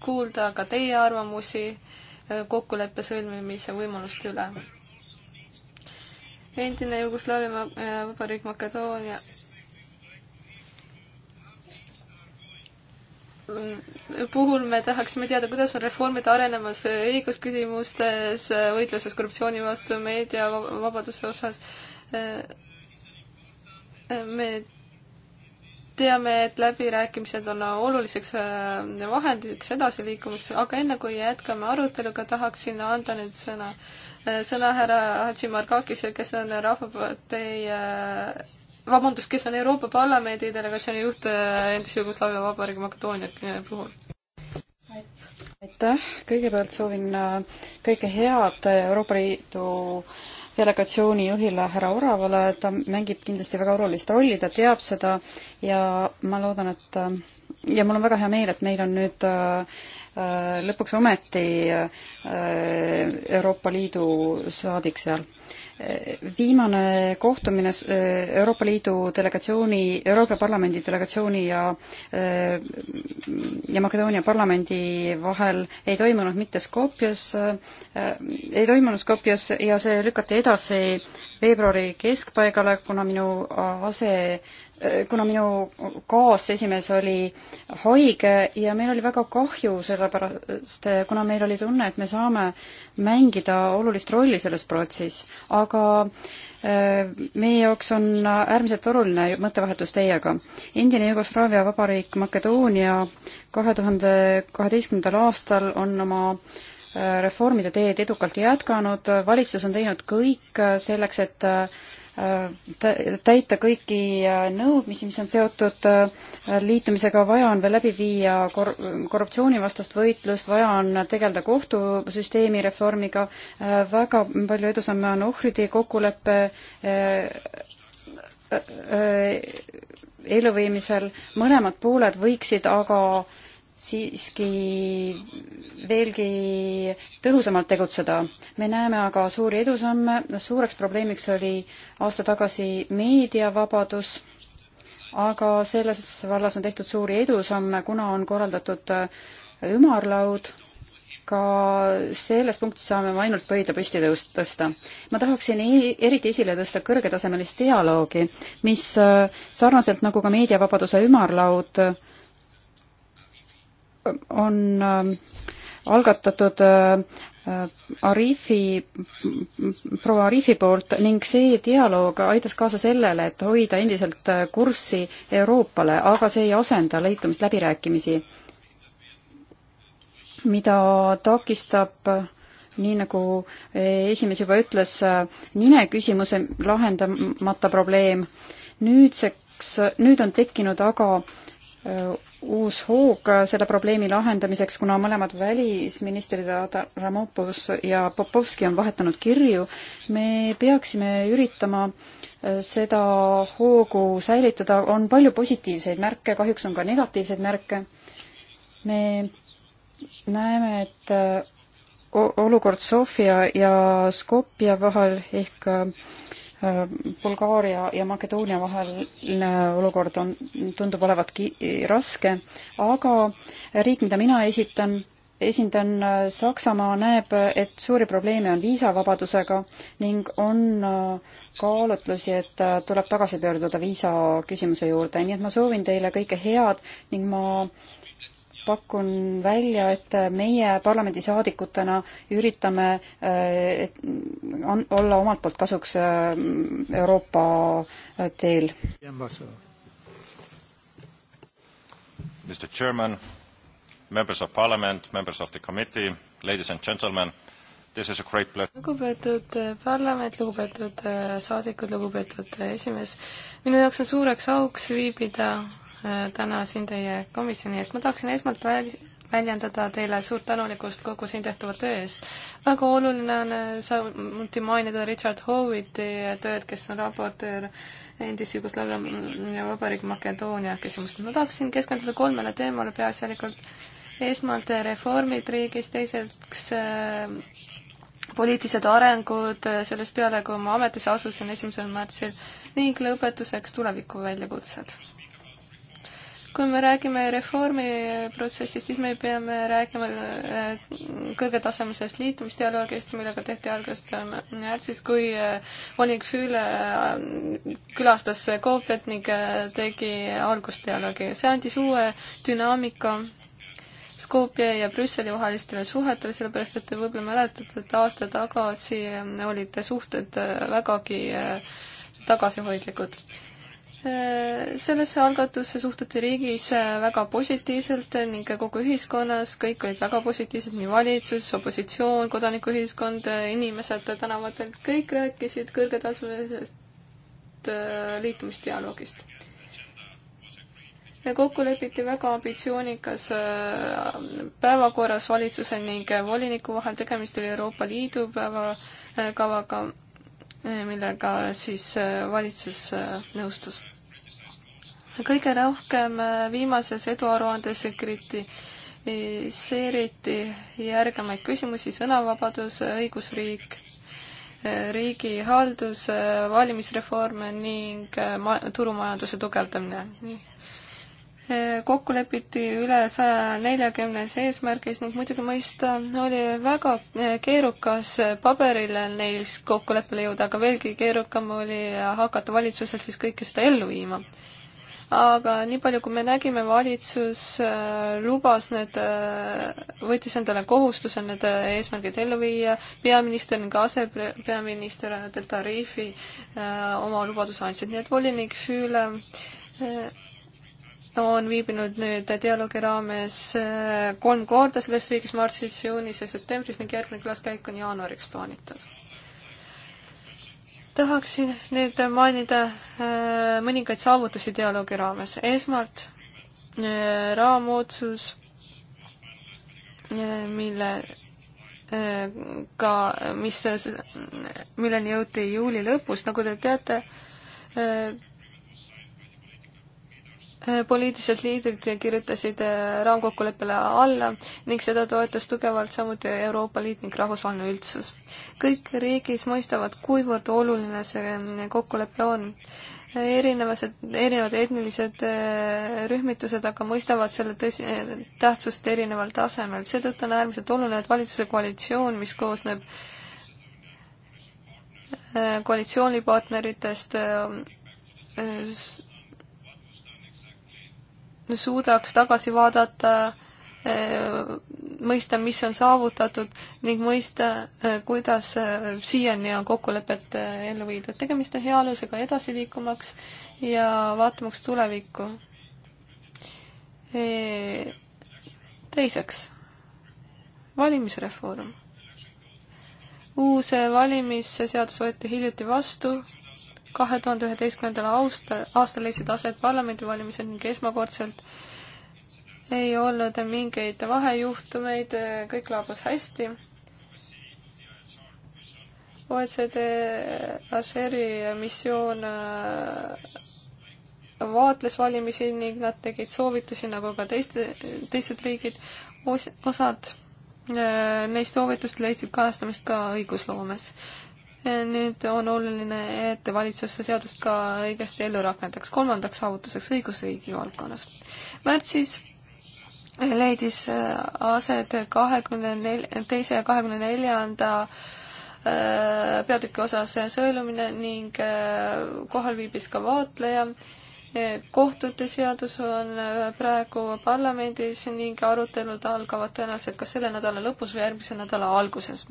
kuulda ka teie arvamusi äh, kokkuleppe sõlmimise võimaluste üle. endine Jugoslaavia äh, Vabariik Makedoonia mm, puhul me tahaksime teada, kuidas on reformid arenemas õigusküsimustes, võitluses korruptsiooni vastu, meediavabaduse osas. Äh, me teame, et läbirääkimised on oluliseks äh, vahendiks edasiliikumiseks, aga enne kui jätkame aruteluga, tahaksin anda nüüd sõna, äh, sõna härra Hatsimarkakisele, kes on Rahvapartei äh, vabandust, kes on Euroopa Parlamendi delegatsiooni juht endise Jugoslaavia Vabariigi Makedoonia puhul. aitäh, kõigepealt soovin kõike head Euroopa Liidu äh, delegatsiooni juhile härra Oravale, ta mängib kindlasti väga olulist rolli, ta teab seda ja ma loodan, et ja mul on väga hea meel, et meil on nüüd äh, lõpuks ometi äh, Euroopa Liidu saadik seal viimane kohtumine äh, Euroopa Liidu delegatsiooni, Euroopa Parlamendi delegatsiooni ja äh, ja Makedoonia parlamendi vahel ei toimunud mitte Skopjas, äh, ei toimunud Skopjas ja see lükati edasi veebruari keskpaigale, kuna minu ase kuna minu kaasesimees oli haige ja meil oli väga kahju, sellepärast eh, kuna meil oli tunne, et me saame mängida olulist rolli selles protsessis, aga eh, meie jaoks on äärmiselt oluline mõttevahetus teiega. endine Jugoslaavia vabariik Makedoonia kahe tuhande kaheteistkümnendal aastal on oma eh, reformide teed edukalt jätkanud, valitsus on teinud kõik selleks, et täita kõiki äh, nõudmisi, mis on seotud äh, liitumisega, vaja on veel läbi viia kor-, korruptsioonivastast võitlust, vaja on tegeleda kohtusüsteemi reformiga, äh, väga palju edusamme on ohvrite kokkuleppe elluviimisel, mõlemad pooled võiksid aga äh, siiski veelgi tõhusamalt tegutseda. me näeme aga suuri edusamme, suureks probleemiks oli aasta tagasi meediavabadus, aga selles vallas on tehtud suuri edusamme, kuna on korraldatud äh, ümarlaud, ka selles punktis saame ainult pöide püsti tõus-, tõsta. ma tahaksin e-, eriti esile tõsta kõrgetasemelist dialoogi, mis äh, sarnaselt nagu ka meediavabaduse ümarlaud äh, on ähm, algatatud äh, Arifi, proua Arifi poolt ning see dialoog aitas kaasa sellele, et hoida endiselt äh, kurssi Euroopale, aga see ei asenda lõikumisläbirääkimisi, mida takistab nii nagu esimees juba ütles, äh, nime küsimuse lahendamata probleem. nüüdseks, nüüd on tekkinud aga uus hoog selle probleemi lahendamiseks, kuna mõlemad välisministrid Ramopoulos ja Popovski on vahetanud kirju. me peaksime üritama äh, seda hoogu säilitada, on palju positiivseid märke, kahjuks on ka negatiivseid märke. me näeme, et äh, olukord Sofia ja Skopje vahel ehk äh, Äh, Bulgaaria ja Makedoonia vaheline olukord on, tundub olevat ki-, raske, aga riik, mida mina esitan, esindan äh, Saksamaa, näeb, et suuri probleeme on viisavabadusega ning on äh, kaalutlusi, et tuleb tagasi pöörduda viisa küsimuse juurde, nii et ma soovin teile kõike head ning ma pakun välja, et meie parlamendisaadikutena üritame äh, olla omalt poolt kasuks äh, Euroopa äh, teel. Mr Chairman, members of parliament, members of the committee, ladies and gentlemen, this is a great pleasure. lugupeetud parlament, lugupeetud saadikud, lugupeetud esimees, minu jaoks on suureks auks viibida täna siin teie komisjoni ees. ma tahaksin esmalt väl-, väljendada teile suurt tänulikkust kogu siin tehtava töö eest. väga oluline on äh, samuti mainida Richard Howitti tööd, kes on raportöör endise Jugoslaavia mm, Vabariigi Makedoonia küsimust. ma tahaksin keskenduda kolmele teemale peaasjalikult. esmalt reformid riigis, teiseks äh, poliitilised arengud äh, sellest peale, kui ma ametisse asusin esimesel märtsil ning lõpetuseks tuleviku väljakutsed kui me räägime reformiprotsessist, siis me peame rääkima äh, kõrgetasemelisest liitumisdialoogist, millega tehti algusest äh, märtsis, kui äh, volinik Füüle külastas Koopiat ning tegi algusdialoogi. see andis uue dünaamika Skopje ja Brüsseli vahelistele suhetele, sellepärast et te võib-olla mäletate, et aasta tagasi olid suhted vägagi tagasihoidlikud. Sellesse algatusse suhtuti riigis äh, väga positiivselt ning kogu ühiskonnas, kõik olid väga positiivsed, nii valitsus, opositsioon, kodanikuühiskond, inimesed tänavatel, kõik rääkisid kõrgetasemelisest äh, liitumisdialoogist. ja kokku lepiti väga ambitsioonikas äh, päevakorras valitsuse ning voliniku vahel, tegemist oli Euroopa Liidu päevakavaga, millega siis valitsus nõustus kõige rohkem äh, viimases eduaruandes kritiseeriti järgnevaid küsimusi, sõnavabadus, õigusriik, äh, riigihaldus, äh, valimisreform ning ma-, turumajanduse tugevdamine kokku lepiti üle saja neljakümnes eesmärgis ning muidugi mõista oli väga keerukas paberil neis kokkuleppele jõuda, aga veelgi keerukam oli hakata valitsuselt siis kõike seda ellu viima aga nii palju, kui me nägime, valitsus äh, lubas need, äh, võttis endale kohustuse need äh, eesmärgid ellu viia, peaminister ning asepeaminister Deltarifi oma lubaduse andsid, nii et volinik Füüle on viibinud nüüd dialoogi raames kolm korda selles riigis, märtsis, juunis ja septembris ning järgmine külaskäik on jaanuariks plaanitud tahaksin nüüd mainida äh, mõningaid saavutusi dialoogi raames. esmalt äh, raamotsus, äh, mille ka, mis, milleni jõuti juuli lõpus, nagu te teate, Äh, poliitilised liidrid kirjutasid äh, raamkokkuleppele alla ning seda toetas tugevalt samuti Euroopa Liit ning rahvusvaheline üldsus. kõik riigis mõistavad, kuivõrd oluline see äh, kokkulepe on. erinevased, erinevad etnilised rühmitused aga mõistavad selle tõsi, tähtsust erineval tasemel, seetõttu on äärmiselt oluline, et valitsuse koalitsioon, mis koosneb koalitsioonipartneritest, suudaks tagasi vaadata, eh, mõista, mis on saavutatud ning mõista, eh, kuidas eh, siiani on kokkulepet ellu viidud. tegemist on hea alusega edasi liikumaks ja vaatamaks tulevikku. teiseks, valimisreform uus valimisseadus võeti hiljuti vastu kahe tuhande üheteistkümnendal aasta, aastal leidsid aset parlamendivalimised ning esmakordselt ei olnud mingeid vahejuhtumeid, kõik laabus hästi. OECD Alžeeri missioon äh, vaatles valimisi ning nad tegid soovitusi, nagu ka teiste, teised riigid. osad äh, neist soovitust leidsid kajastamist ka õigusloomes nüüd on oluline, et valitsus seda seadust ka õigesti ellu rakendaks. kolmandaks saavutuseks õigusriigi valdkonnas. märtsis leidis äh, aset kahekümne nel-, teise ja kahekümne neljanda äh, peatüki osas sõelumine ning äh, kohal viibis ka vaatleja. kohtute seadus on praegu parlamendis ning arutelud algavad tõenäoliselt kas selle nädala lõpus või järgmise nädala alguses.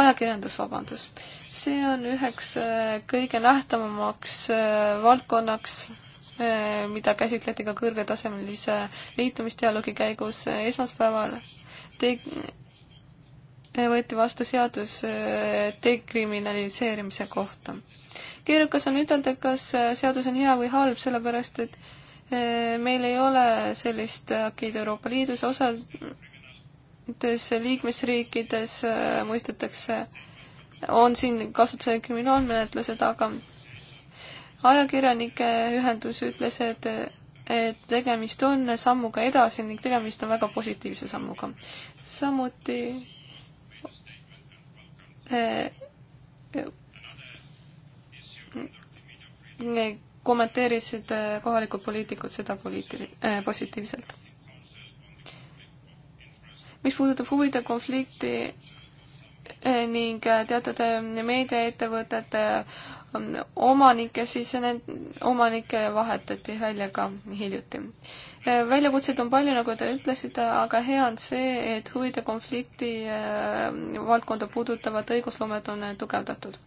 ajakirjandus, vabandust see on üheks äh, kõige nähtavamaks äh, valdkonnaks, äh, mida käsitleti ka kõrgetasemelise liitumisdialoogi käigus esmaspäeval. Te-, võeti vastu seadus dekriminaliseerimise kohta. keerukas on ütelda, kas seadus on hea või halb, sellepärast et meil ei ole sellist akiid Euroopa Liidus, osades liikmesriikides mõistetakse äh, on siin kasutusel kriminaalmenetlused, aga ajakirjanike ühendus ütles, et et tegemist on sammuga edasi ning tegemist on väga positiivse sammuga. samuti eh, eh, kommenteerisid eh, kohalikud poliitikud seda poliiti-, positiivselt. mis puudutab huvide konflikti ning äh, teatud äh, meediaettevõtete ähm, omanikke, siis need omanikke vahetati välja ka hiljuti. Äh, väljakutseid on palju, nagu te ütlesite, aga hea on see, et huvide konflikti valdkonda puudutavat õigusloomet on tugevdatud.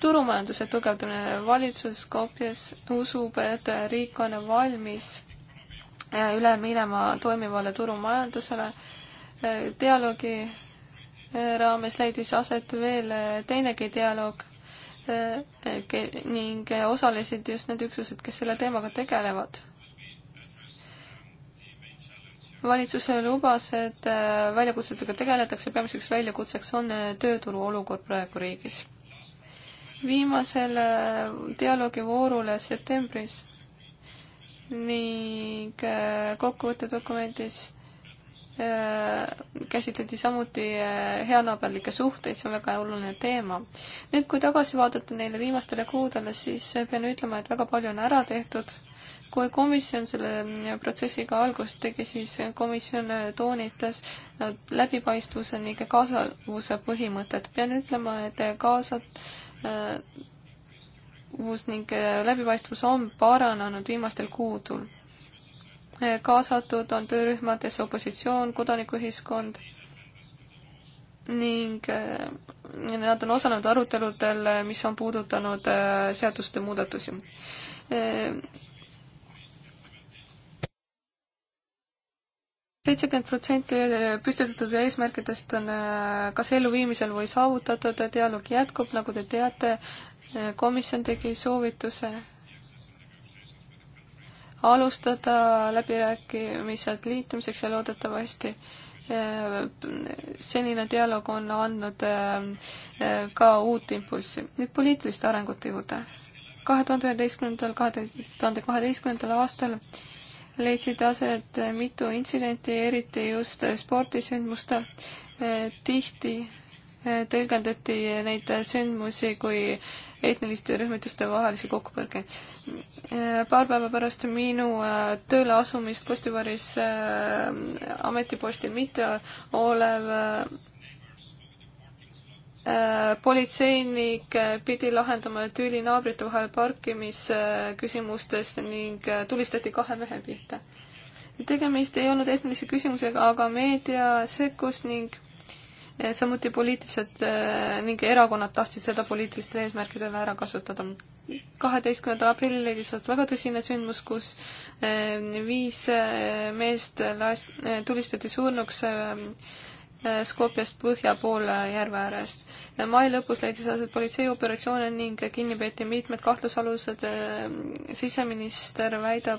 turumajanduse tugevdamine, valitsus Skopjes usub, et riik on valmis üle minema toimivale turumajandusele, dialoogi raames leidis aset veel eh, teinegi dialoog eh, ning eh, osalesid just need üksused, kes selle teemaga tegelevad. valitsus lubas, et väljakutsetega tegeletakse, peamiseks väljakutseks on tööturu olukord praegu riigis. viimasel dialoogivoorul septembris ning kokkuvõttedokumendis Äh, käsitleti samuti äh, heanaaberlikke suhteid, see on väga oluline teema. nüüd, kui tagasi vaadata neile viimastele kuudele, siis äh, pean ütlema, et väga palju on ära tehtud. kui komisjon selle protsessiga algust tegi, siis komisjon toonitas läbipaistvuse ning kaasavuse põhimõtet. pean ütlema, et kaasavus ning läbipaistvus on paranenud viimastel kuudel kaasatud on töörühmades opositsioon, kodanikuühiskond ning äh, nad on osalenud aruteludel, mis on puudutanud äh, seaduste muudatusi. Äh, seitsekümmend protsenti püstitatud eesmärkidest on kas elluviimisel või saavutatud, dialoog jätkub, nagu te teate, komisjon tegi soovituse alustada läbirääkimised liitumiseks ja loodetavasti eh, senine dialoog on andnud eh, ka uut impulssi. nüüd poliitiliste arengute juurde. kahe tuhande üheteistkümnendal, kahe tuhande kaheteistkümnendal aastal leidsid aset mitu intsidenti, eriti just spordisündmustel. Eh, tihti tõlgendati neid sündmusi kui etniliste rühmituste vahelisi kokkupõrgeid. Äh, paar päeva pärast minu äh, tööle asumist Kostivaris äh, ametipostil mitte olev politseinik pidi lahendama tüli naabrite vahel parkimisküsimustes ning tulistati kahe mehe pihta tegemist ei olnud etnilise küsimusega, aga meedia sekkus ning samuti poliitilised äh, ning erakonnad tahtsid seda poliitilistel eesmärkidel ära kasutada. kaheteistkümnendal aprillil leidis sealt väga tõsine sündmus, kus äh, viis äh, meest las-, tulistati surnuks Skopjast põhja poole järve äärest. mai lõpus leidis aset politseioperatsioone ning kinni peeti mitmed kahtlusalused. siseminister väidab,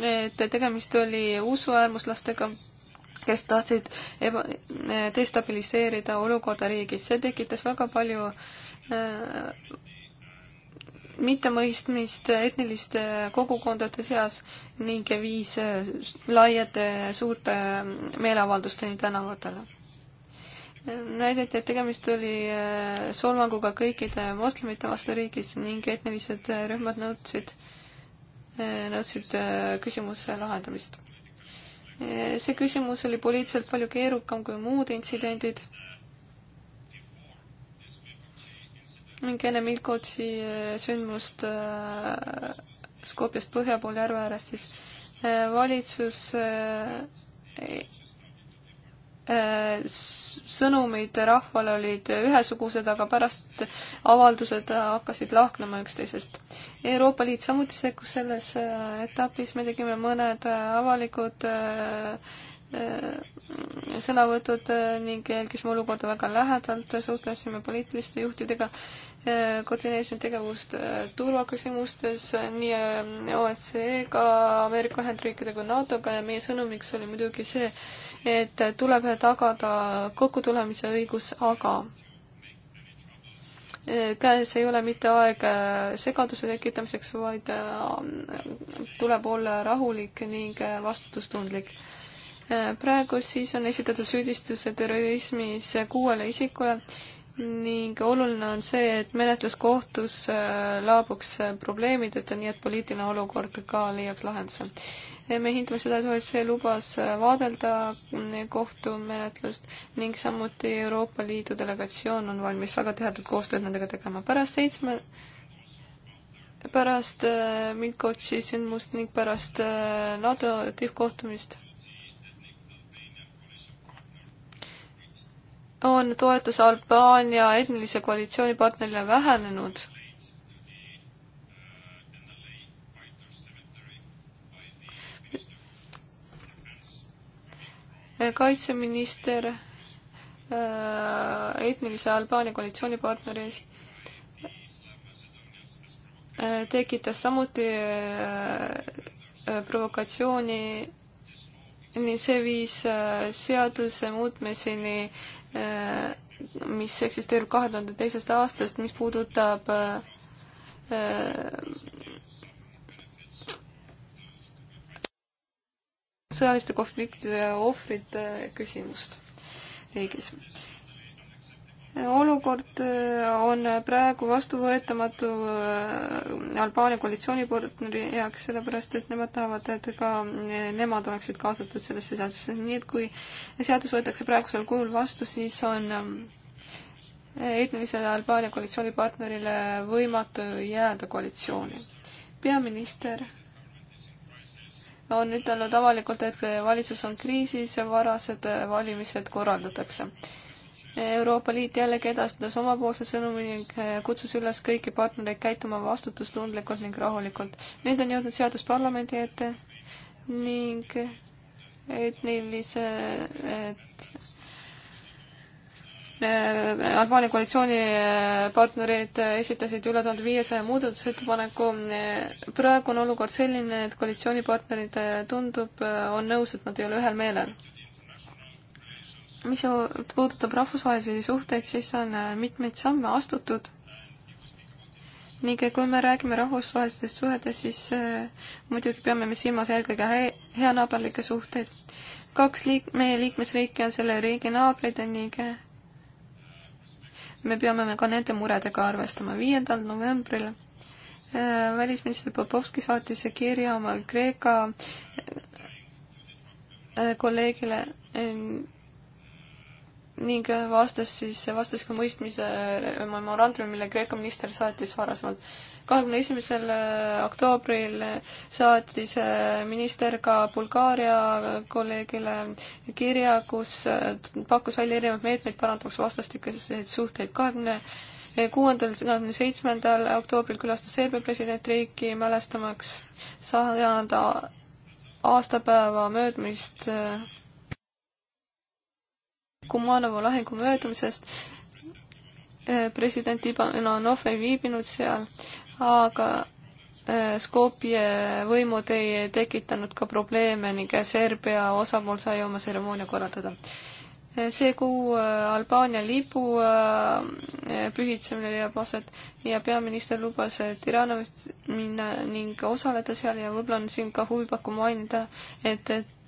et tegemist oli usuäärmuslastega kes tahtsid eba, eh, destabiliseerida olukorda riigis, see tekitas väga palju äh, mittemõistmist etniliste kogukondade seas ning viis eh, laiade suurte meeleavaldusteni tänavatele. näidati, et tegemist oli solvanguga kõikide moslemite vastu riigis ning etnilised rühmad nõudsid, nõudsid küsimuse lahendamist. Eh, see küsimus oli poliitiliselt palju keerukam kui muud intsidendid. ning enne Milkotsi eh, sündmust eh, Skopjast põhja pool järve ääres siis valitsus Äh, sõnumid rahvale olid ühesugused, aga pärast avaldused hakkasid lahknema üksteisest. Euroopa Liit samuti sekkus selles äh, etapis, me tegime mõned äh, avalikud äh, Äh, sõnavõtud äh, ning jälgisime olukorda väga lähedalt, suhtlesime poliitiliste juhtidega, äh, koordineerisime tegevust turvaküsimustes nii OECD-ga, Ameerika Ühendriikide kui NATO-ga ja meie sõnumiks oli muidugi see, et tuleb tagada kokkutulemise õigus, aga käes ei ole mitte aeg segaduse tekitamiseks, vaid tuleb olla rahulik ning vastutustundlik praegu siis on esitatud süüdistuse terrorismis kuuele isikule ning oluline on see, et menetlus kohtus äh, laabuks probleemideta, nii et poliitiline olukord ka leiaks lahenduse. me hindame seda, et OSCE lubas äh, vaadelda mm, kohtumenetlust ning samuti Euroopa Liidu delegatsioon on valmis väga tihedat koostööd nendega tegema. pärast seitsme, pärast äh, Minkotsi sündmust ning pärast NATO tippkohtumist on toetus Albaania etnilise koalitsiooni partnerile vähenenud. kaitseminister äh, etnilise Albaania koalitsiooni partneri eest äh, tekitas samuti äh, provokatsiooni, nii see viis seaduse muutmiseni Äh, mis eksisteerib kahe tuhande teisest aastast, mis puudutab äh, sõjaliste konfliktide ohvrite küsimust riigis olukord äh, on praegu vastuvõetamatu äh, Albaania koalitsioonipartneri jaoks, sellepärast et nemad tahavad, et ka äh, nemad oleksid kaasatud sellesse seadusesse, nii et kui seadus võetakse praegusel kujul vastu, siis on etnilisele Albaania koalitsioonipartnerile võimatu jääda koalitsiooni. peaminister on ütelnud avalikult, et valitsus on kriisis ja varased valimised korraldatakse Euroopa Liit jällegi edastas omapoolse sõnumi ning äh, kutsus üles kõiki partnereid käituma vastutustundlikult ning rahulikult. nüüd on jõudnud seadus parlamendi ette ning etnilise et, äh, Albaania koalitsioonipartnerid äh, esitasid üle tuhande viiesaja muudatusettepaneku. praegu on olukord selline, et koalitsioonipartnerid, tundub, on nõus, et nad ei ole ühel meelel mis puudutab rahvusvahelisi suhteid, siis on äh, mitmeid samme astutud ning kui me räägime rahvusvahelistest suhetest, siis äh, muidugi peame me silmas eelkõige heanaaberlikke suhteid. kaks liik-, meie liikmesriiki on selle riigi naabrid ning äh, me peame me ka nende muredega arvestama. viiendal novembril äh, välisminister Popovski saatis kirja oma Kreeka äh, kolleegile äh, ning vastas siis, vastas ka mõistmise memorandumi, mille Kreeka minister saatis varasemalt. kahekümne esimesel äh, oktoobril saatis äh, minister ka Bulgaaria kolleegile kirja, kus äh, pakkus välja erinevaid meetmeid parandamaks vastastikuseid suhteid. kahekümne kuuendal, kahekümne seitsmendal oktoobril külastas Serbia president riiki mälestamaks sajanda aastapäeva möödumist Kumanovo lahingu möödumisest. Äh, president Ivanov ei viibinud seal, aga äh, Skopje võimud ei tekitanud ka probleeme ning Serbia osapool sai oma tseremoonia korraldada. Äh, see kuu Albaania lipu pühitsemine leiab aset ja peaminister lubas Tirana minna ning osaleda seal ja võib-olla on siin ka huvipakku mainida, et, et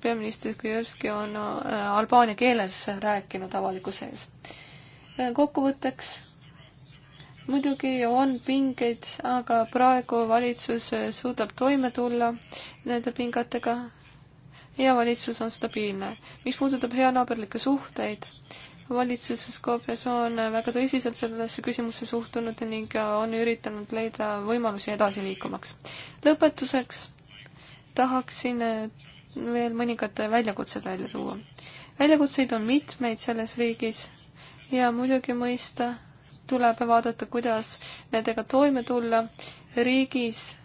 peaminister Krjevski on äh, albaania keeles rääkinud avalikkuse ees. Äh, kokkuvõtteks, muidugi on pingeid, aga praegu valitsus äh, suudab toime tulla nende pingetega ja valitsus on stabiilne. mis puudutab heanaaberlikke suhteid, valitsus Skopjas on väga tõsiselt sellesse küsimusse suhtunud ning on üritanud leida võimalusi edasi liikumaks. lõpetuseks tahaksin veel mõningad väljakutsed välja tuua. väljakutseid on mitmeid selles riigis ja muidugi mõista tuleb vaadata, kuidas nendega toime tulla riigis,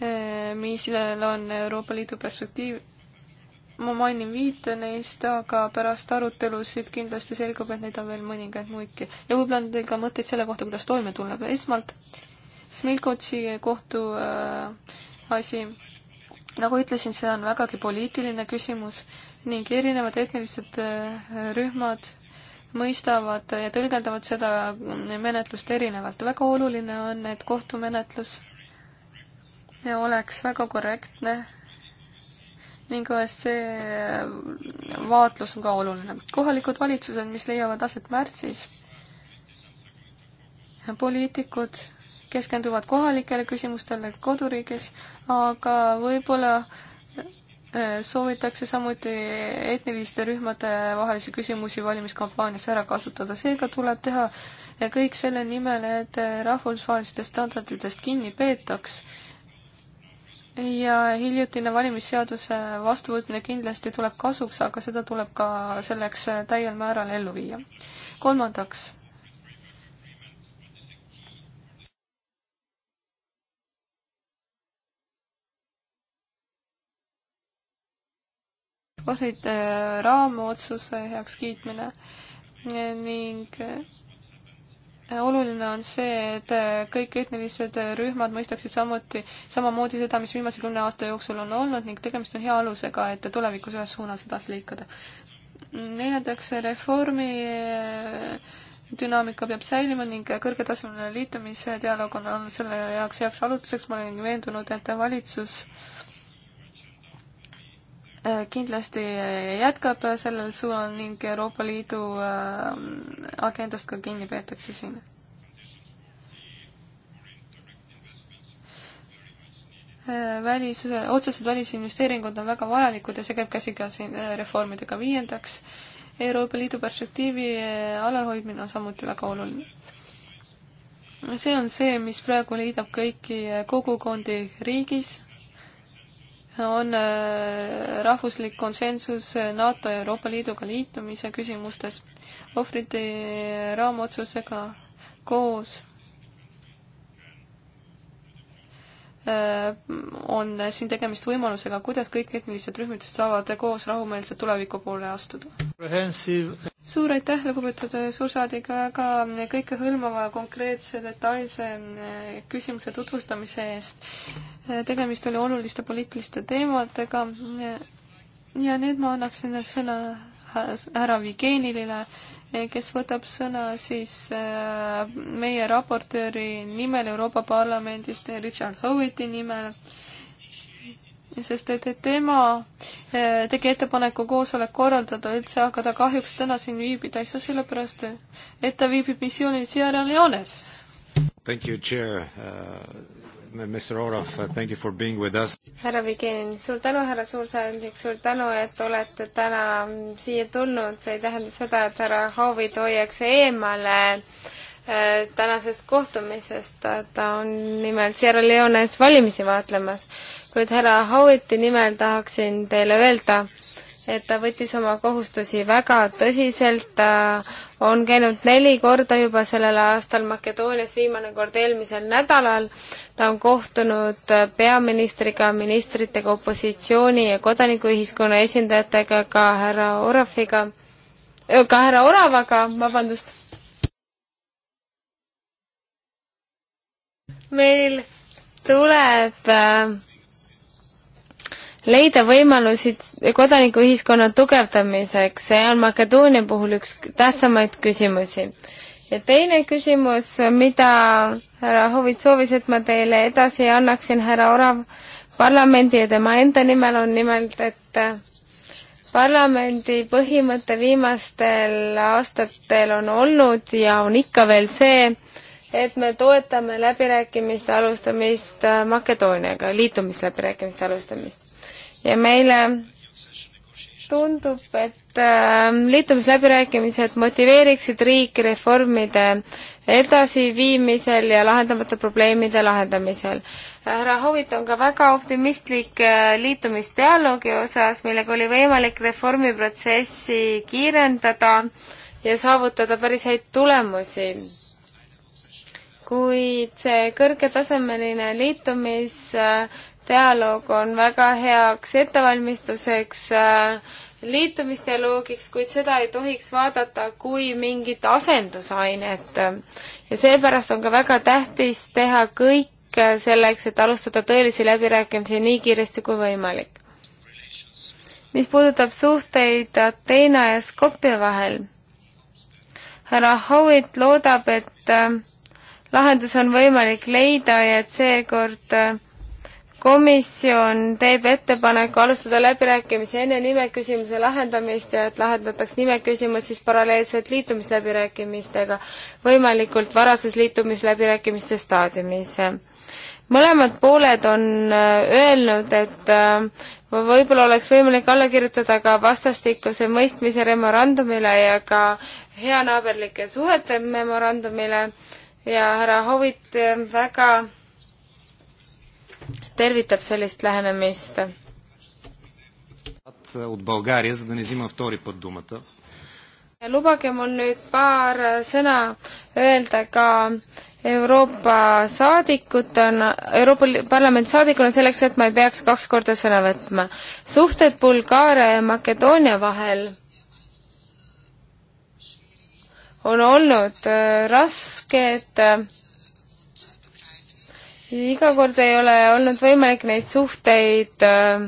eh, millel on Euroopa Liidu perspektiiv. ma mainin viite neist, aga pärast arutelusid kindlasti selgub, et neid on veel mõningaid muidki. ja võib-olla on teil ka mõtteid selle kohta, kuidas toime tulla. esmalt Smilkotsi kohtu äh, asi nagu ütlesin, see on vägagi poliitiline küsimus ning erinevad etnilised äh, rühmad mõistavad ja tõlgendavad seda menetlust erinevalt. väga oluline on, et kohtumenetlus oleks väga korrektne ning OSCE vaatlus on ka oluline. kohalikud valitsused, mis leiavad aset märtsis, poliitikud keskenduvad kohalikele küsimustele koduriigis, aga võib-olla äh, soovitakse samuti etniliste rühmade vahelisi küsimusi valimiskampaanias ära kasutada, seega tuleb teha äh, kõik selle nimel, et äh, rahvusvahelistest standarditest kinni peetaks. ja hiljutine valimisseaduse vastuvõtmine kindlasti tuleb kasuks, aga seda tuleb ka selleks täiel määral ellu viia. kolmandaks ohvrite äh, raamotsuse heakskiitmine ning äh, oluline on see, et äh, kõik etnilised rühmad mõistaksid samuti, samamoodi seda, mis viimase kümne aasta jooksul on olnud ning tegemist on hea alusega, et tulevikus ühes suunas edasi liikuda. neljandaks, reformi dünaamika peab säilima ning kõrgetasemeline liitumise dialoog on olnud selle jaoks heaks aluseks, ma olen veendunud, et valitsus äh, Äh, kindlasti jätkab sellel suunal ning Euroopa Liidu äh, agendast ka kinni peetakse siin. Äh, välis, otsesed välisinvesteeringud on väga vajalikud ja see käib käsikäes reformidega. viiendaks, Euroopa Liidu perspektiivi alalhoidmine on samuti väga oluline. see on see, mis praegu liidab kõiki kogukondi riigis on äh, rahvuslik konsensus äh, NATO ja Euroopa Liiduga liitumise küsimustes. ohvriti äh, raamotsusega koos Äh, on siin tegemist võimalusega, kuidas kõik etnilised rühmitused saavad koos rahumeelselt tuleviku poole astuda. suur aitäh, lugupeetud suursaadik, väga kõikehõlmava konkreetse detailse äh, küsimuse tutvustamise eest. Äh, tegemist oli oluliste poliitiliste teemadega ja nüüd ma annaksin sõna härra Vigenilile kes võtab sõna siis äh, meie raportööri nimel Euroopa Parlamendist, Richard Howitti nimel, sest et tema äh, tegi ettepaneku koosolek korraldada üldse, aga ta kahjuks täna siin viibida ei saa, sellepärast et ta viibib missioonil Sierra Leones. Thank you, chair uh,. Uh, Mr Orov, uh, thank you for being with us. härra Vigenin, suur tänu, härra suursaadik, suur tänu, et olete täna siia tulnud, see ei tähenda seda, et härra Haavid hoiaks eemale uh, tänasest kohtumisest, ta on nimelt Sierra Leones valimisi vaatlemas. kuid härra Haavuti nimel tahaksin teile öelda, et ta võttis oma kohustusi väga tõsiselt, ta on käinud neli korda juba sellel aastal Makedoonias, viimane kord eelmisel nädalal. ta on kohtunud peaministriga, ministritega, opositsiooni ja kodanikuühiskonna esindajatega, ka härra Orafiga, ka härra Oravaga, vabandust. meil tuleb äh, leida võimalusi kodanikuühiskonna tugevdamiseks, see on Makedoonia puhul üks tähtsamaid küsimusi. ja teine küsimus, mida härra Hovit soovis, et ma teile edasi annaksin, härra Orav, parlamendi ja tema enda nimel on nimelt, et parlamendi põhimõte viimastel aastatel on olnud ja on ikka veel see, et me toetame läbirääkimiste alustamist Makedooniaga, liitumisläbirääkimiste alustamist ja meile tundub, et äh, liitumisläbirääkimised motiveeriksid riiki reformide edasiviimisel ja lahendamata probleemide lahendamisel. härra Hovit on ka väga optimistlik äh, liitumisdialoogi osas, millega oli võimalik reformiprotsessi kiirendada ja saavutada päris häid tulemusi. kuid see kõrgetasemeline liitumis äh, dialoog on väga heaks ettevalmistuseks äh, liitumisdialoogiks, kuid seda ei tohiks vaadata kui mingit asendusainet. ja seepärast on ka väga tähtis teha kõik selleks, et alustada tõelisi läbirääkimisi nii kiiresti kui võimalik. mis puudutab suhteid Ateena ja Skopje vahel, härra Howitt loodab, et äh, lahendus on võimalik leida ja et seekord äh, komisjon teeb ettepaneku alustada läbirääkimisi enne nimeküsimuse lahendamist ja et lahendataks nimeküsimus siis paralleelselt liitumisläbirääkimistega võimalikult varases liitumisläbirääkimiste staadiumis. mõlemad pooled on äh, öelnud, et äh, võib-olla oleks võimalik alla kirjutada ka vastastikuse mõistmise memorandumile ja ka heanaaberlike suhete memorandumile ja härra Hovit äh, väga tervitab sellist lähenemist. lubage mul nüüd paar sõna öelda ka Euroopa saadikutena, Euroopa Parlamendi saadikuna selleks, et ma ei peaks kaks korda sõna võtma. suhted Bulgaaria ja Makedoonia vahel on olnud äh, rasked iga kord ei ole olnud võimalik neid suhteid äh,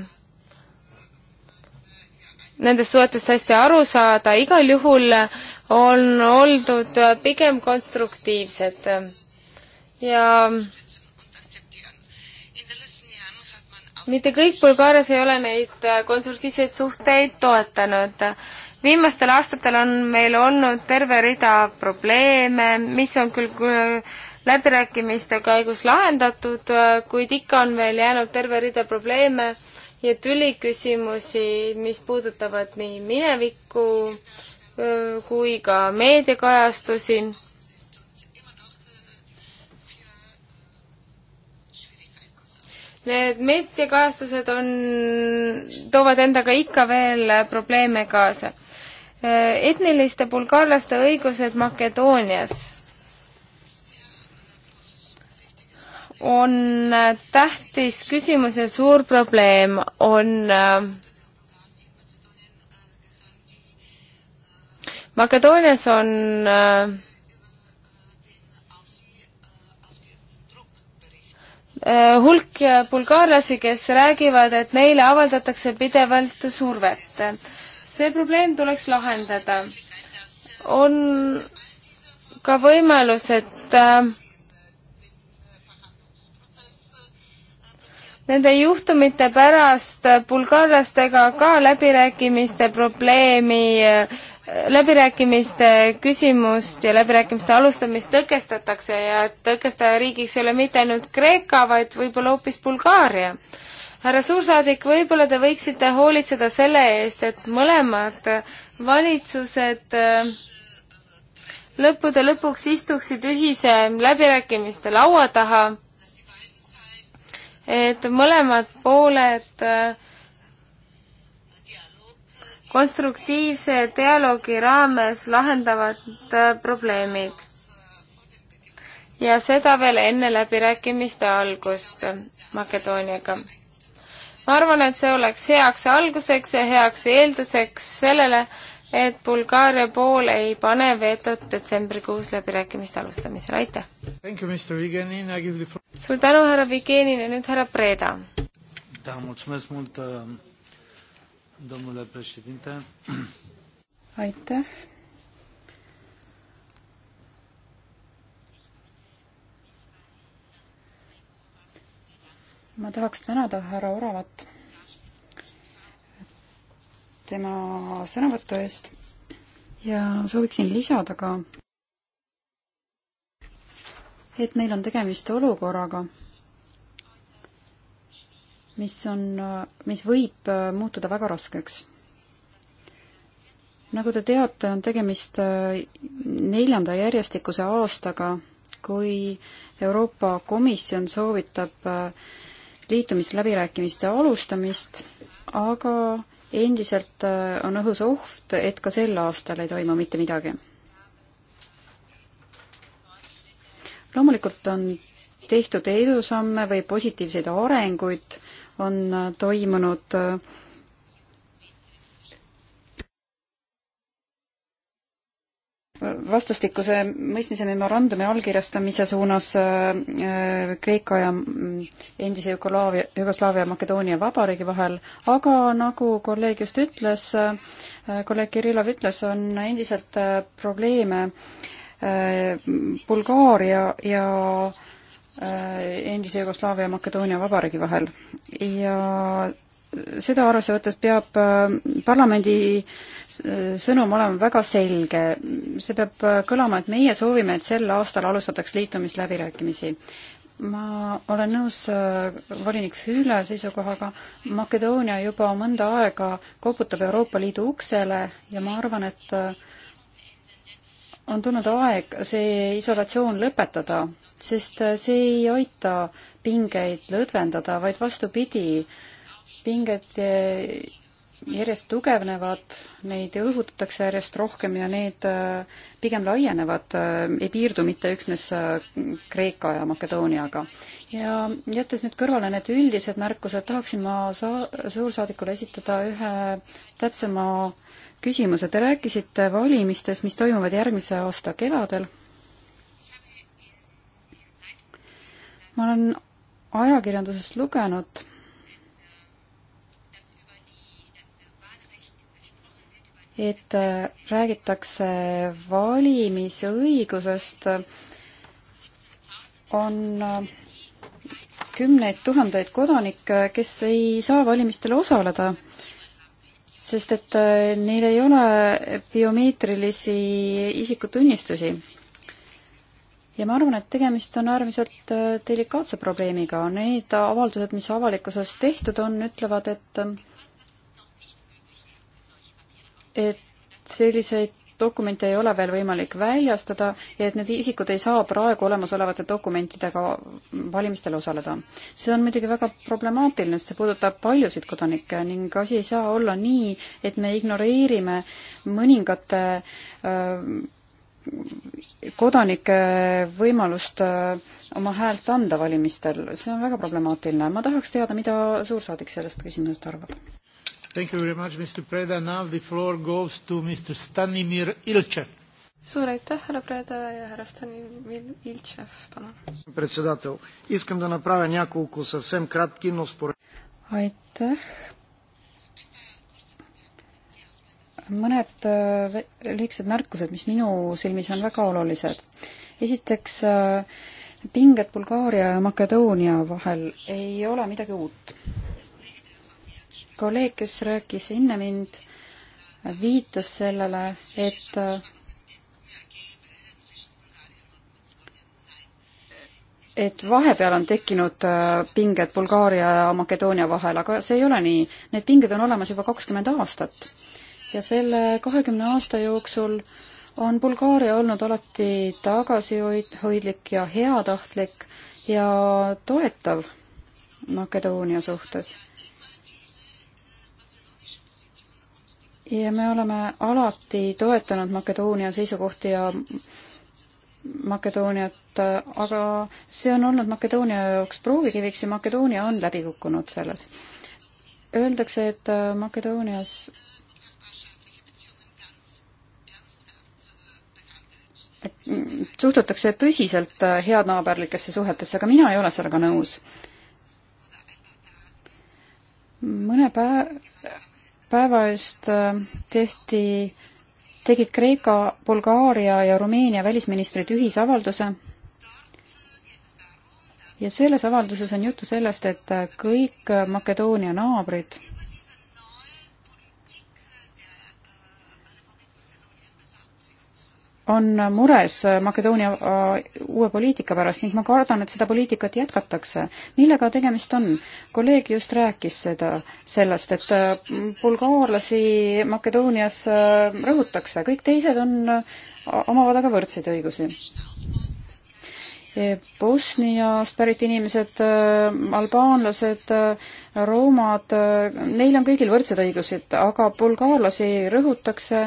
nendest suhetest hästi aru saada, igal juhul on oldud pigem konstruktiivsed ja mitte kõik Bulgaarias ei ole neid konstruktiivseid suhteid toetanud. viimastel aastatel on meil olnud terve rida probleeme, mis on küll läbirääkimiste käigus lahendatud, kuid ikka on veel jäänud terve rida probleeme ja tüliküsimusi, mis puudutavad nii minevikku kui ka meediakajastusi. Need meediakajastused on, toovad endaga ikka veel probleeme kaasa. etniliste bulgaarlaste õigused Makedoonias on tähtis küsimus ja suur probleem on äh, Makedoonias on äh, äh, hulk bulgaarlasi, kes räägivad, et neile avaldatakse pidevalt survet. see probleem tuleks lahendada. on ka võimalus, et äh, nende juhtumite pärast bulgaarlastega ka läbirääkimiste probleemi, läbirääkimiste küsimust ja läbirääkimiste alustamist tõkestatakse ja tõkestajariigiks ei ole mitte ainult Kreeka, vaid võib-olla hoopis Bulgaaria. härra suursaadik, võib-olla te võiksite hoolitseda selle eest, et mõlemad valitsused äh, lõppude lõpuks istuksid ühise läbirääkimiste laua taha et mõlemad pooled äh, konstruktiivse dialoogi raames lahendavad äh, probleemid. ja seda veel enne läbirääkimiste algust Makedooniaga. ma arvan, et see oleks heaks alguseks ja heaks eelduseks sellele, et Bulgaaria pool ei pane vetot detsembrikuus läbirääkimiste alustamisel, aitäh! suur tänu, härra Vigenin ja nüüd härra Preda! Uh, aitäh! ma tahaks tänada härra Oravat tema sõnavõtu eest ja sooviksin lisada ka, et meil on tegemist olukorraga, mis on, mis võib muutuda väga raskeks. nagu te teate, on tegemist neljanda järjestikuse aastaga, kui Euroopa Komisjon soovitab liitumisläbirääkimiste alustamist, aga endiselt äh, on õhus oht, et ka sel aastal ei toimu mitte midagi. loomulikult on tehtud edusamme või positiivseid arenguid on äh, toimunud äh, vastastikuse mõistmise memorandumi allkirjastamise suunas äh, äh, Kreeka ja mm, endise Jugoslaavia, Jugoslaavia ja Makedoonia Vabariigi vahel, aga nagu kolleeg just ütles, äh, kolleeg Kirillov ütles, on endiselt probleeme Bulgaaria ja endise Jugoslaavia ja Makedoonia Vabariigi vahel ja seda arvesse võttes peab äh, parlamendi äh, sõnum olema väga selge. see peab äh, kõlama, et meie soovime, et sel aastal alustataks liitumisläbirääkimisi. ma olen nõus volinik Füüle seisukohaga, Makedoonia juba mõnda aega koputab Euroopa Liidu uksele ja ma arvan, et on tulnud aeg see isolatsioon lõpetada, sest see ei aita pingeid lõdvendada, vaid vastupidi, pinged eh, järjest tugevnevad, neid õhutatakse järjest rohkem ja need eh, pigem laienevad, eh, ei piirdu mitte üksnes Kreeka ja Makedooniaga. ja jättes nüüd kõrvale need üldised märkused, tahaksin ma saa-, suursaadikule esitada ühe täpsema küsimuse. Te rääkisite valimistest, mis toimuvad järgmise aasta kevadel. ma olen ajakirjandusest lugenud et äh, räägitakse valimisõigusest, on äh, kümneid tuhandeid kodanikke, kes ei saa valimistel osaleda, sest et äh, neil ei ole biomeetrilisi isikutunnistusi. ja ma arvan, et tegemist on äärmiselt delikaatse probleemiga. Need avaldused, mis avalikkuses tehtud on, ütlevad, et et selliseid dokumente ei ole veel võimalik väljastada ja et need isikud ei saa praegu olemasolevate dokumentidega valimistel osaleda. see on muidugi väga problemaatiline, sest see puudutab paljusid kodanikke ning asi ei saa olla nii, et me ignoreerime mõningate äh, kodanike võimalust äh, oma häält anda valimistel, see on väga problemaatiline. ma tahaks teada, mida suursaadik sellest küsimusest arvab? Thank you very much, Mr Preda, now the floor goes to Mr Stanimir Iltšev. suur aitäh, härra Preda ja härra Stanimir Iltšev, palun. aitäh, mõned eh, lühikesed märkused, mis minu silmis on väga olulised. esiteks, eh, pinged Bulgaaria ja Makedoonia vahel ei ole midagi uut kolleeg, kes rääkis enne mind, viitas sellele, et et vahepeal on tekkinud äh, pinged Bulgaaria ja Makedoonia vahel, aga see ei ole nii. Need pinged on olemas juba kakskümmend aastat. ja selle kahekümne aasta jooksul on Bulgaaria olnud alati tagasihoidlik ja heatahtlik ja toetav Makedoonia suhtes ja me oleme alati toetanud Makedoonia seisukohti ja Makedooniat, aga see on olnud Makedoonia jaoks proovikiviks ja Makedoonia on läbi kukkunud selles. Öeldakse, et Makedoonias suhtutakse tõsiselt headnaaberlikesse suhetesse, aga mina ei ole sellega nõus. mõne päev päeva eest äh, tehti, tegid Kreeka, Bulgaaria ja Rumeenia välisministrid ühisavalduse ja selles avalduses on juttu sellest, et kõik Makedoonia naabrid on mures Makedoonia äh, uue poliitika pärast ning ma kardan, et seda poliitikat jätkatakse. millega tegemist on? kolleeg just rääkis seda, sellest, et äh, bulgaarlasi Makedoonias äh, rõhutakse, kõik teised on, omavad aga võrdseid õigusi Bosniast pärit inimesed, albaanlased, roomad, neil on kõigil võrdsed õigused, aga bulgaarlasi rõhutakse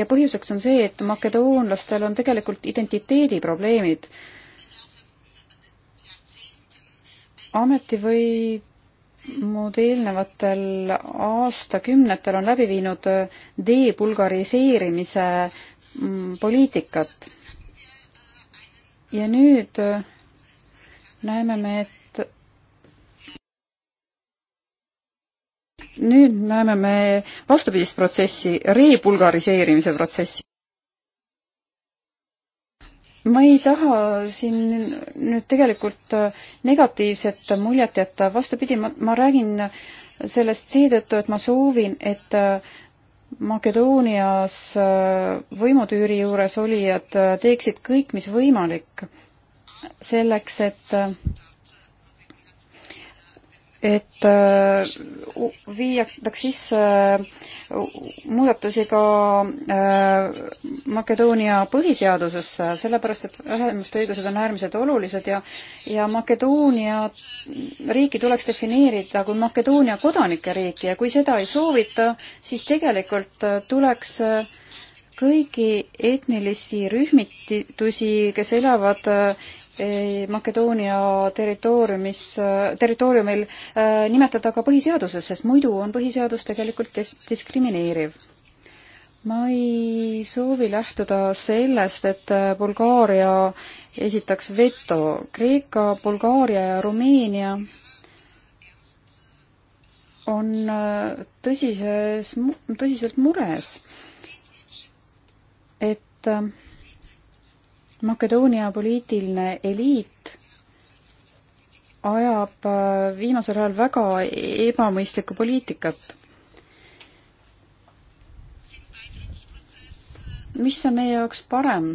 ja põhjuseks on see, et makedoonlastel on tegelikult identiteediprobleemid. ametivõimud eelnevatel aastakümnetel on läbi viinud debulgariseerimise poliitikat ja nüüd äh, näeme me, et nüüd näeme me vastupidist protsessi, repulgariseerimise protsessi. ma ei taha siin nüüd tegelikult äh, negatiivset muljet jätta, vastupidi, ma, ma räägin sellest seetõttu, et ma soovin, et äh, Makedoonias äh, võimutüüri juures olijad äh, teeksid kõik, mis võimalik selleks, et äh, et äh, viiakse sisse äh, muudatusi ka äh, Makedoonia põhiseadusesse, sellepärast et vähemuste õigused on äärmiselt olulised ja ja Makedoonia riiki tuleks defineerida kui Makedoonia kodanike riiki ja kui seda ei soovita, siis tegelikult tuleks kõigi etnilisi rühmitusi, kes elavad Makedoonia territooriumis, territooriumil äh, nimetada ka põhiseaduses, sest muidu on põhiseadus tegelikult diskrimineeriv. ma ei soovi lähtuda sellest, et äh, Bulgaaria esitaks veto. Kreeka, Bulgaaria ja Rumeenia on äh, tõsises, tõsiselt mures, et Makedoonia poliitiline eliit ajab äh, viimasel ajal väga ebamõistlikku poliitikat. mis on meie jaoks parem?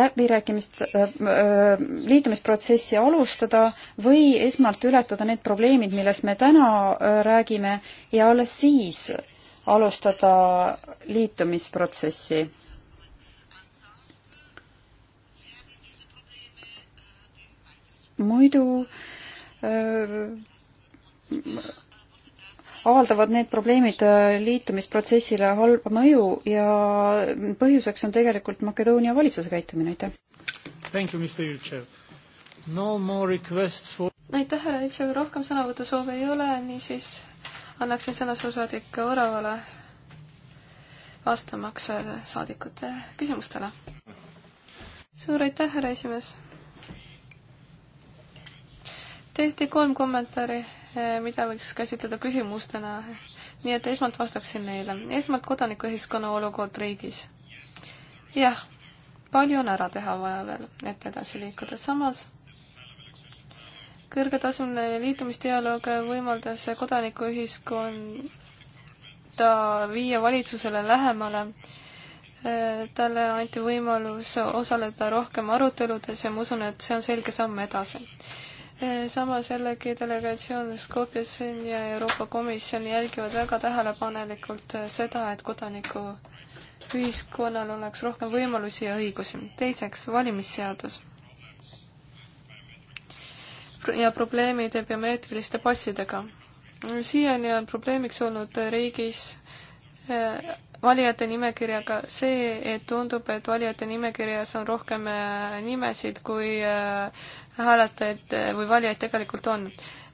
läbirääkimist, äh, äh, liitumisprotsessi alustada või esmalt ületada need probleemid, millest me täna räägime ja alles siis alustada liitumisprotsessi muidu öö, avaldavad need probleemid liitumisprotsessile halba mõju ja põhjuseks on tegelikult Makedoonia valitsuse käitumine, aitäh. No for... aitäh, härra Iltšev, rohkem sõnavõtusoove ei ole, niisiis annaksin sõna suursaadik Oravale vastamaks saadikute küsimustele. suur aitäh, härra esimees tehti kolm kommentaari, eh, mida võiks käsitleda küsimustena, nii et esmalt vastaksin neile. esmalt kodanikuühiskonna olukord riigis. jah, palju on ära teha vaja veel, et edasi liikuda, samas kõrgetasemeline liitumisdialoog võimaldas kodanikuühiskonda viia valitsusele lähemale. Eh, talle anti võimalus osaleda rohkem aruteludes ja ma usun, et see on selge samm edasi. Eh, samas jällegi delegatsioon Skopjas ja Euroopa Komisjon jälgivad väga tähelepanelikult eh, seda, et kodaniku ühiskonnal oleks rohkem võimalusi ja õigusi. teiseks, valimisseadus. ja probleemid biomeetriliste passidega. siiani on probleemiks olnud riigis eh, valijate nimekirjaga see, et tundub, et valijate nimekirjas on rohkem nimesid kui hääletajaid äh, või valijaid tegelikult on.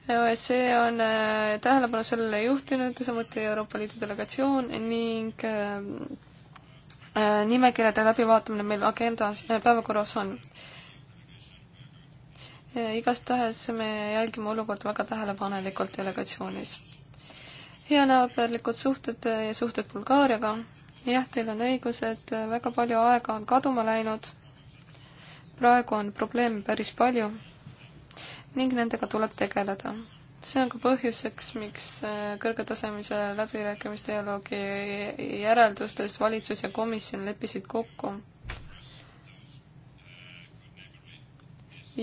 OSCE on äh, tähelepanu sellele juhtinud, samuti Euroopa Liidu delegatsioon ning äh, nimekirjade läbivaatamine meil agendas, päevakorras on. igastahes me jälgime olukorda väga tähelepanelikult delegatsioonis. heanäopäevalikud suhted ja suhted Bulgaariaga. jah, teil on õigus, et väga palju aega on kaduma läinud praegu on probleeme päris palju ning nendega tuleb tegeleda. see on ka põhjuseks, miks äh, kõrgetasemelise läbirääkimisdialoogi järeldustes valitsus ja komisjon leppisid kokku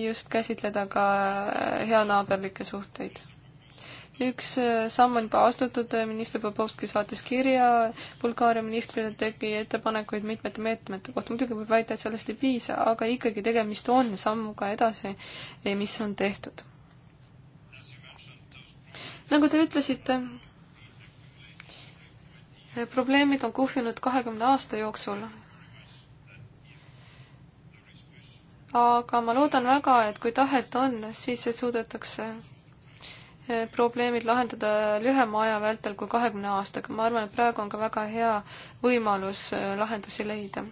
just käsitleda ka äh, heanaaberlikke suhteid üks äh, samm on juba astutud, äh, minister Popovski saatis kirja Bulgaaria ministrile, tegi ettepanekuid mitmete meetmete kohta, muidugi võib väita, et sellest ei piisa, aga ikkagi tegemist on sammuga edasi, eh, mis on tehtud. nagu te ütlesite, eh, probleemid on kuhjunud kahekümne aasta jooksul aga ma loodan väga, et kui tahet on, siis suudetakse probleemid lahendada lühema aja vältel kui kahekümne aastaga. ma arvan, et praegu on ka väga hea võimalus äh, lahendusi leida.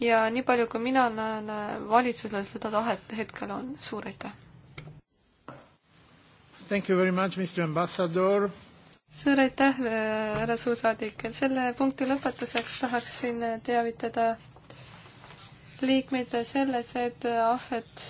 ja nii palju, kui mina näen, äh, valitsusel seda tahet hetkel on. suur aitäh! Thank you very much, Mr Ambassador! suur aitäh, äh, härra suursaadik, et selle punkti lõpetuseks tahaksin teavitada liikmeid selles, et ahvet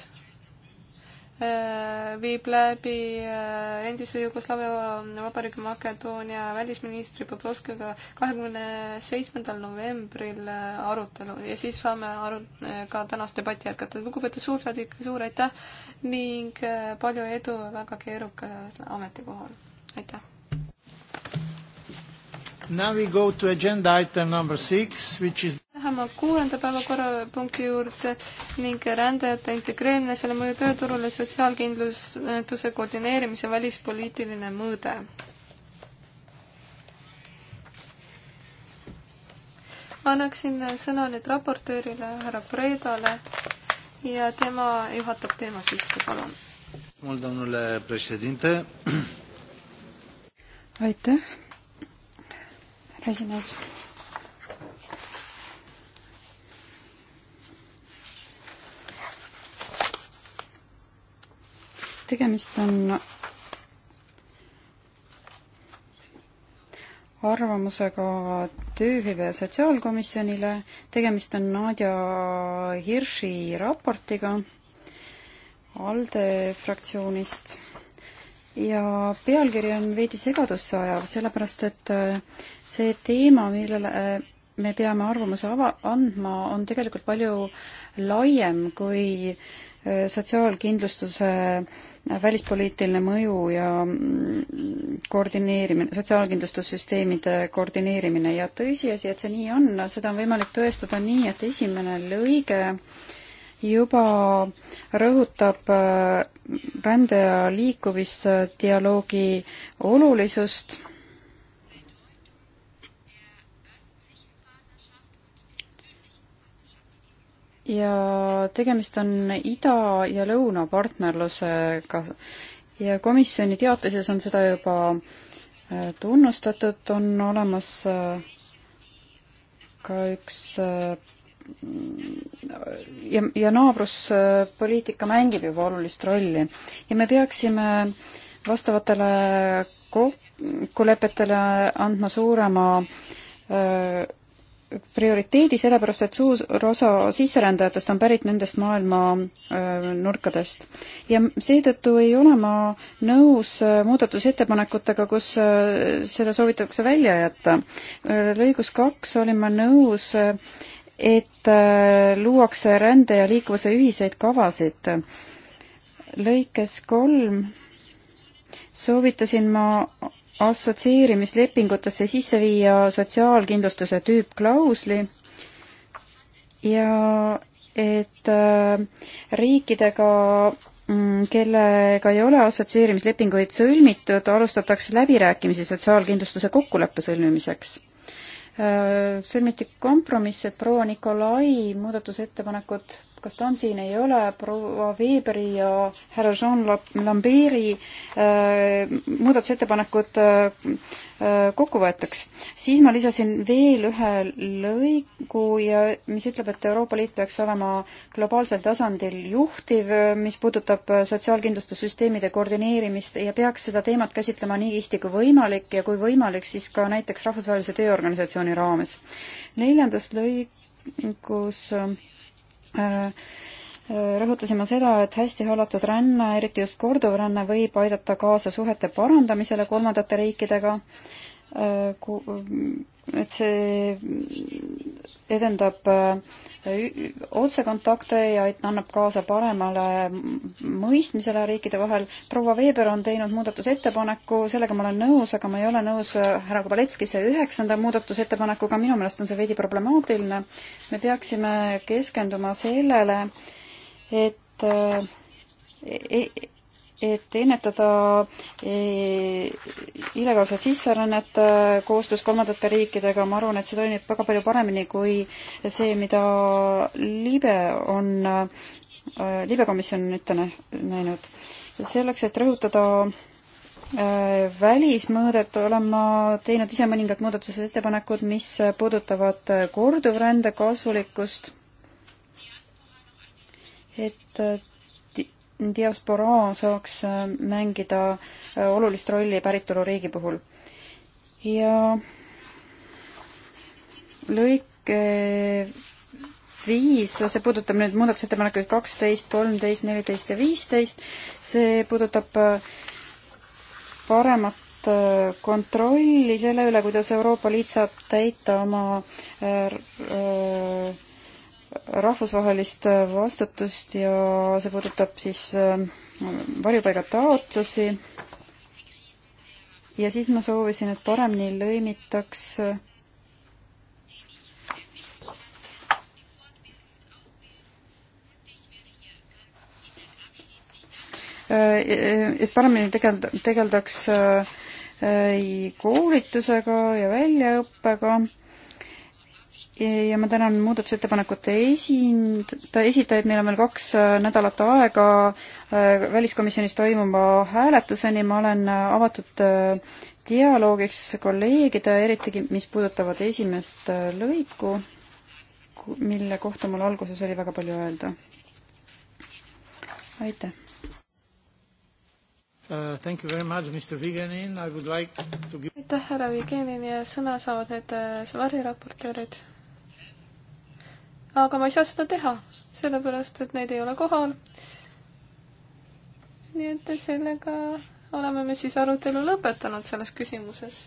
Äh, viib läbi äh, endise Jugoslaavia ähm, Vabariigi Makedoonia välisministri Poplovskiga kahekümne seitsmendal novembril äh, arutelu ja siis saame aru-, ka tänast debatti jätkata. lugupeetud suursaadik, suur aitäh ning palju edu väga keerukal ametikohal! aitäh! Now we go to agenda item number six, which is Läheme kuuenda päevakorrapunkti juurde ning rändajate integreerimine, selle mõju tööturule, sotsiaalkindlustuse koordineerimise välispoliitiline mõõde. annaksin sõna nüüd raportöörile, härra Predale ja tema juhatab teema sisse, palun. aitäh esimees. tegemist on arvamusega tööhõive ja sotsiaalkomisjonile, tegemist on Nadja Hirši raportiga ALDE fraktsioonist ja pealkiri on veidi segadusse ajav, sellepärast et äh, see teema, millele äh, me peame arvamuse ava-, andma, on tegelikult palju laiem kui äh, sotsiaalkindlustuse äh, välispoliitiline mõju ja mm, koordineerimine, sotsiaalkindlustussüsteemide koordineerimine ja tõsiasi, et see nii on, seda on võimalik tõestada nii, et esimene lõige juba rõhutab rände ja liikumisdialoogi olulisust ja tegemist on ida- ja lõunapartnerlusega ja komisjoni teatises on seda juba äh, tunnustatud, on olemas äh, ka üks äh, ja, ja naabruspoliitika mängib juba olulist rolli ja me peaksime vastavatele kokkulepetele andma suurema öö, prioriteedi, sellepärast et suur osa sisserändajatest on pärit nendest maailma nurkadest. ja seetõttu ei ole ma nõus muudatusettepanekutega, kus seda soovitakse välja jätta. lõigus kaks olin ma nõus, et luuakse rände ja liikuvuse ühiseid kavasid. lõikes kolm soovitasin ma assotsieerimislepingutesse sisse viia sotsiaalkindlustuse tüüpklausli ja et äh, riikidega, mm, kellega ei ole assotsieerimislepinguid sõlmitud, alustatakse läbirääkimisi sotsiaalkindlustuse kokkuleppe sõlmimiseks Äh, sõlmiti kompromiss, et proua Nikolai muudatusettepanekud, kas ta on siin, ei ole, proua Weberi ja härra Jean Lambert'i äh, muudatusettepanekud äh, Äh, kokku võetaks. siis ma lisasin veel ühe lõigu ja mis ütleb, et Euroopa Liit peaks olema globaalsel tasandil juhtiv, mis puudutab äh, sotsiaalkindlustussüsteemide koordineerimist ja peaks seda teemat käsitlema nii tihti kui võimalik ja kui võimalik, siis ka näiteks Rahvusvahelise Tööorganisatsiooni raames. neljandas lõigus äh, rõhutasime seda, et hästi hallatud ränne, eriti just korduvränne, võib aidata kaasa suhete parandamisele kolmandate riikidega, äh, et see edendab äh, otsekontakte ja annab kaasa paremale mõistmisele riikide vahel. proua Veber on teinud muudatusettepaneku, sellega ma olen nõus, aga ma ei ole nõus äh, härra Kovaletskise üheksanda muudatusettepanekuga, minu meelest on see veidi problemaatiline. me peaksime keskenduma sellele, et e, e, et ennetada e, illegaalset sisserännet äh, koostöös kolmandate riikidega, ma arvan, et see toimib väga palju paremini kui see, mida libe on, äh, libekomisjon on ette näinud. selleks, et rõhutada äh, välismõõdet olen ma teinud ise mõningad muudatusettepanekud, mis puudutavad korduvrände kasulikkust et äh, diasporaa saaks äh, mängida äh, olulist rolli päritoluriigi puhul. ja lõike viis, see puudutab nüüd muudatusettepanekuid kaksteist, kolmteist, neliteist ja viisteist, see puudutab paremat kontrolli selle üle, kuidas Euroopa Liit saab täita oma rahvusvahelist äh, vastutust ja see puudutab siis äh, varjupaigataotlusi. ja siis ma soovisin, et paremini lõimitaks äh, et paremini tegelda, tegeldaks koolitusega ja väljaõppega ja ma tänan muudatusettepanekute esinda-, esitajaid, meil on veel kaks äh, nädalat aega äh, väliskomisjonis toimuma hääletuseni, ma olen äh, avatud dialoogiks kolleegide, eritigi mis puudutavad esimest lõiku, mille kohta mul alguses oli väga palju öelda. aitäh! Uh, thank you very much, Mr. Vigenin. I would like to give... aitäh, härra Vigenin ja sõna saavad nüüd äh, variraportöörid aga ma ei saa seda teha, sellepärast et neid ei ole kohal. nii et sellega oleme me siis arutelu lõpetanud selles küsimuses.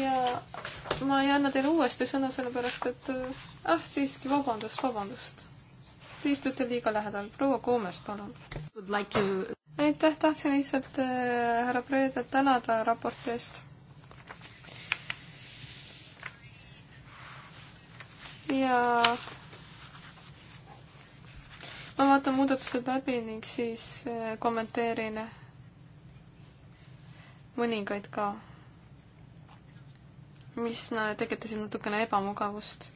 ja ma ei anna teile uuesti sõna, sellepärast et ah, siiski vabandust, vabandust. Te istute liiga lähedal, proua Koomes, palun. aitäh, tahtsin lihtsalt äh, härra äh, Preedelt tänada raporti eest ja ma vaatan muudatused läbi ning siis eh, kommenteerin mõningaid ka, mis tekitasid natukene ebamugavust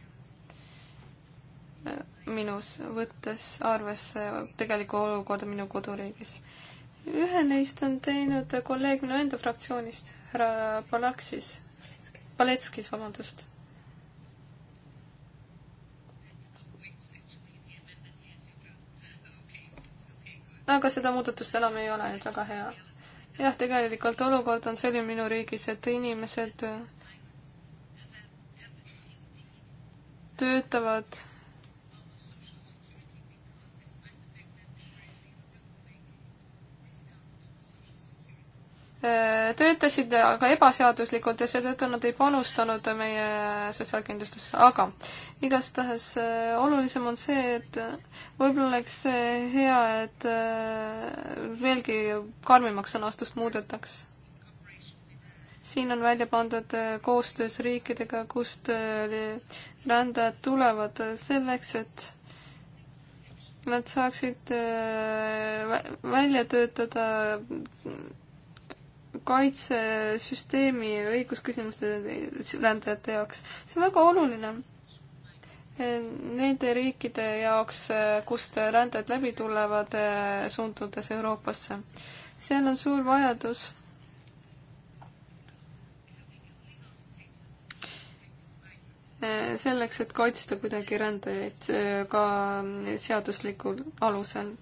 eh, minus, võttes arvesse tegelikku olukorda minu koduriigis. ühe neist on teinud kolleeg minu enda fraktsioonist, härra Palaksis, Paletskis, vabandust aga seda muudatust enam ei ole, et väga hea. jah, tegelikult olukord on selline minu riigis, et inimesed töötavad töötasid aga ebaseaduslikult ja seetõttu nad ei panustanud meie sotsiaalkindlustusse, aga igastahes äh, olulisem on see, et äh, võib-olla oleks äh, hea, et veelgi karmimaks sõnastust muudetaks. siin on välja pandud koostöös riikidega, kust rändajad tulevad, selleks et nad saaksid välja töötada kaitsesüsteemi õigusküsimuste rändajate jaoks. see on väga oluline. Eh, nende riikide jaoks, eh, kust rändajad läbi tulevad, eh, suundudes Euroopasse. seal on suur vajadus selleks, et kaitsta kuidagi rändajaid ka seaduslikul alusel.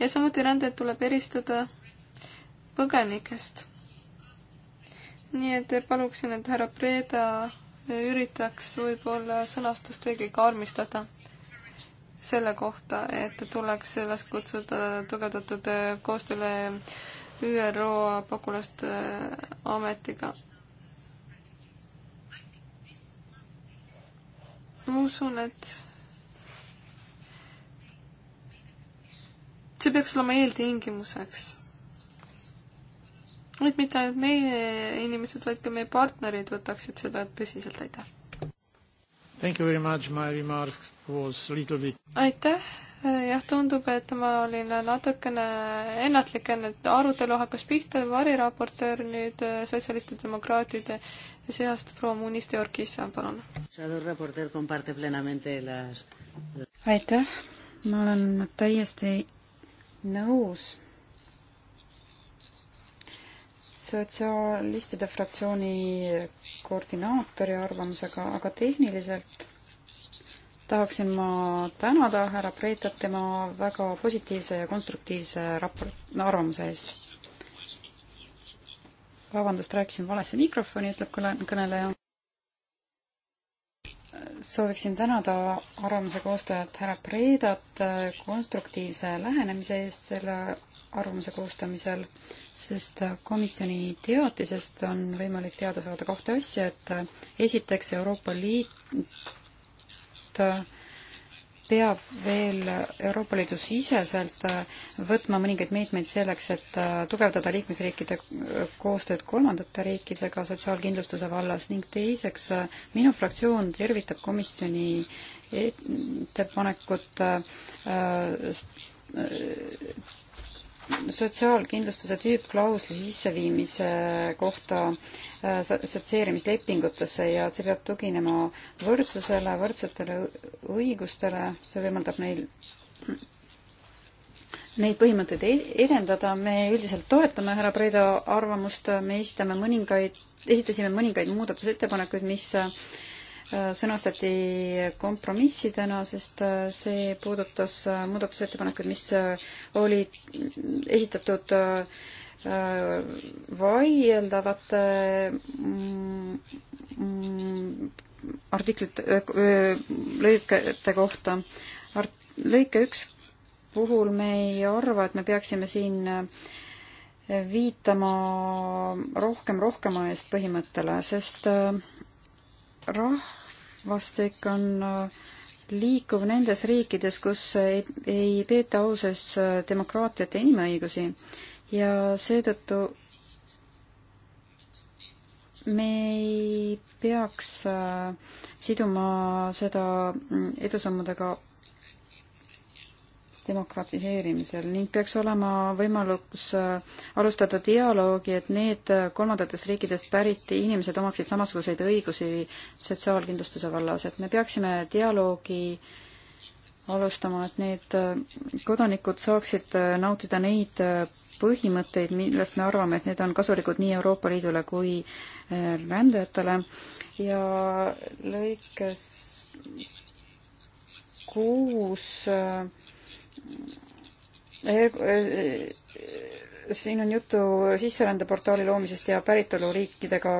ja samuti rändajaid tuleb eristada põgenikest. nii et paluksin, et härra Preda üritaks võib-olla sõnastust veelgi karmistada selle kohta, et tuleks üles kutsuda tugevdatud koostööle ÜRO pagulaste ametiga. ma usun, et see peaks olema eeltingimuseks et mitte ainult meie inimesed, vaid ka meie partnerid võtaksid seda tõsiselt, aitäh! Thank you very much, my remarks was little bit aitäh, jah, tundub, et ma olin natukene ennatlik enne, et arutelu hakkas pihta, variraportöör nüüd äh, sotsialistide demokraatide seast proua Muniste Orkissan, palun. aitäh, ma olen täiesti nõus sotsialistide fraktsiooni koordinaatori arvamusega, aga tehniliselt tahaksin ma tänada härra Preetat tema väga positiivse ja konstruktiivse raport, arvamuse eest. vabandust, rääkisin valesse mikrofoni, ütleb kõneleja. sooviksin tänada arvamuse koostajat härra Preedat konstruktiivse lähenemise eest selle arvamuse koostamisel, sest komisjoni teatisest on võimalik teada saada kahte asja, et esiteks Euroopa Liit peab veel Euroopa Liidu siseselt võtma mõningaid meetmeid selleks, et tugevdada liikmesriikide koostööd kolmandate riikidega sotsiaalkindlustuse vallas ning teiseks, minu fraktsioon tervitab komisjoni ettepanekut äh, sotsiaalkindlustuse tüüpklausli sisseviimise kohta äh, assotsieerimislepingutesse ja see peab tuginema võrdsusele, võrdsetele õigustele, see võimaldab neil neid põhimõtteid e-, edendada, me üldiselt toetame härra Preido arvamust, me esitame mõningaid, esitasime mõningaid muudatusettepanekuid, mis äh, sõnastati kompromissidena, sest äh, see puudutas äh, muudatusettepanekuid, mis äh, olid esitatud vaieldavate mm, mm, artiklite, lõikete kohta. Art-, lõike üks puhul me ei arva, et me peaksime siin viitama rohkem rohkema eest põhimõttele, sest rah-, vastik on äh, liikuv nendes riikides, kus ei, ei peeta ausas äh, demokraatiat ja inimõigusi ja seetõttu me ei peaks äh, siduma seda mm, edusammudega demokratiseerimisel ning peaks olema võimalus äh, alustada dialoogi, et need äh, kolmandatest riikidest pärit inimesed omaksid samasuguseid õigusi sotsiaalkindlustuse vallas, et me peaksime dialoogi alustama, et need äh, kodanikud saaksid nautida neid põhimõtteid, millest me arvame, et need on kasulikud nii Euroopa Liidule kui rändajatele ja lõikes kuus äh, Eh, siin on juttu sisserändeportaali loomisest ja päritoluriikidega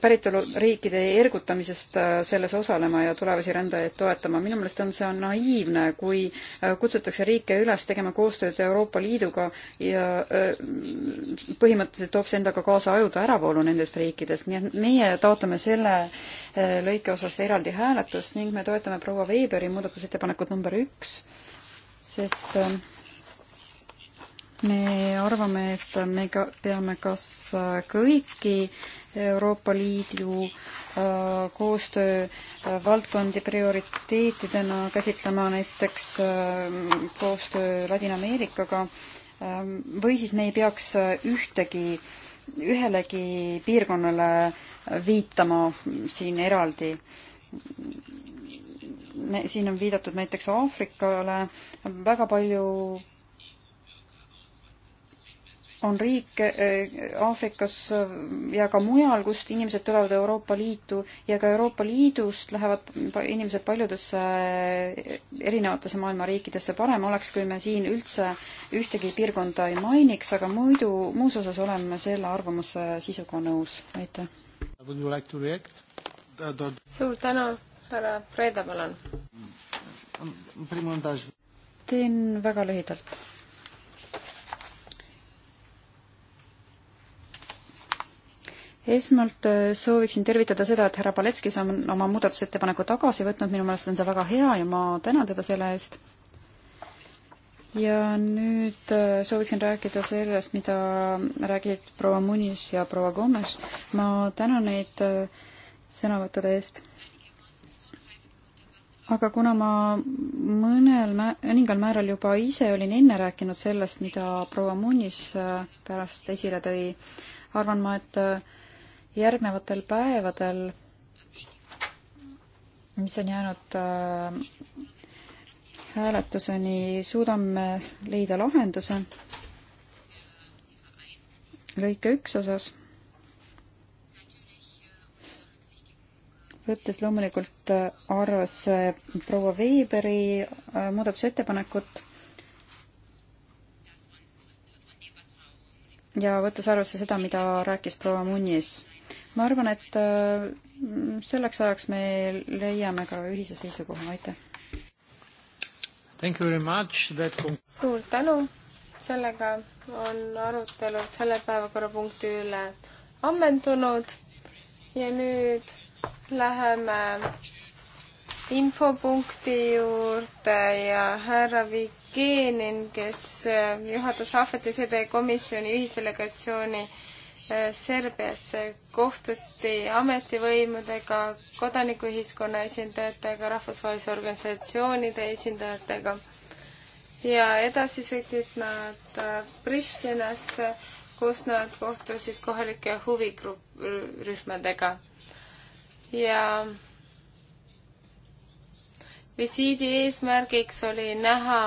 päritoluriikide ergutamisest äh, selles osalema ja tulevasi rändajaid toetama. minu meelest on see on naiivne, kui äh, kutsutakse riike üles tegema koostööd Euroopa Liiduga ja äh, põhimõtteliselt toob see endaga kaasa ajude äravoolu nendest riikidest, nii et meie taotleme selle lõike osas eraldi hääletust ning me toetame proua Weberi muudatusettepanekut number üks, sest me arvame, et me ka peame kas äh, kõiki Euroopa Liidu äh, koostöö äh, valdkondi prioriteetidena käsitlema näiteks koostöö Ladina-Ameerikaga või siis me ei peaks ühtegi, ühelegi piirkonnale viitama siin eraldi siin on viidatud näiteks Aafrikale, väga palju on riike eh, Aafrikas ja ka mujal, kust inimesed tulevad Euroopa Liitu ja ka Euroopa Liidust lähevad inimesed paljudesse eh, erinevatesse maailma riikidesse. parem oleks, kui me siin üldse ühtegi piirkonda ei mainiks, aga muidu, muus osas oleme selle arvamuse sisuga nõus. aitäh! suur tänu, härra Reeda, palun! teen väga lühidalt esmalt äh, sooviksin tervitada seda, et härra Paletskis on oma muudatusettepaneku tagasi võtnud, minu meelest on see väga hea ja ma tänan teda selle eest. ja nüüd äh, sooviksin rääkida sellest, mida räägid proua Munis ja proua Gomes. ma tänan neid äh, sõnavõttude eest. aga kuna ma mõnel, mõningal määral juba ise olin enne rääkinud sellest, mida proua Munis pärast esile tõi, arvan ma, et järgnevatel päevadel, mis on jäänud äh, hääletuseni, suudame leida lahenduse lõike üks osas võttes loomulikult äh, arvesse proua Veeberi äh, muudatusettepanekut ja võttes arvesse seda, mida rääkis proua Munnis ma arvan, et äh, selleks ajaks me leiame ka ühise seisukoha, aitäh. suur tänu, sellega on arutelu selle päevakorrapunkti üle ammendunud ja nüüd läheme infopunkti juurde ja härra Vigenin, kes äh, juhatas Ahveti side komisjoni ühisdelegatsiooni Serbias kohtuti ametivõimudega, kodanikuühiskonna esindajatega, rahvusvahelise organisatsioonide esindajatega ja edasi sõitsid nad äh, Pristinasse, kus nad kohtusid kohalike huvigrühmadega ja visiidi eesmärgiks oli näha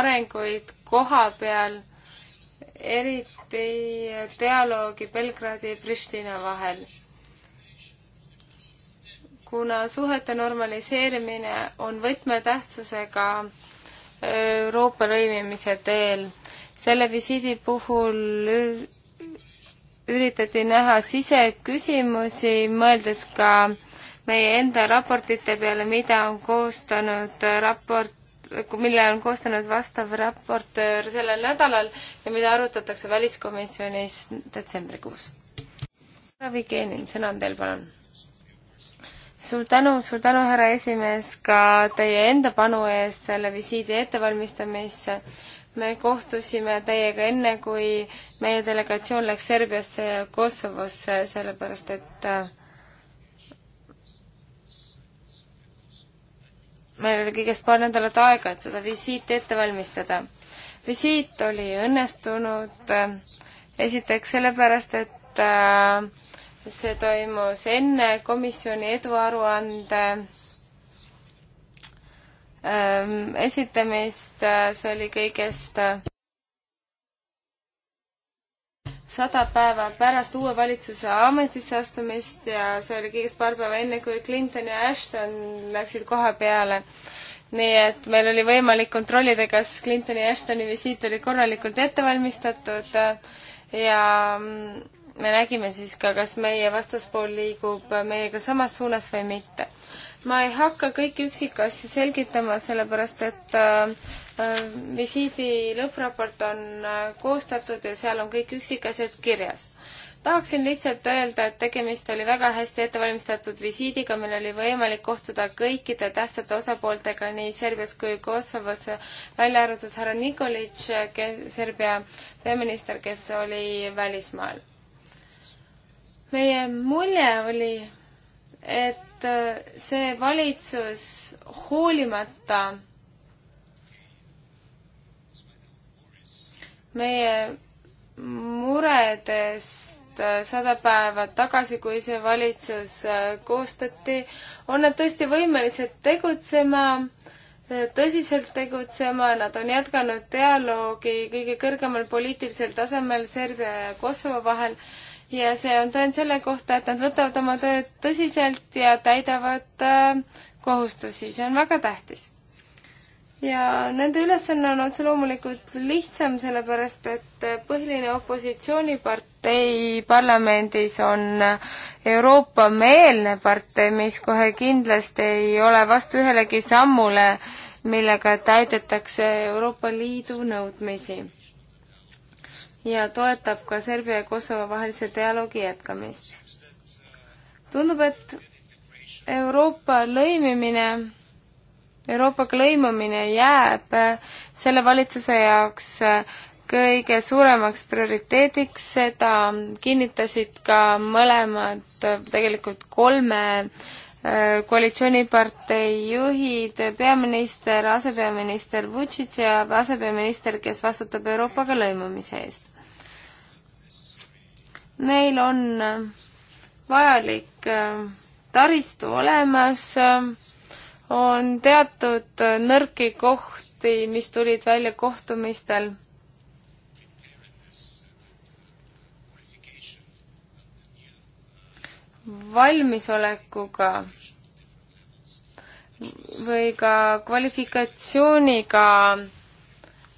arenguid koha peal, eriti teie dialoogi Belgradi ja Pristina vahel. kuna suhete normaliseerimine on võtmetähtsusega Euroopa lõimimise teel, selle visiidi puhul üritati näha siseküsimusi, mõeldes ka meie enda raportite peale, mida on koostanud raport mille on koostanud vastav raportöör sellel nädalal ja mida arutatakse väliskomisjonis detsembrikuus. Ravi Keenin, sõna on teil, palun. suur tänu, suur tänu, härra esimees, ka teie enda panu eest selle visiidi ettevalmistamisse me kohtusime teiega enne, kui meie delegatsioon läks Serbiasse ja Kosovosse, sellepärast et äh, meil oli kõigest paar nädalat aega, et seda visiiti ette valmistada. visiit oli õnnestunud äh, esiteks sellepärast, et äh, see toimus enne komisjoni eduaruande ähm, esitamist, äh, see oli kõigest sada päeva pärast uue valitsuse ametisse astumist ja see oli kõigest paar päeva enne, kui Clinton ja Ashton läksid koha peale. nii et meil oli võimalik kontrollida, kas Clintoni ja Ashtoni visiit oli korralikult ette valmistatud ja mm, me nägime siis ka, kas meie vastaspool liigub meiega samas suunas või mitte. ma ei hakka kõiki üksikasju selgitama, sellepärast et äh, Äh, visiidi lõppraport on äh, koostatud ja seal on kõik üksikasjad kirjas. tahaksin lihtsalt öelda, et tegemist oli väga hästi ettevalmistatud visiidiga, meil oli võimalik kohtuda kõikide tähtsate osapooltega nii Serbias kui Kosovos, välja arvatud härra Nikolitš, Serbia peaminister, kes oli välismaal. meie mulje oli, et äh, see valitsus hoolimata meie muredest äh, sada päeva tagasi, kui see valitsus äh, koostati, on nad tõesti võimelised tegutsema, äh, tõsiselt tegutsema, nad on jätkanud dialoogi kõige kõrgemal poliitilisel tasemel Serbia ja Kosovo vahel ja see on tõend selle kohta, et nad võtavad oma tööd tõsiselt ja täidavad kohustusi, see on väga tähtis ja nende ülesanne on otse loomulikult lihtsam, sellepärast et põhiline opositsioonipartei parlamendis on Euroopa-meelne partei, mis kohe kindlasti ei ole vastu ühelegi sammule, millega täidetakse Euroopa Liidu nõudmisi. ja toetab ka Serbia ja Kosovo vahelise dialoogi jätkamist. tundub, et Euroopa lõimimine Euroopaga lõimumine jääb äh, selle valitsuse jaoks äh, kõige suuremaks prioriteediks, seda kinnitasid ka mõlemad, äh, tegelikult kolme koalitsioonipartei juhid, peaminister, asepeaminister Vutšitš ja asepeaminister, kes vastutab Euroopaga lõimumise eest. Neil on vajalik taristu olemas äh, on teatud nõrki kohti, mis tulid välja kohtumistel. valmisolekuga või ka kvalifikatsiooniga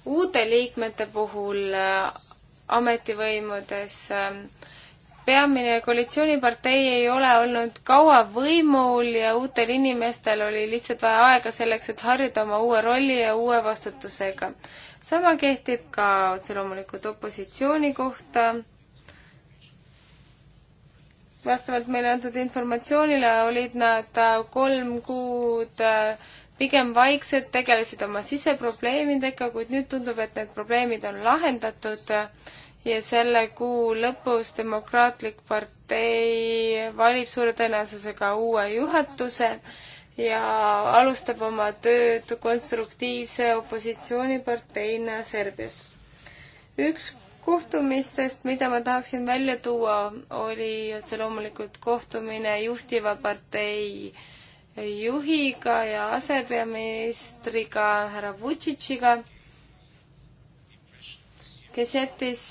uute liikmete puhul ametivõimudes äh, peamine koalitsioonipartei ei ole olnud kaua võimul ja uutel inimestel oli lihtsalt vaja aega selleks, et harjuda oma uue rolli ja uue vastutusega. sama kehtib ka otse loomulikult opositsiooni kohta. vastavalt meile antud informatsioonile olid nad kolm kuud äh, pigem vaiksed, tegelesid oma siseprobleemidega, kuid nüüd tundub, et need probleemid on lahendatud ja selle kuu lõpus Demokraatlik partei valib suure tõenäosusega uue juhatuse ja alustab oma tööd konstruktiivse opositsiooniparteina Serbias. üks kohtumistest, mida ma tahaksin välja tuua, oli otse loomulikult kohtumine juhtiva partei juhiga ja asepeaministriga härra Vutšitšiga kes jättis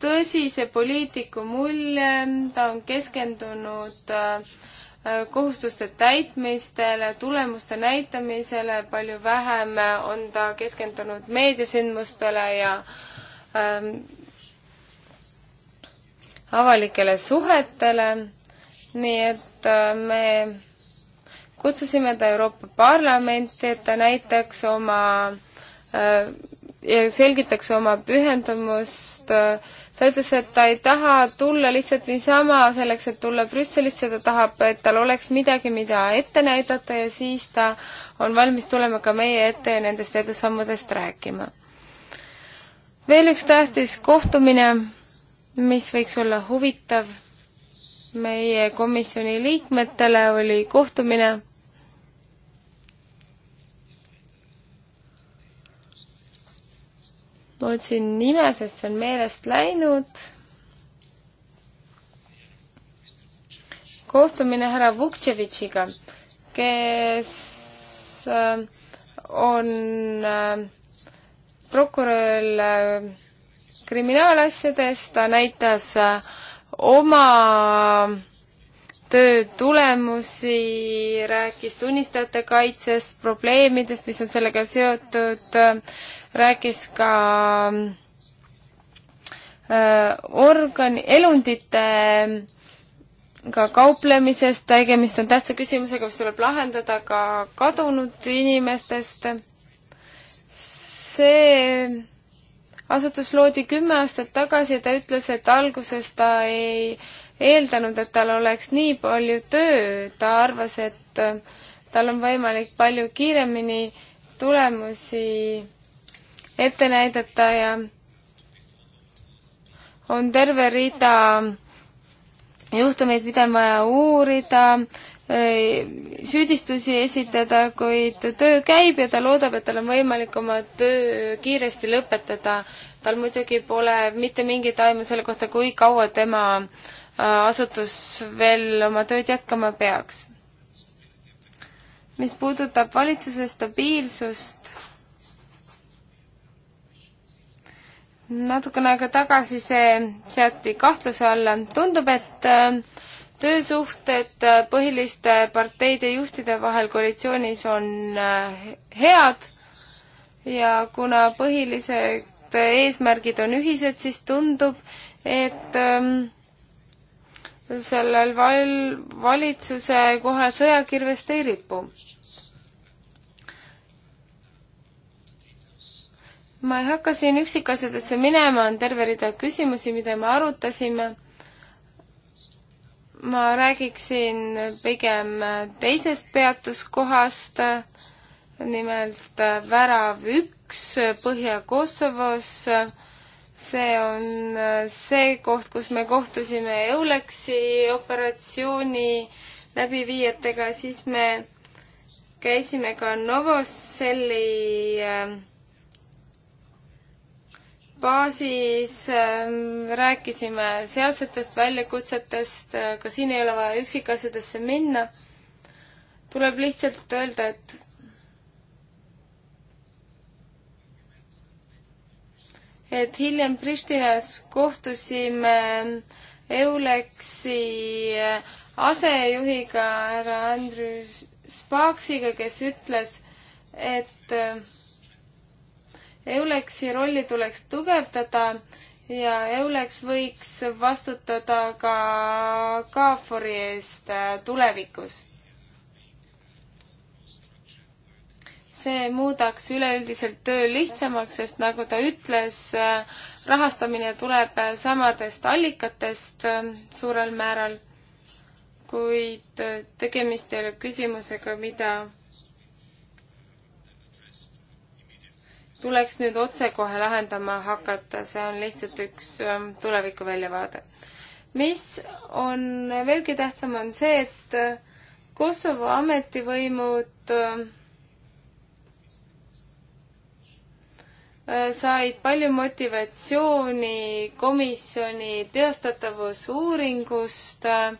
tõsise poliitiku mulje, ta on keskendunud äh, kohustuste täitmistele, tulemuste näitamisele, palju vähem on ta keskendunud meediasündmustele ja ähm, avalikele suhetele. nii et äh, me kutsusime ta Euroopa Parlamenti, et ta näitaks oma äh, selgitaks oma pühendumust. ta ütles, et ta ei taha tulla lihtsalt niisama selleks, et tulla Brüsselisse, ta tahab, et tal oleks midagi, mida ette näidata ja siis ta on valmis tulema ka meie ette ja nendest edusammudest rääkima. veel üks tähtis kohtumine, mis võiks olla huvitav meie komisjoni liikmetele, oli kohtumine ma otsin nime, sest see on meelest läinud. kohtumine härra Vuktševitšiga, kes äh, on äh, prokurör äh, kriminaalasjades, ta näitas oma töö tulemusi, rääkis tunnistajate kaitsest, probleemidest, mis on sellega seotud, rääkis ka äh, organi, elunditega kauplemisest, tegemist on tähtsa küsimusega, mis tuleb lahendada ka kadunud inimestest. see asutus loodi kümme aastat tagasi ja ta ütles, et alguses ta ei äh, eeldanud, et tal oleks nii palju tööd, ta arvas, et äh, tal on võimalik palju kiiremini tulemusi ette näidata ja on terve rida juhtumeid, mida on vaja uurida, äh, süüdistusi esitada, kuid töö käib ja ta loodab, et tal on võimalik oma töö kiiresti lõpetada. tal muidugi pole mitte mingit aimu selle kohta, kui kaua tema äh, asutus veel oma tööd jätkama peaks. mis puudutab valitsuse stabiilsust, natukene aega tagasi see seati kahtluse alla. tundub, et äh, töösuhted äh, põhiliste parteide juhtide vahel koalitsioonis on äh, head ja kuna põhilised eesmärgid on ühised, siis tundub, et ähm, sellel val-, valitsuse kohe sõjakirvest ei ripu. ma ei hakka siin üksikasjadesse minema, on terve rida küsimusi, mida me arutasime. ma räägiksin pigem teisest peatuskohast, nimelt värav üks Põhja-Kosovos see on äh, see koht, kus me kohtusime Euleksi operatsiooni läbiviijatega, siis me käisime ka Novoseli ähm, baasis, ähm, rääkisime sealsetest väljakutsetest, äh, ka siin ei ole vaja üksikasjadesse minna. tuleb lihtsalt öelda, et et hiljem Pristinas kohtusime Euleksi asejuhiga härra Andrus Spaksiga, kes ütles, et äh, Euleksi rolli tuleks tugevdada ja Euleks võiks vastutada ka KFOR-i eest äh, tulevikus see muudaks üleüldiselt töö lihtsamaks, sest nagu ta ütles, rahastamine tuleb samadest allikatest äh, suurel määral, kuid äh, tegemist ei ole küsimusega, mida tuleks nüüd otsekohe lahendama hakata, see on lihtsalt üks äh, tuleviku väljavaade. mis on veelgi tähtsam, on see, et Kosovo ametivõimud Äh, said palju motivatsiooni komisjoni teostatavusuuringust, äh,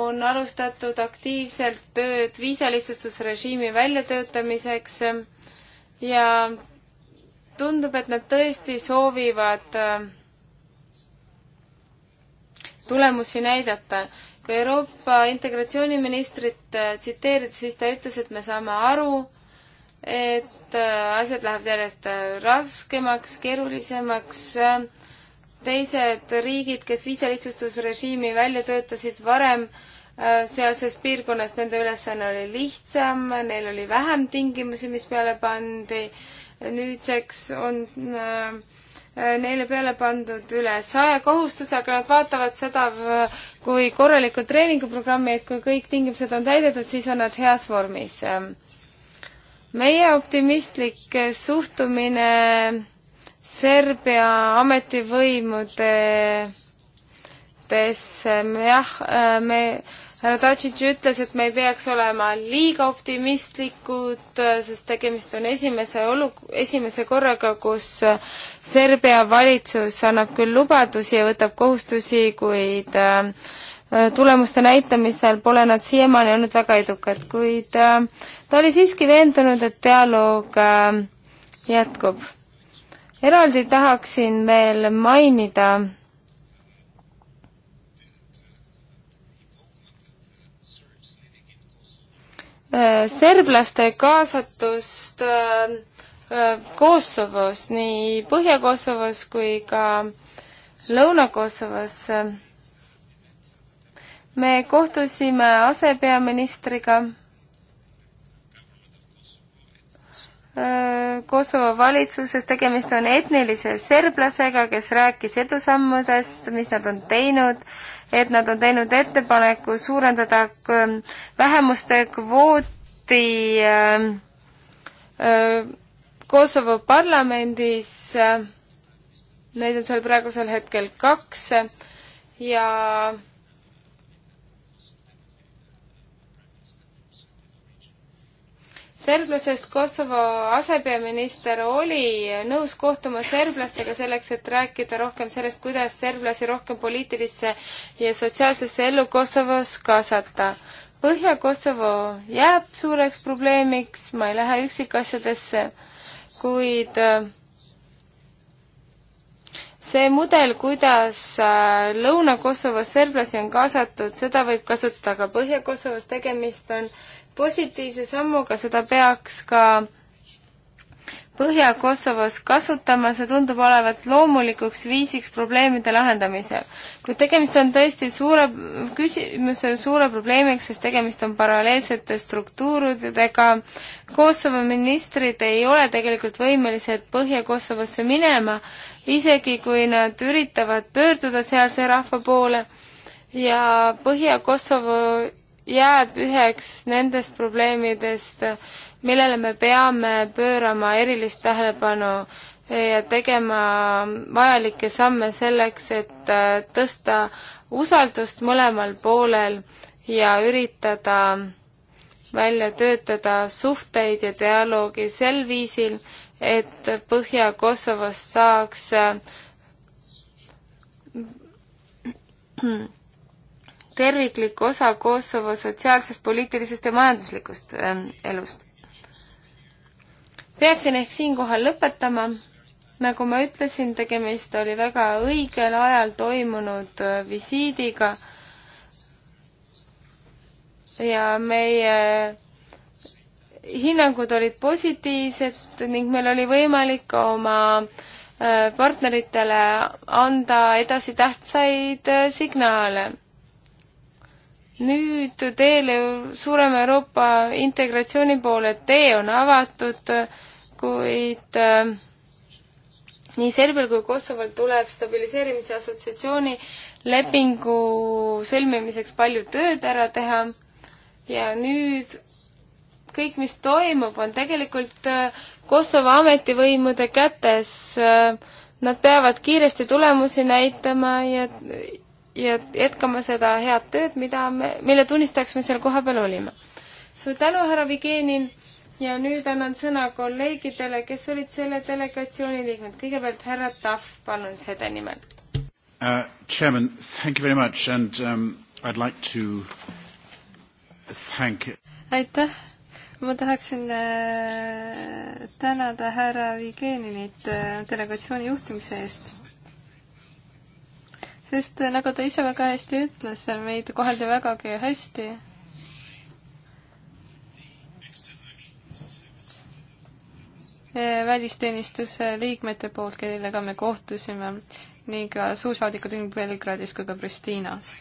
on alustatud aktiivselt tööd viisalihtsustusrežiimi väljatöötamiseks äh, ja tundub, et nad tõesti soovivad tulemusi näidata. kui Euroopa integratsiooniministrit tsiteerida, siis ta ütles, et me saame aru, et äh, asjad lähevad järjest äh, raskemaks, keerulisemaks. teised riigid, kes viisalihtsustusrežiimi välja töötasid varem, äh, sealses piirkonnas nende ülesanne oli lihtsam, neil oli vähem tingimusi, mis peale pandi. nüüdseks on äh, neile peale pandud üle saja kohustuse, aga nad vaatavad seda kui korralikku treeninguprogrammi, et kui kõik tingimused on täidetud, siis on nad heas vormis meie optimistlik suhtumine Serbia ametivõimudes, jah, me, härra Tadžitš ütles, et me ei peaks olema liiga optimistlikud, sest tegemist on esimese olu-, esimese korraga, kus Serbia valitsus annab küll lubadusi ja võtab kohustusi, kuid äh, Äh, tulemuste näitamisel pole nad siiamaani olnud väga edukad, kuid äh, ta oli siiski veendunud, et dialoog äh, jätkub. eraldi tahaksin veel mainida serblaste kaasatust Kosovos, nii Põhja-Kosovos kui ka Lõuna-Kosovos me kohtusime asepeaministriga äh, Kosovo valitsuses, tegemist on etnilise serblasega, kes rääkis edusammudest, mis nad on teinud, et nad on teinud ettepaneku suurendada ähm, vähemuste kvooti ähm, äh, Kosovo parlamendis, neid on seal praegusel hetkel kaks ja serblasest Kosovo asepeaminister oli nõus kohtuma serblastega selleks, et rääkida rohkem sellest, kuidas serblasi rohkem poliitilisse ja sotsiaalsesse ellu Kosovos kaasata. Põhja-Kosovo jääb suureks probleemiks, ma ei lähe üksikasjadesse, kuid äh, see mudel, kuidas äh, Lõuna-Kosovos serblasi on kaasatud, seda võib kasutada ka Põhja-Kosovos, tegemist on äh, positiivse sammuga, seda peaks ka Põhja-Kosovos kasutama, see tundub olevat loomulikuks viisiks probleemide lahendamisel. kuid tegemist on tõesti suure küsimuse, suure probleemiks, sest tegemist on paralleelsete struktuuridega. Kosovo ministrid ei ole tegelikult võimelised Põhja-Kosovosse minema, isegi kui nad üritavad pöörduda sealse rahva poole ja Põhja-Kosovo jääb üheks nendest probleemidest, millele me peame pöörama erilist tähelepanu ja tegema vajalikke samme selleks, et äh, tõsta usaldust mõlemal poolel ja üritada välja töötada suhteid ja dialoogi sel viisil, et Põhja-Kosovost saaks äh, terviklik osa Kosovo sotsiaalsest, poliitilisest ja majanduslikust ähm, elust. peaksin ehk siinkohal lõpetama. nagu ma ütlesin, tegemist oli väga õigel ajal toimunud äh, visiidiga ja meie hinnangud olid positiivsed ning meil oli võimalik oma äh, partneritele anda edasi tähtsaid äh, signaale nüüd teel suurema Euroopa integratsiooni poole, tee on avatud, kuid äh, nii Serbial kui Kosoval tuleb stabiliseerimise assotsiatsiooni lepingu sõlmimiseks palju tööd ära teha ja nüüd kõik, mis toimub, on tegelikult äh, Kosovo ametivõimude kätes. Äh, nad peavad kiiresti tulemusi näitama ja ja jätkama seda head tööd, mida me, mille tunnistajaks me seal kohapeal olime. suur tänu, härra Vigenin ja nüüd annan sõna kolleegidele, kes olid selle delegatsiooni liikmed. kõigepealt härra Tahv, palun seda nimel uh,. Chairman, thank you very much and um, I'd like to thank aitäh, ma tahaksin äh, tänada härra Vigeninit äh, delegatsiooni juhtimise eest sest nagu ta ise väga hästi ütles, meid koheldi vägagi hästi. E, välisteenistuse liikmete poolt, kellega me kohtusime, nii ka suursaadikud nii Belgradis kui ka Pristinas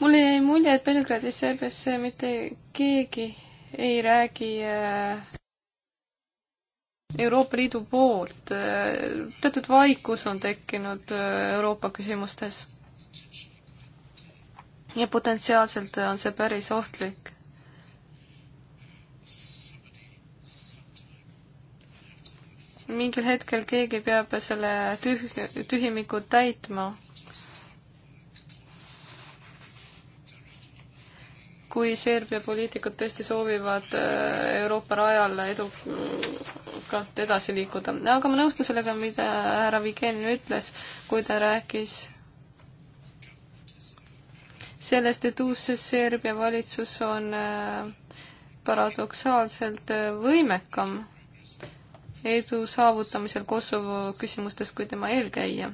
mulle jäi mulje, et Belgradis EBS mitte keegi ei räägi äh, Euroopa Liidu poolt. teatud vaikus on tekkinud äh, Euroopa küsimustes. ja potentsiaalselt on see päris ohtlik. mingil hetkel keegi peab selle tüh-, tühimiku täitma kui Serbia poliitikud tõesti soovivad äh, Euroopa rajal edukalt edasi liikuda. aga ma nõustun sellega, mida härra Vigenin ütles, kui ta rääkis sellest, et uus Serbia valitsus on äh, paradoksaalselt äh, võimekam edu saavutamisel Kosovo küsimustes kui tema eelkäija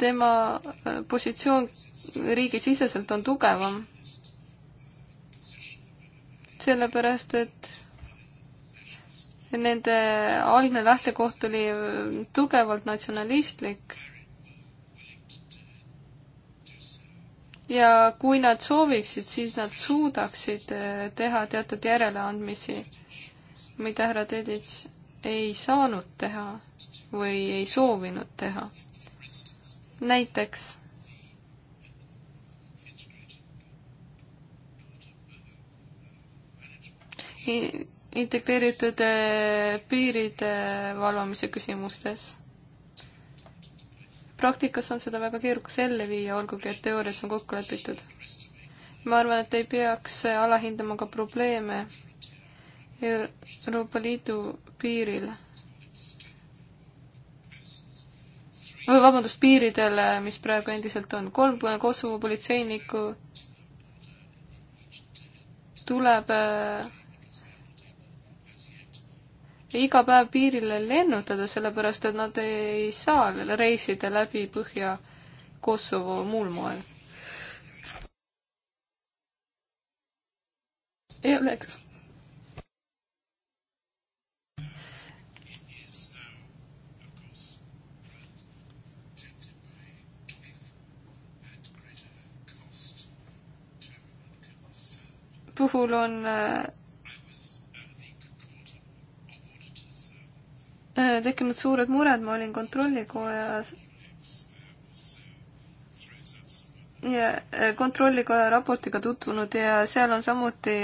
tema äh, positsioon riigisiseselt on tugevam. sellepärast, et nende algne lähtekoht oli äh, tugevalt natsionalistlik. ja kui nad sooviksid, siis nad suudaksid äh, teha teatud järeleandmisi, mida härra Tedits ei saanud teha või ei soovinud teha näiteks integreeritud eh, piiride eh, valvamise küsimustes. praktikas on seda väga keerukas ellu viia, olgugi et teoorias on kokku lepitud. ma arvan, et ei peaks eh, alahindama ka probleeme Euroopa Liidu piiril või vabandust, piiridele, äh, mis praegu endiselt on. kolm Kosovo politseinikku tuleb äh, iga päev piirile lennutada, sellepärast et nad ei saa reisida läbi Põhja-Kosovo muul moel. ei oleks puhul on äh, äh, tekkinud suured mured, ma olin kontrollikojas ja äh, kontrollikoja raportiga tutvunud ja seal on samuti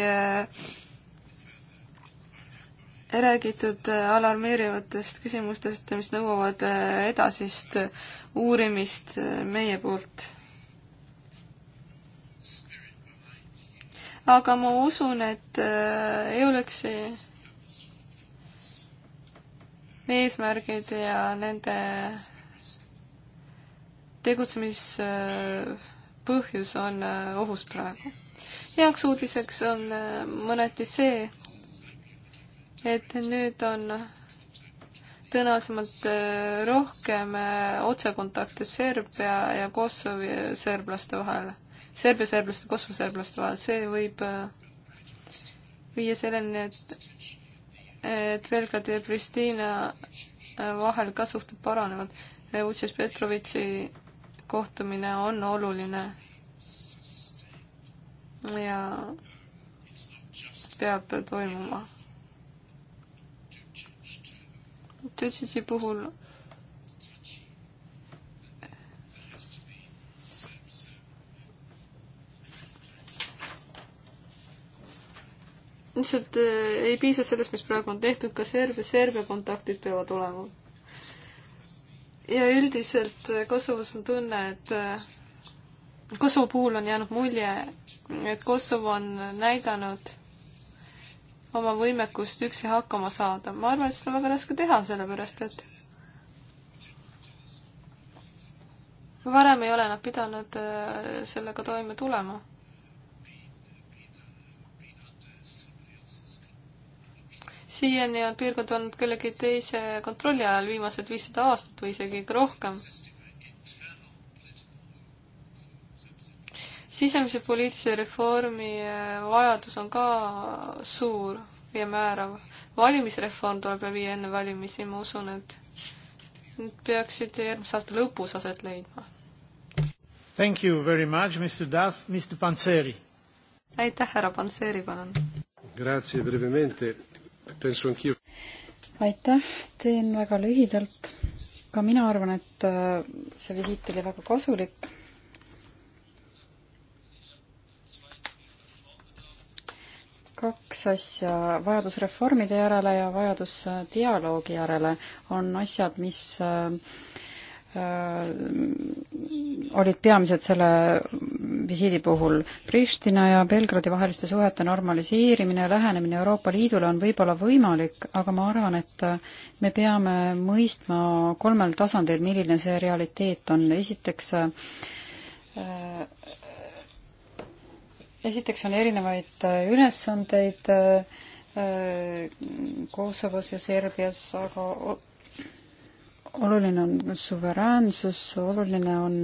räägitud alarmeerivatest küsimustest, mis nõuavad edasist uurimist meie poolt aga ma usun, et äh, EULEX-i eesmärgid ja nende tegutsemispõhjus äh, on äh, ohus praegu. heaks uudiseks on mõneti see, et nüüd on tõenäolisemalt rohkem otsekontakte Serbia ja Kosovi serblaste vahel Serbia serblaste, Kosovo serblaste vahel, see võib äh, viia selleni, et, et Belgradi ja Pristina äh, vahel ka suhted paranevad. Vutšes Petrovitši kohtumine on oluline ja peab toimuma. Tütsitsi puhul lihtsalt äh, ei piisa sellest, mis praegu on tehtud, ka Serbia, Serbia kontaktid peavad olema. ja üldiselt äh, Kosovos on tunne, et äh, Kosovo puhul on jäänud mulje, et Kosovo on näidanud oma võimekust üksi hakkama saada. ma arvan, et seda on väga raske teha, sellepärast et varem ei ole nad pidanud sellega toime tulema siiani on piirkond olnud kellegi teise kontrolli all viimased viissada aastat või isegi rohkem. sisemise poliitilise reformi eh, vajadus on ka suur ja määrav. valimisreform tuleb läbi enne valimisi, ma usun, et need peaksid järgmise aasta lõpus aset leidma. Thank you very much, Mr Duff, Mr Panseri. aitäh, härra Panseri, palun. Grazie brevemente aitäh, teen väga lühidalt. ka mina arvan, et äh, see visiit oli väga kasulik. kaks asja, vajadus reformide järele ja vajadus äh, dialoogi järele on asjad, mis äh, Äh, olid peamised selle visiidi puhul. Pristina ja Belgradi vaheliste suhete normaliseerimine, lähenemine Euroopa Liidule on võib-olla võimalik, aga ma arvan, et me peame mõistma kolmel tasandil, milline see realiteet on. esiteks äh, esiteks on erinevaid ülesandeid äh, Kosovos ja Serbias, aga oluline on suveräänsus, oluline on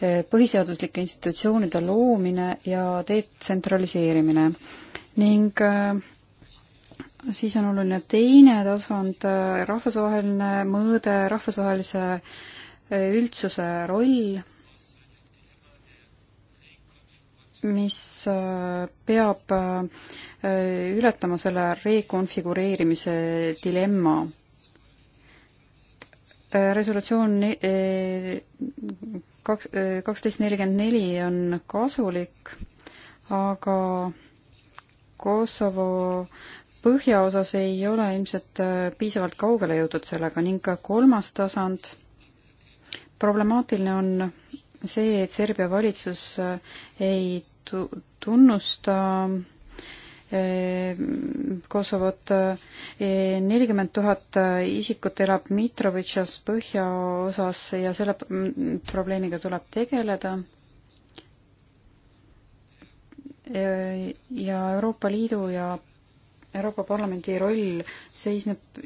eh, põhiseaduslike institutsioonide loomine ja detsentraliseerimine. ning eh, siis on oluline teine tasand, eh, rahvusvaheline mõõde, rahvusvahelise üldsuse roll, mis peab ületama selle rekonfigureerimise dilemma resolutsioon eh, kaks, eh, kaksteist nelikümmend neli on kasulik, aga Kosovo põhjaosas ei ole ilmselt eh, piisavalt kaugele jõutud sellega ning ka kolmas tasand, problemaatiline on see, et Serbia valitsus ei tu-, tunnusta Ehm, Kosovot. Eh, nelikümmend tuhat eh, isikut elab Mitrovitšas põhjaosas ja selle probleemiga tuleb tegeleda. Eh, ja Euroopa Liidu ja Euroopa Parlamendi roll seisneb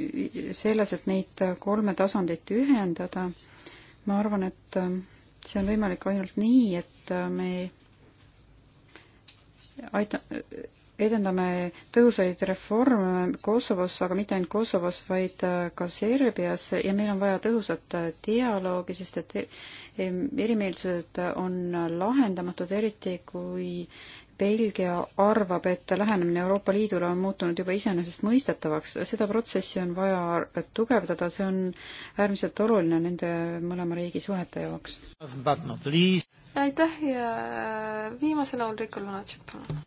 selles, et neid kolme tasandit ühendada. ma arvan, et see on võimalik ainult nii, et me aita-, edendame tõhusaid reforme Kosovos, aga mitte ainult Kosovos, vaid äh, ka Serbias ja meil on vaja tõhusat äh, dialoogi, sest et e-, erimeelsused on lahendamatud, eriti kui Belgia arvab, et lähenemine Euroopa Liidule on muutunud juba iseenesestmõistetavaks. seda protsessi on vaja äh, tugevdada, see on äärmiselt oluline nende mõlema riigi suhete jaoks. aitäh ja viimasena Ulrika Lunatšik, palun.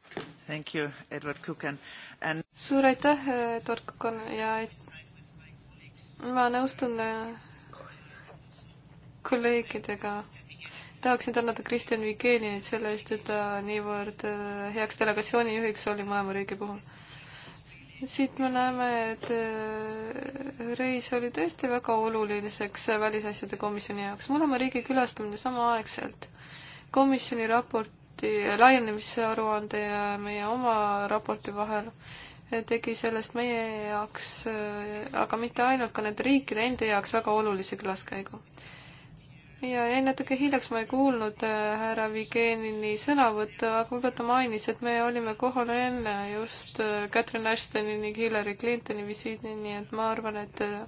Thank you, Edward Kukan And.... suur aitäh, Edward Kukan ja ma nõustun äh, kolleegidega. tahaksin tänada Kristjan Vigenit selle eest, et ta niivõrd äh, heaks delegatsioonijuhiks oli mõlema riigi puhul. siit me näeme, et äh, reis oli tõesti väga oluliseks välisasjade komisjoni jaoks. mõlema riigi külastamine samaaegselt. komisjoni raport raporti, laienemisaruande ja meie oma raporti vahel tegi sellest meie jaoks, aga mitte ainult, ka nende riikide endi jaoks väga olulise külaskäigu. ja jäi natuke hiljaks, ma ei kuulnud äh, härra Vigenini sõnavõttu, aga võib-olla ta mainis, et me olime kohal enne just äh, Catherine Ashtoni ning Hillary Clintoni visiidi, nii et ma arvan, et äh,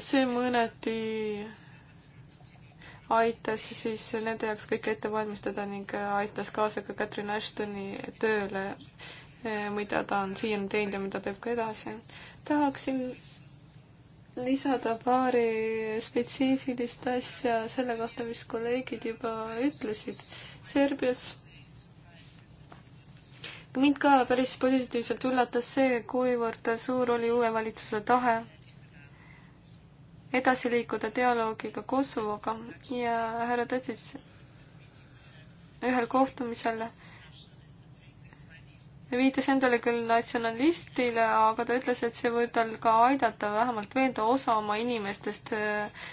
see mõneti aitas siis nende jaoks kõike ette valmistada ning aitas kaasa ka Catherine Ashtoni tööle, eh, mida ta on siiani teinud ja mida teeb ka edasi. tahaksin lisada paari spetsiifilist asja selle kohta, mis kolleegid juba ütlesid. Serbias mind ka päris positiivselt üllatas see, kuivõrd suur oli uue valitsuse tahe edasi liikuda dialoogiga Kosovoga ja härra Tõtsis ühel kohtumisel viitas endale küll natsionalistile, aga ta ütles, et see võib tal ka aidata vähemalt veenda osa oma inimestest eh,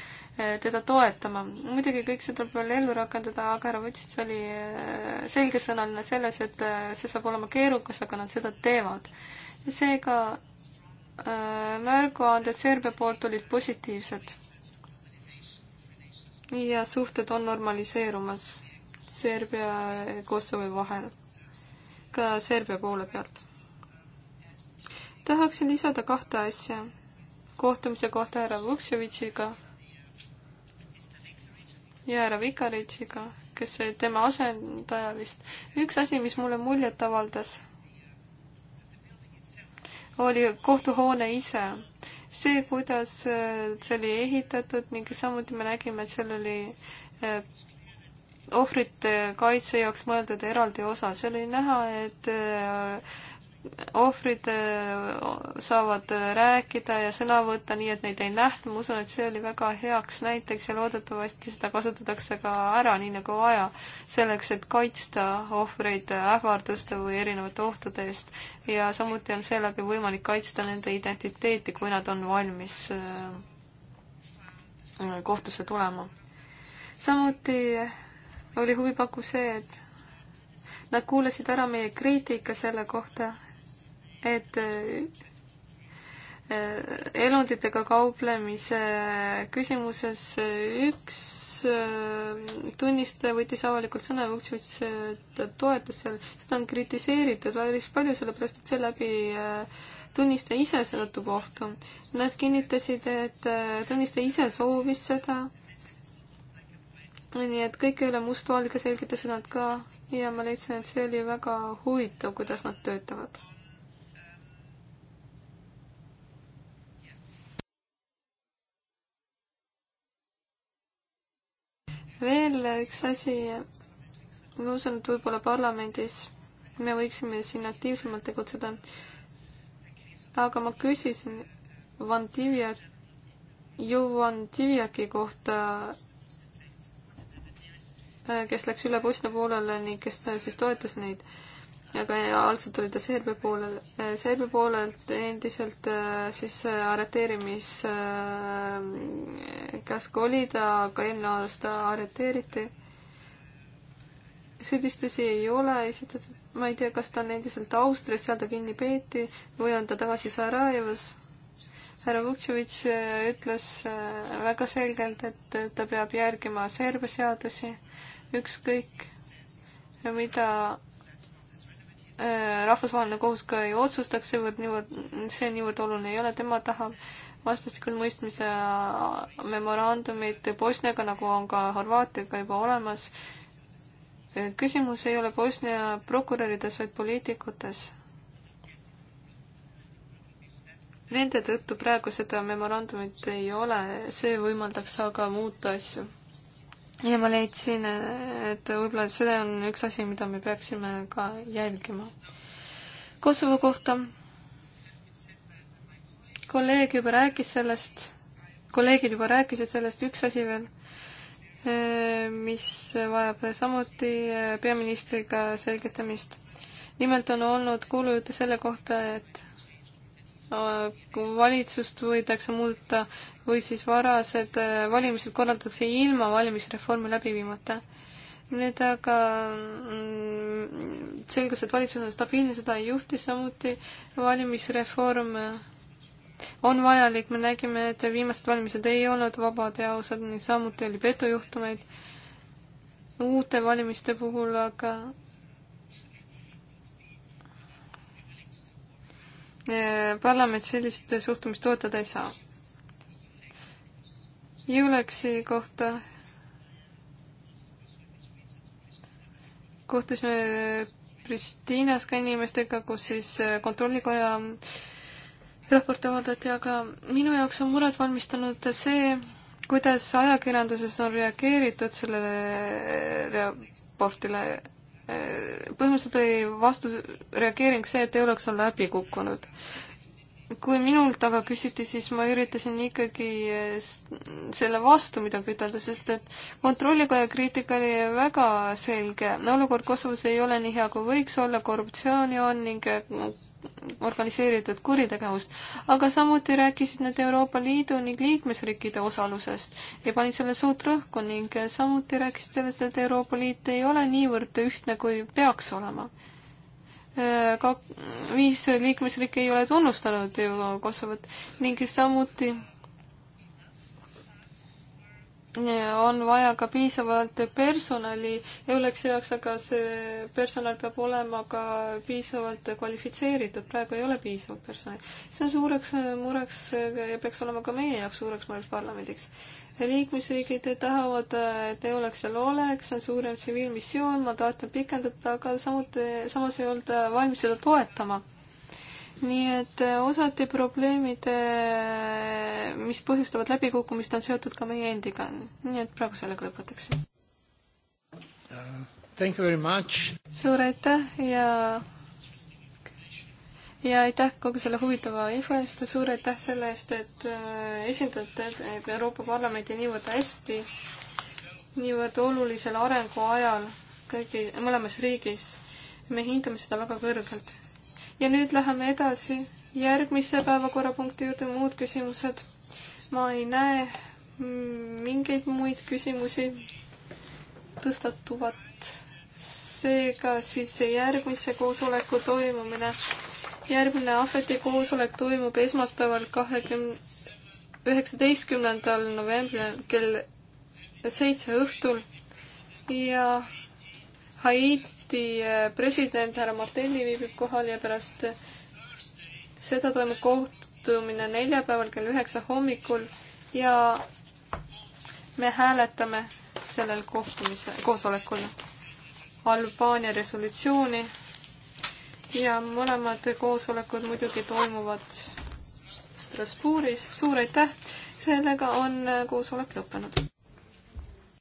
teda toetama. muidugi kõik see tuleb veel ellu rakendada, aga härra Vutsits oli eh, selgesõnaline selles, et eh, see saab olema keerukas, aga nad seda teevad. seega märguanded äh, Serbia poolt olid positiivsed. ja suhted on normaliseerumas Serbia ja Kosovo vahel, ka Serbia poole pealt. tahaksin lisada kahte asja kohtumise kohta härra Vukševitšiga ja härra Vikaritšiga, kes oli tema asendaja vist. üks asi, mis mulle muljet avaldas oli kohtuhoone ise. see, kuidas äh, see oli ehitatud ning samuti me nägime, et seal oli äh, ohvrite kaitse jaoks mõeldud eraldi osa, seal oli näha, et äh, ohvrid äh, saavad äh, rääkida ja sõna võtta nii, et neid ei nähta, ma usun, et see oli väga heaks näiteks ja loodetavasti seda kasutatakse ka ära, nii nagu vaja, selleks, et kaitsta ohvreid ähvarduste või erinevate ohtude eest. ja samuti on seeläbi võimalik kaitsta nende identiteeti, kui nad on valmis äh, kohtusse tulema. samuti oli huvipakkuv see, et nad kuulasid ära meie kriitika selle kohta, et äh, elunditega kauplemise küsimuses üks äh, tunnistaja võttis avalikult sõna ja Vuksvits äh, toetas seal, seda on kritiseeritud päris palju, sellepärast et seeläbi tunnistaja ise satub ohtu. Nad kinnitasid, et tunnistaja ise soovis seda. nii et kõik ei ole mustvalge, selgitasid nad ka ja ma leidsin, et see oli väga huvitav, kuidas nad töötavad veel üks asi, ma usun, et võib-olla parlamendis me võiksime siin aktiivsemalt tegutseda. aga ma küsisin Van Divjak, ju Van Divjaki kohta, kes läks üle Bosnia poolele ning kes siis toetas neid aga algselt oli ta Serbia poolel, äh, Serbia poolelt endiselt äh, siis äh, arreteerimiskäsk oli ta, aga eelmine aasta arreteeriti. süüdistusi ei ole esitatud, ma ei tea, kas ta on endiselt Austrias, seal ta kinni peeti või on ta tagasi Sarajevas. härra Vutšovitš ütles väga selgelt, et ta peab järgima Serbia seadusi, ükskõik mida Äh, rahvusvaheline kohus ka ei otsustaks, seevõrd niivõrd, see niivõrd oluline ei ole, tema tahab vastastikuse mõistmise äh, memorandumit Bosniaga, nagu on ka Horvaatiaga juba olemas. Äh, küsimus ei ole Bosnia prokurörides, vaid poliitikutes. Nende tõttu praegu seda memorandumit ei ole, see võimaldaks aga muuta asju ja ma leidsin, et võib-olla see on üks asi, mida me peaksime ka jälgima. Kosovo kohta. kolleeg juba rääkis sellest, kolleegid juba rääkisid sellest, üks asi veel, e, mis vajab samuti peaministriga selgitamist. nimelt on olnud kuulujutte selle kohta, et valitsust võidakse muuta või siis varased äh, valimised korraldatakse ilma valimisreformi läbi viimata. nüüd aga mm, selgus, et valitsus on stabiilne, seda ei juhti, samuti valimisreform äh, on vajalik, me nägime, et viimased valimised ei olnud vabad ja ausad, niisamuti oli petujuhtumeid uute valimiste puhul, aga parlament sellist suhtumist toetada ei saa. Juleksi kohta kohtusime Pristinas ka inimestega, kus siis kontrollikoja raport avaldati, aga minu jaoks on muret valmistanud see, kuidas ajakirjanduses on reageeritud sellele raportile põhimõtteliselt oli vastu reageering see, et Eulex on läbi kukkunud kui minult aga küsiti, siis ma üritasin ikkagi eh, selle vastu midagi ütelda, sest et kontrollikoja kriitika oli väga selge. olukord Kosovos ei ole nii hea, kui võiks olla, korruptsiooni on ning eh, organiseeritud kuritegevust. aga samuti rääkisid nad Euroopa Liidu ning liikmesriikide osalusest ja panid selle suurt rõhku ning eh, samuti rääkisid sellest, et Euroopa Liit ei ole niivõrd ühtne, kui peaks olema Äh, kak-, viis liikmesriiki ei ole tunnustanud ju Kosovot ning samuti äh, on vaja ka piisavalt personali EULEX-i jaoks, aga see personal peab olema ka piisavalt kvalifitseeritud, praegu ei ole piisavalt personali. see on suureks mureks ja peaks olema ka meie jaoks suureks mureks parlamendiks liikmesriigid tahavad, et EULEX seal oleks, on suurem tsiviilmissioon, mandaat on pikendatud, aga samuti, samas ei olda valmis seda toetama. nii et eh, osati probleemid, mis põhjustavad läbikukkumist, on seotud ka meie endiga. nii et praegu sellega lõpetaksin. Thank you very much! suur aitäh ja ja aitäh kogu selle huvitava info eest ja suur aitäh selle eest, et äh, esindate Euroopa Parlamendi niivõrd hästi, niivõrd olulisel arengu ajal kõigi, mõlemas riigis. me hindame seda väga kõrgelt. ja nüüd läheme edasi järgmise päevakorrapunkti juurde, muud küsimused. ma ei näe mingeid muid küsimusi tõstatuvat seega siis järgmise koosoleku toimumine järgmine ahveti koosolek toimub esmaspäeval kahekümne, üheksateistkümnendal novembril kell seitse õhtul ja Haiti eh, president härra Martelli viibib kohal ja pärast seda toimub kohtumine neljapäeval kell üheksa hommikul ja me hääletame sellel kohtumisel, koosolekul Albaania resolutsiooni ja mõlemad koosolekud muidugi toimuvad Strasbourgis. suur aitäh, sellega on koosolek lõppenud.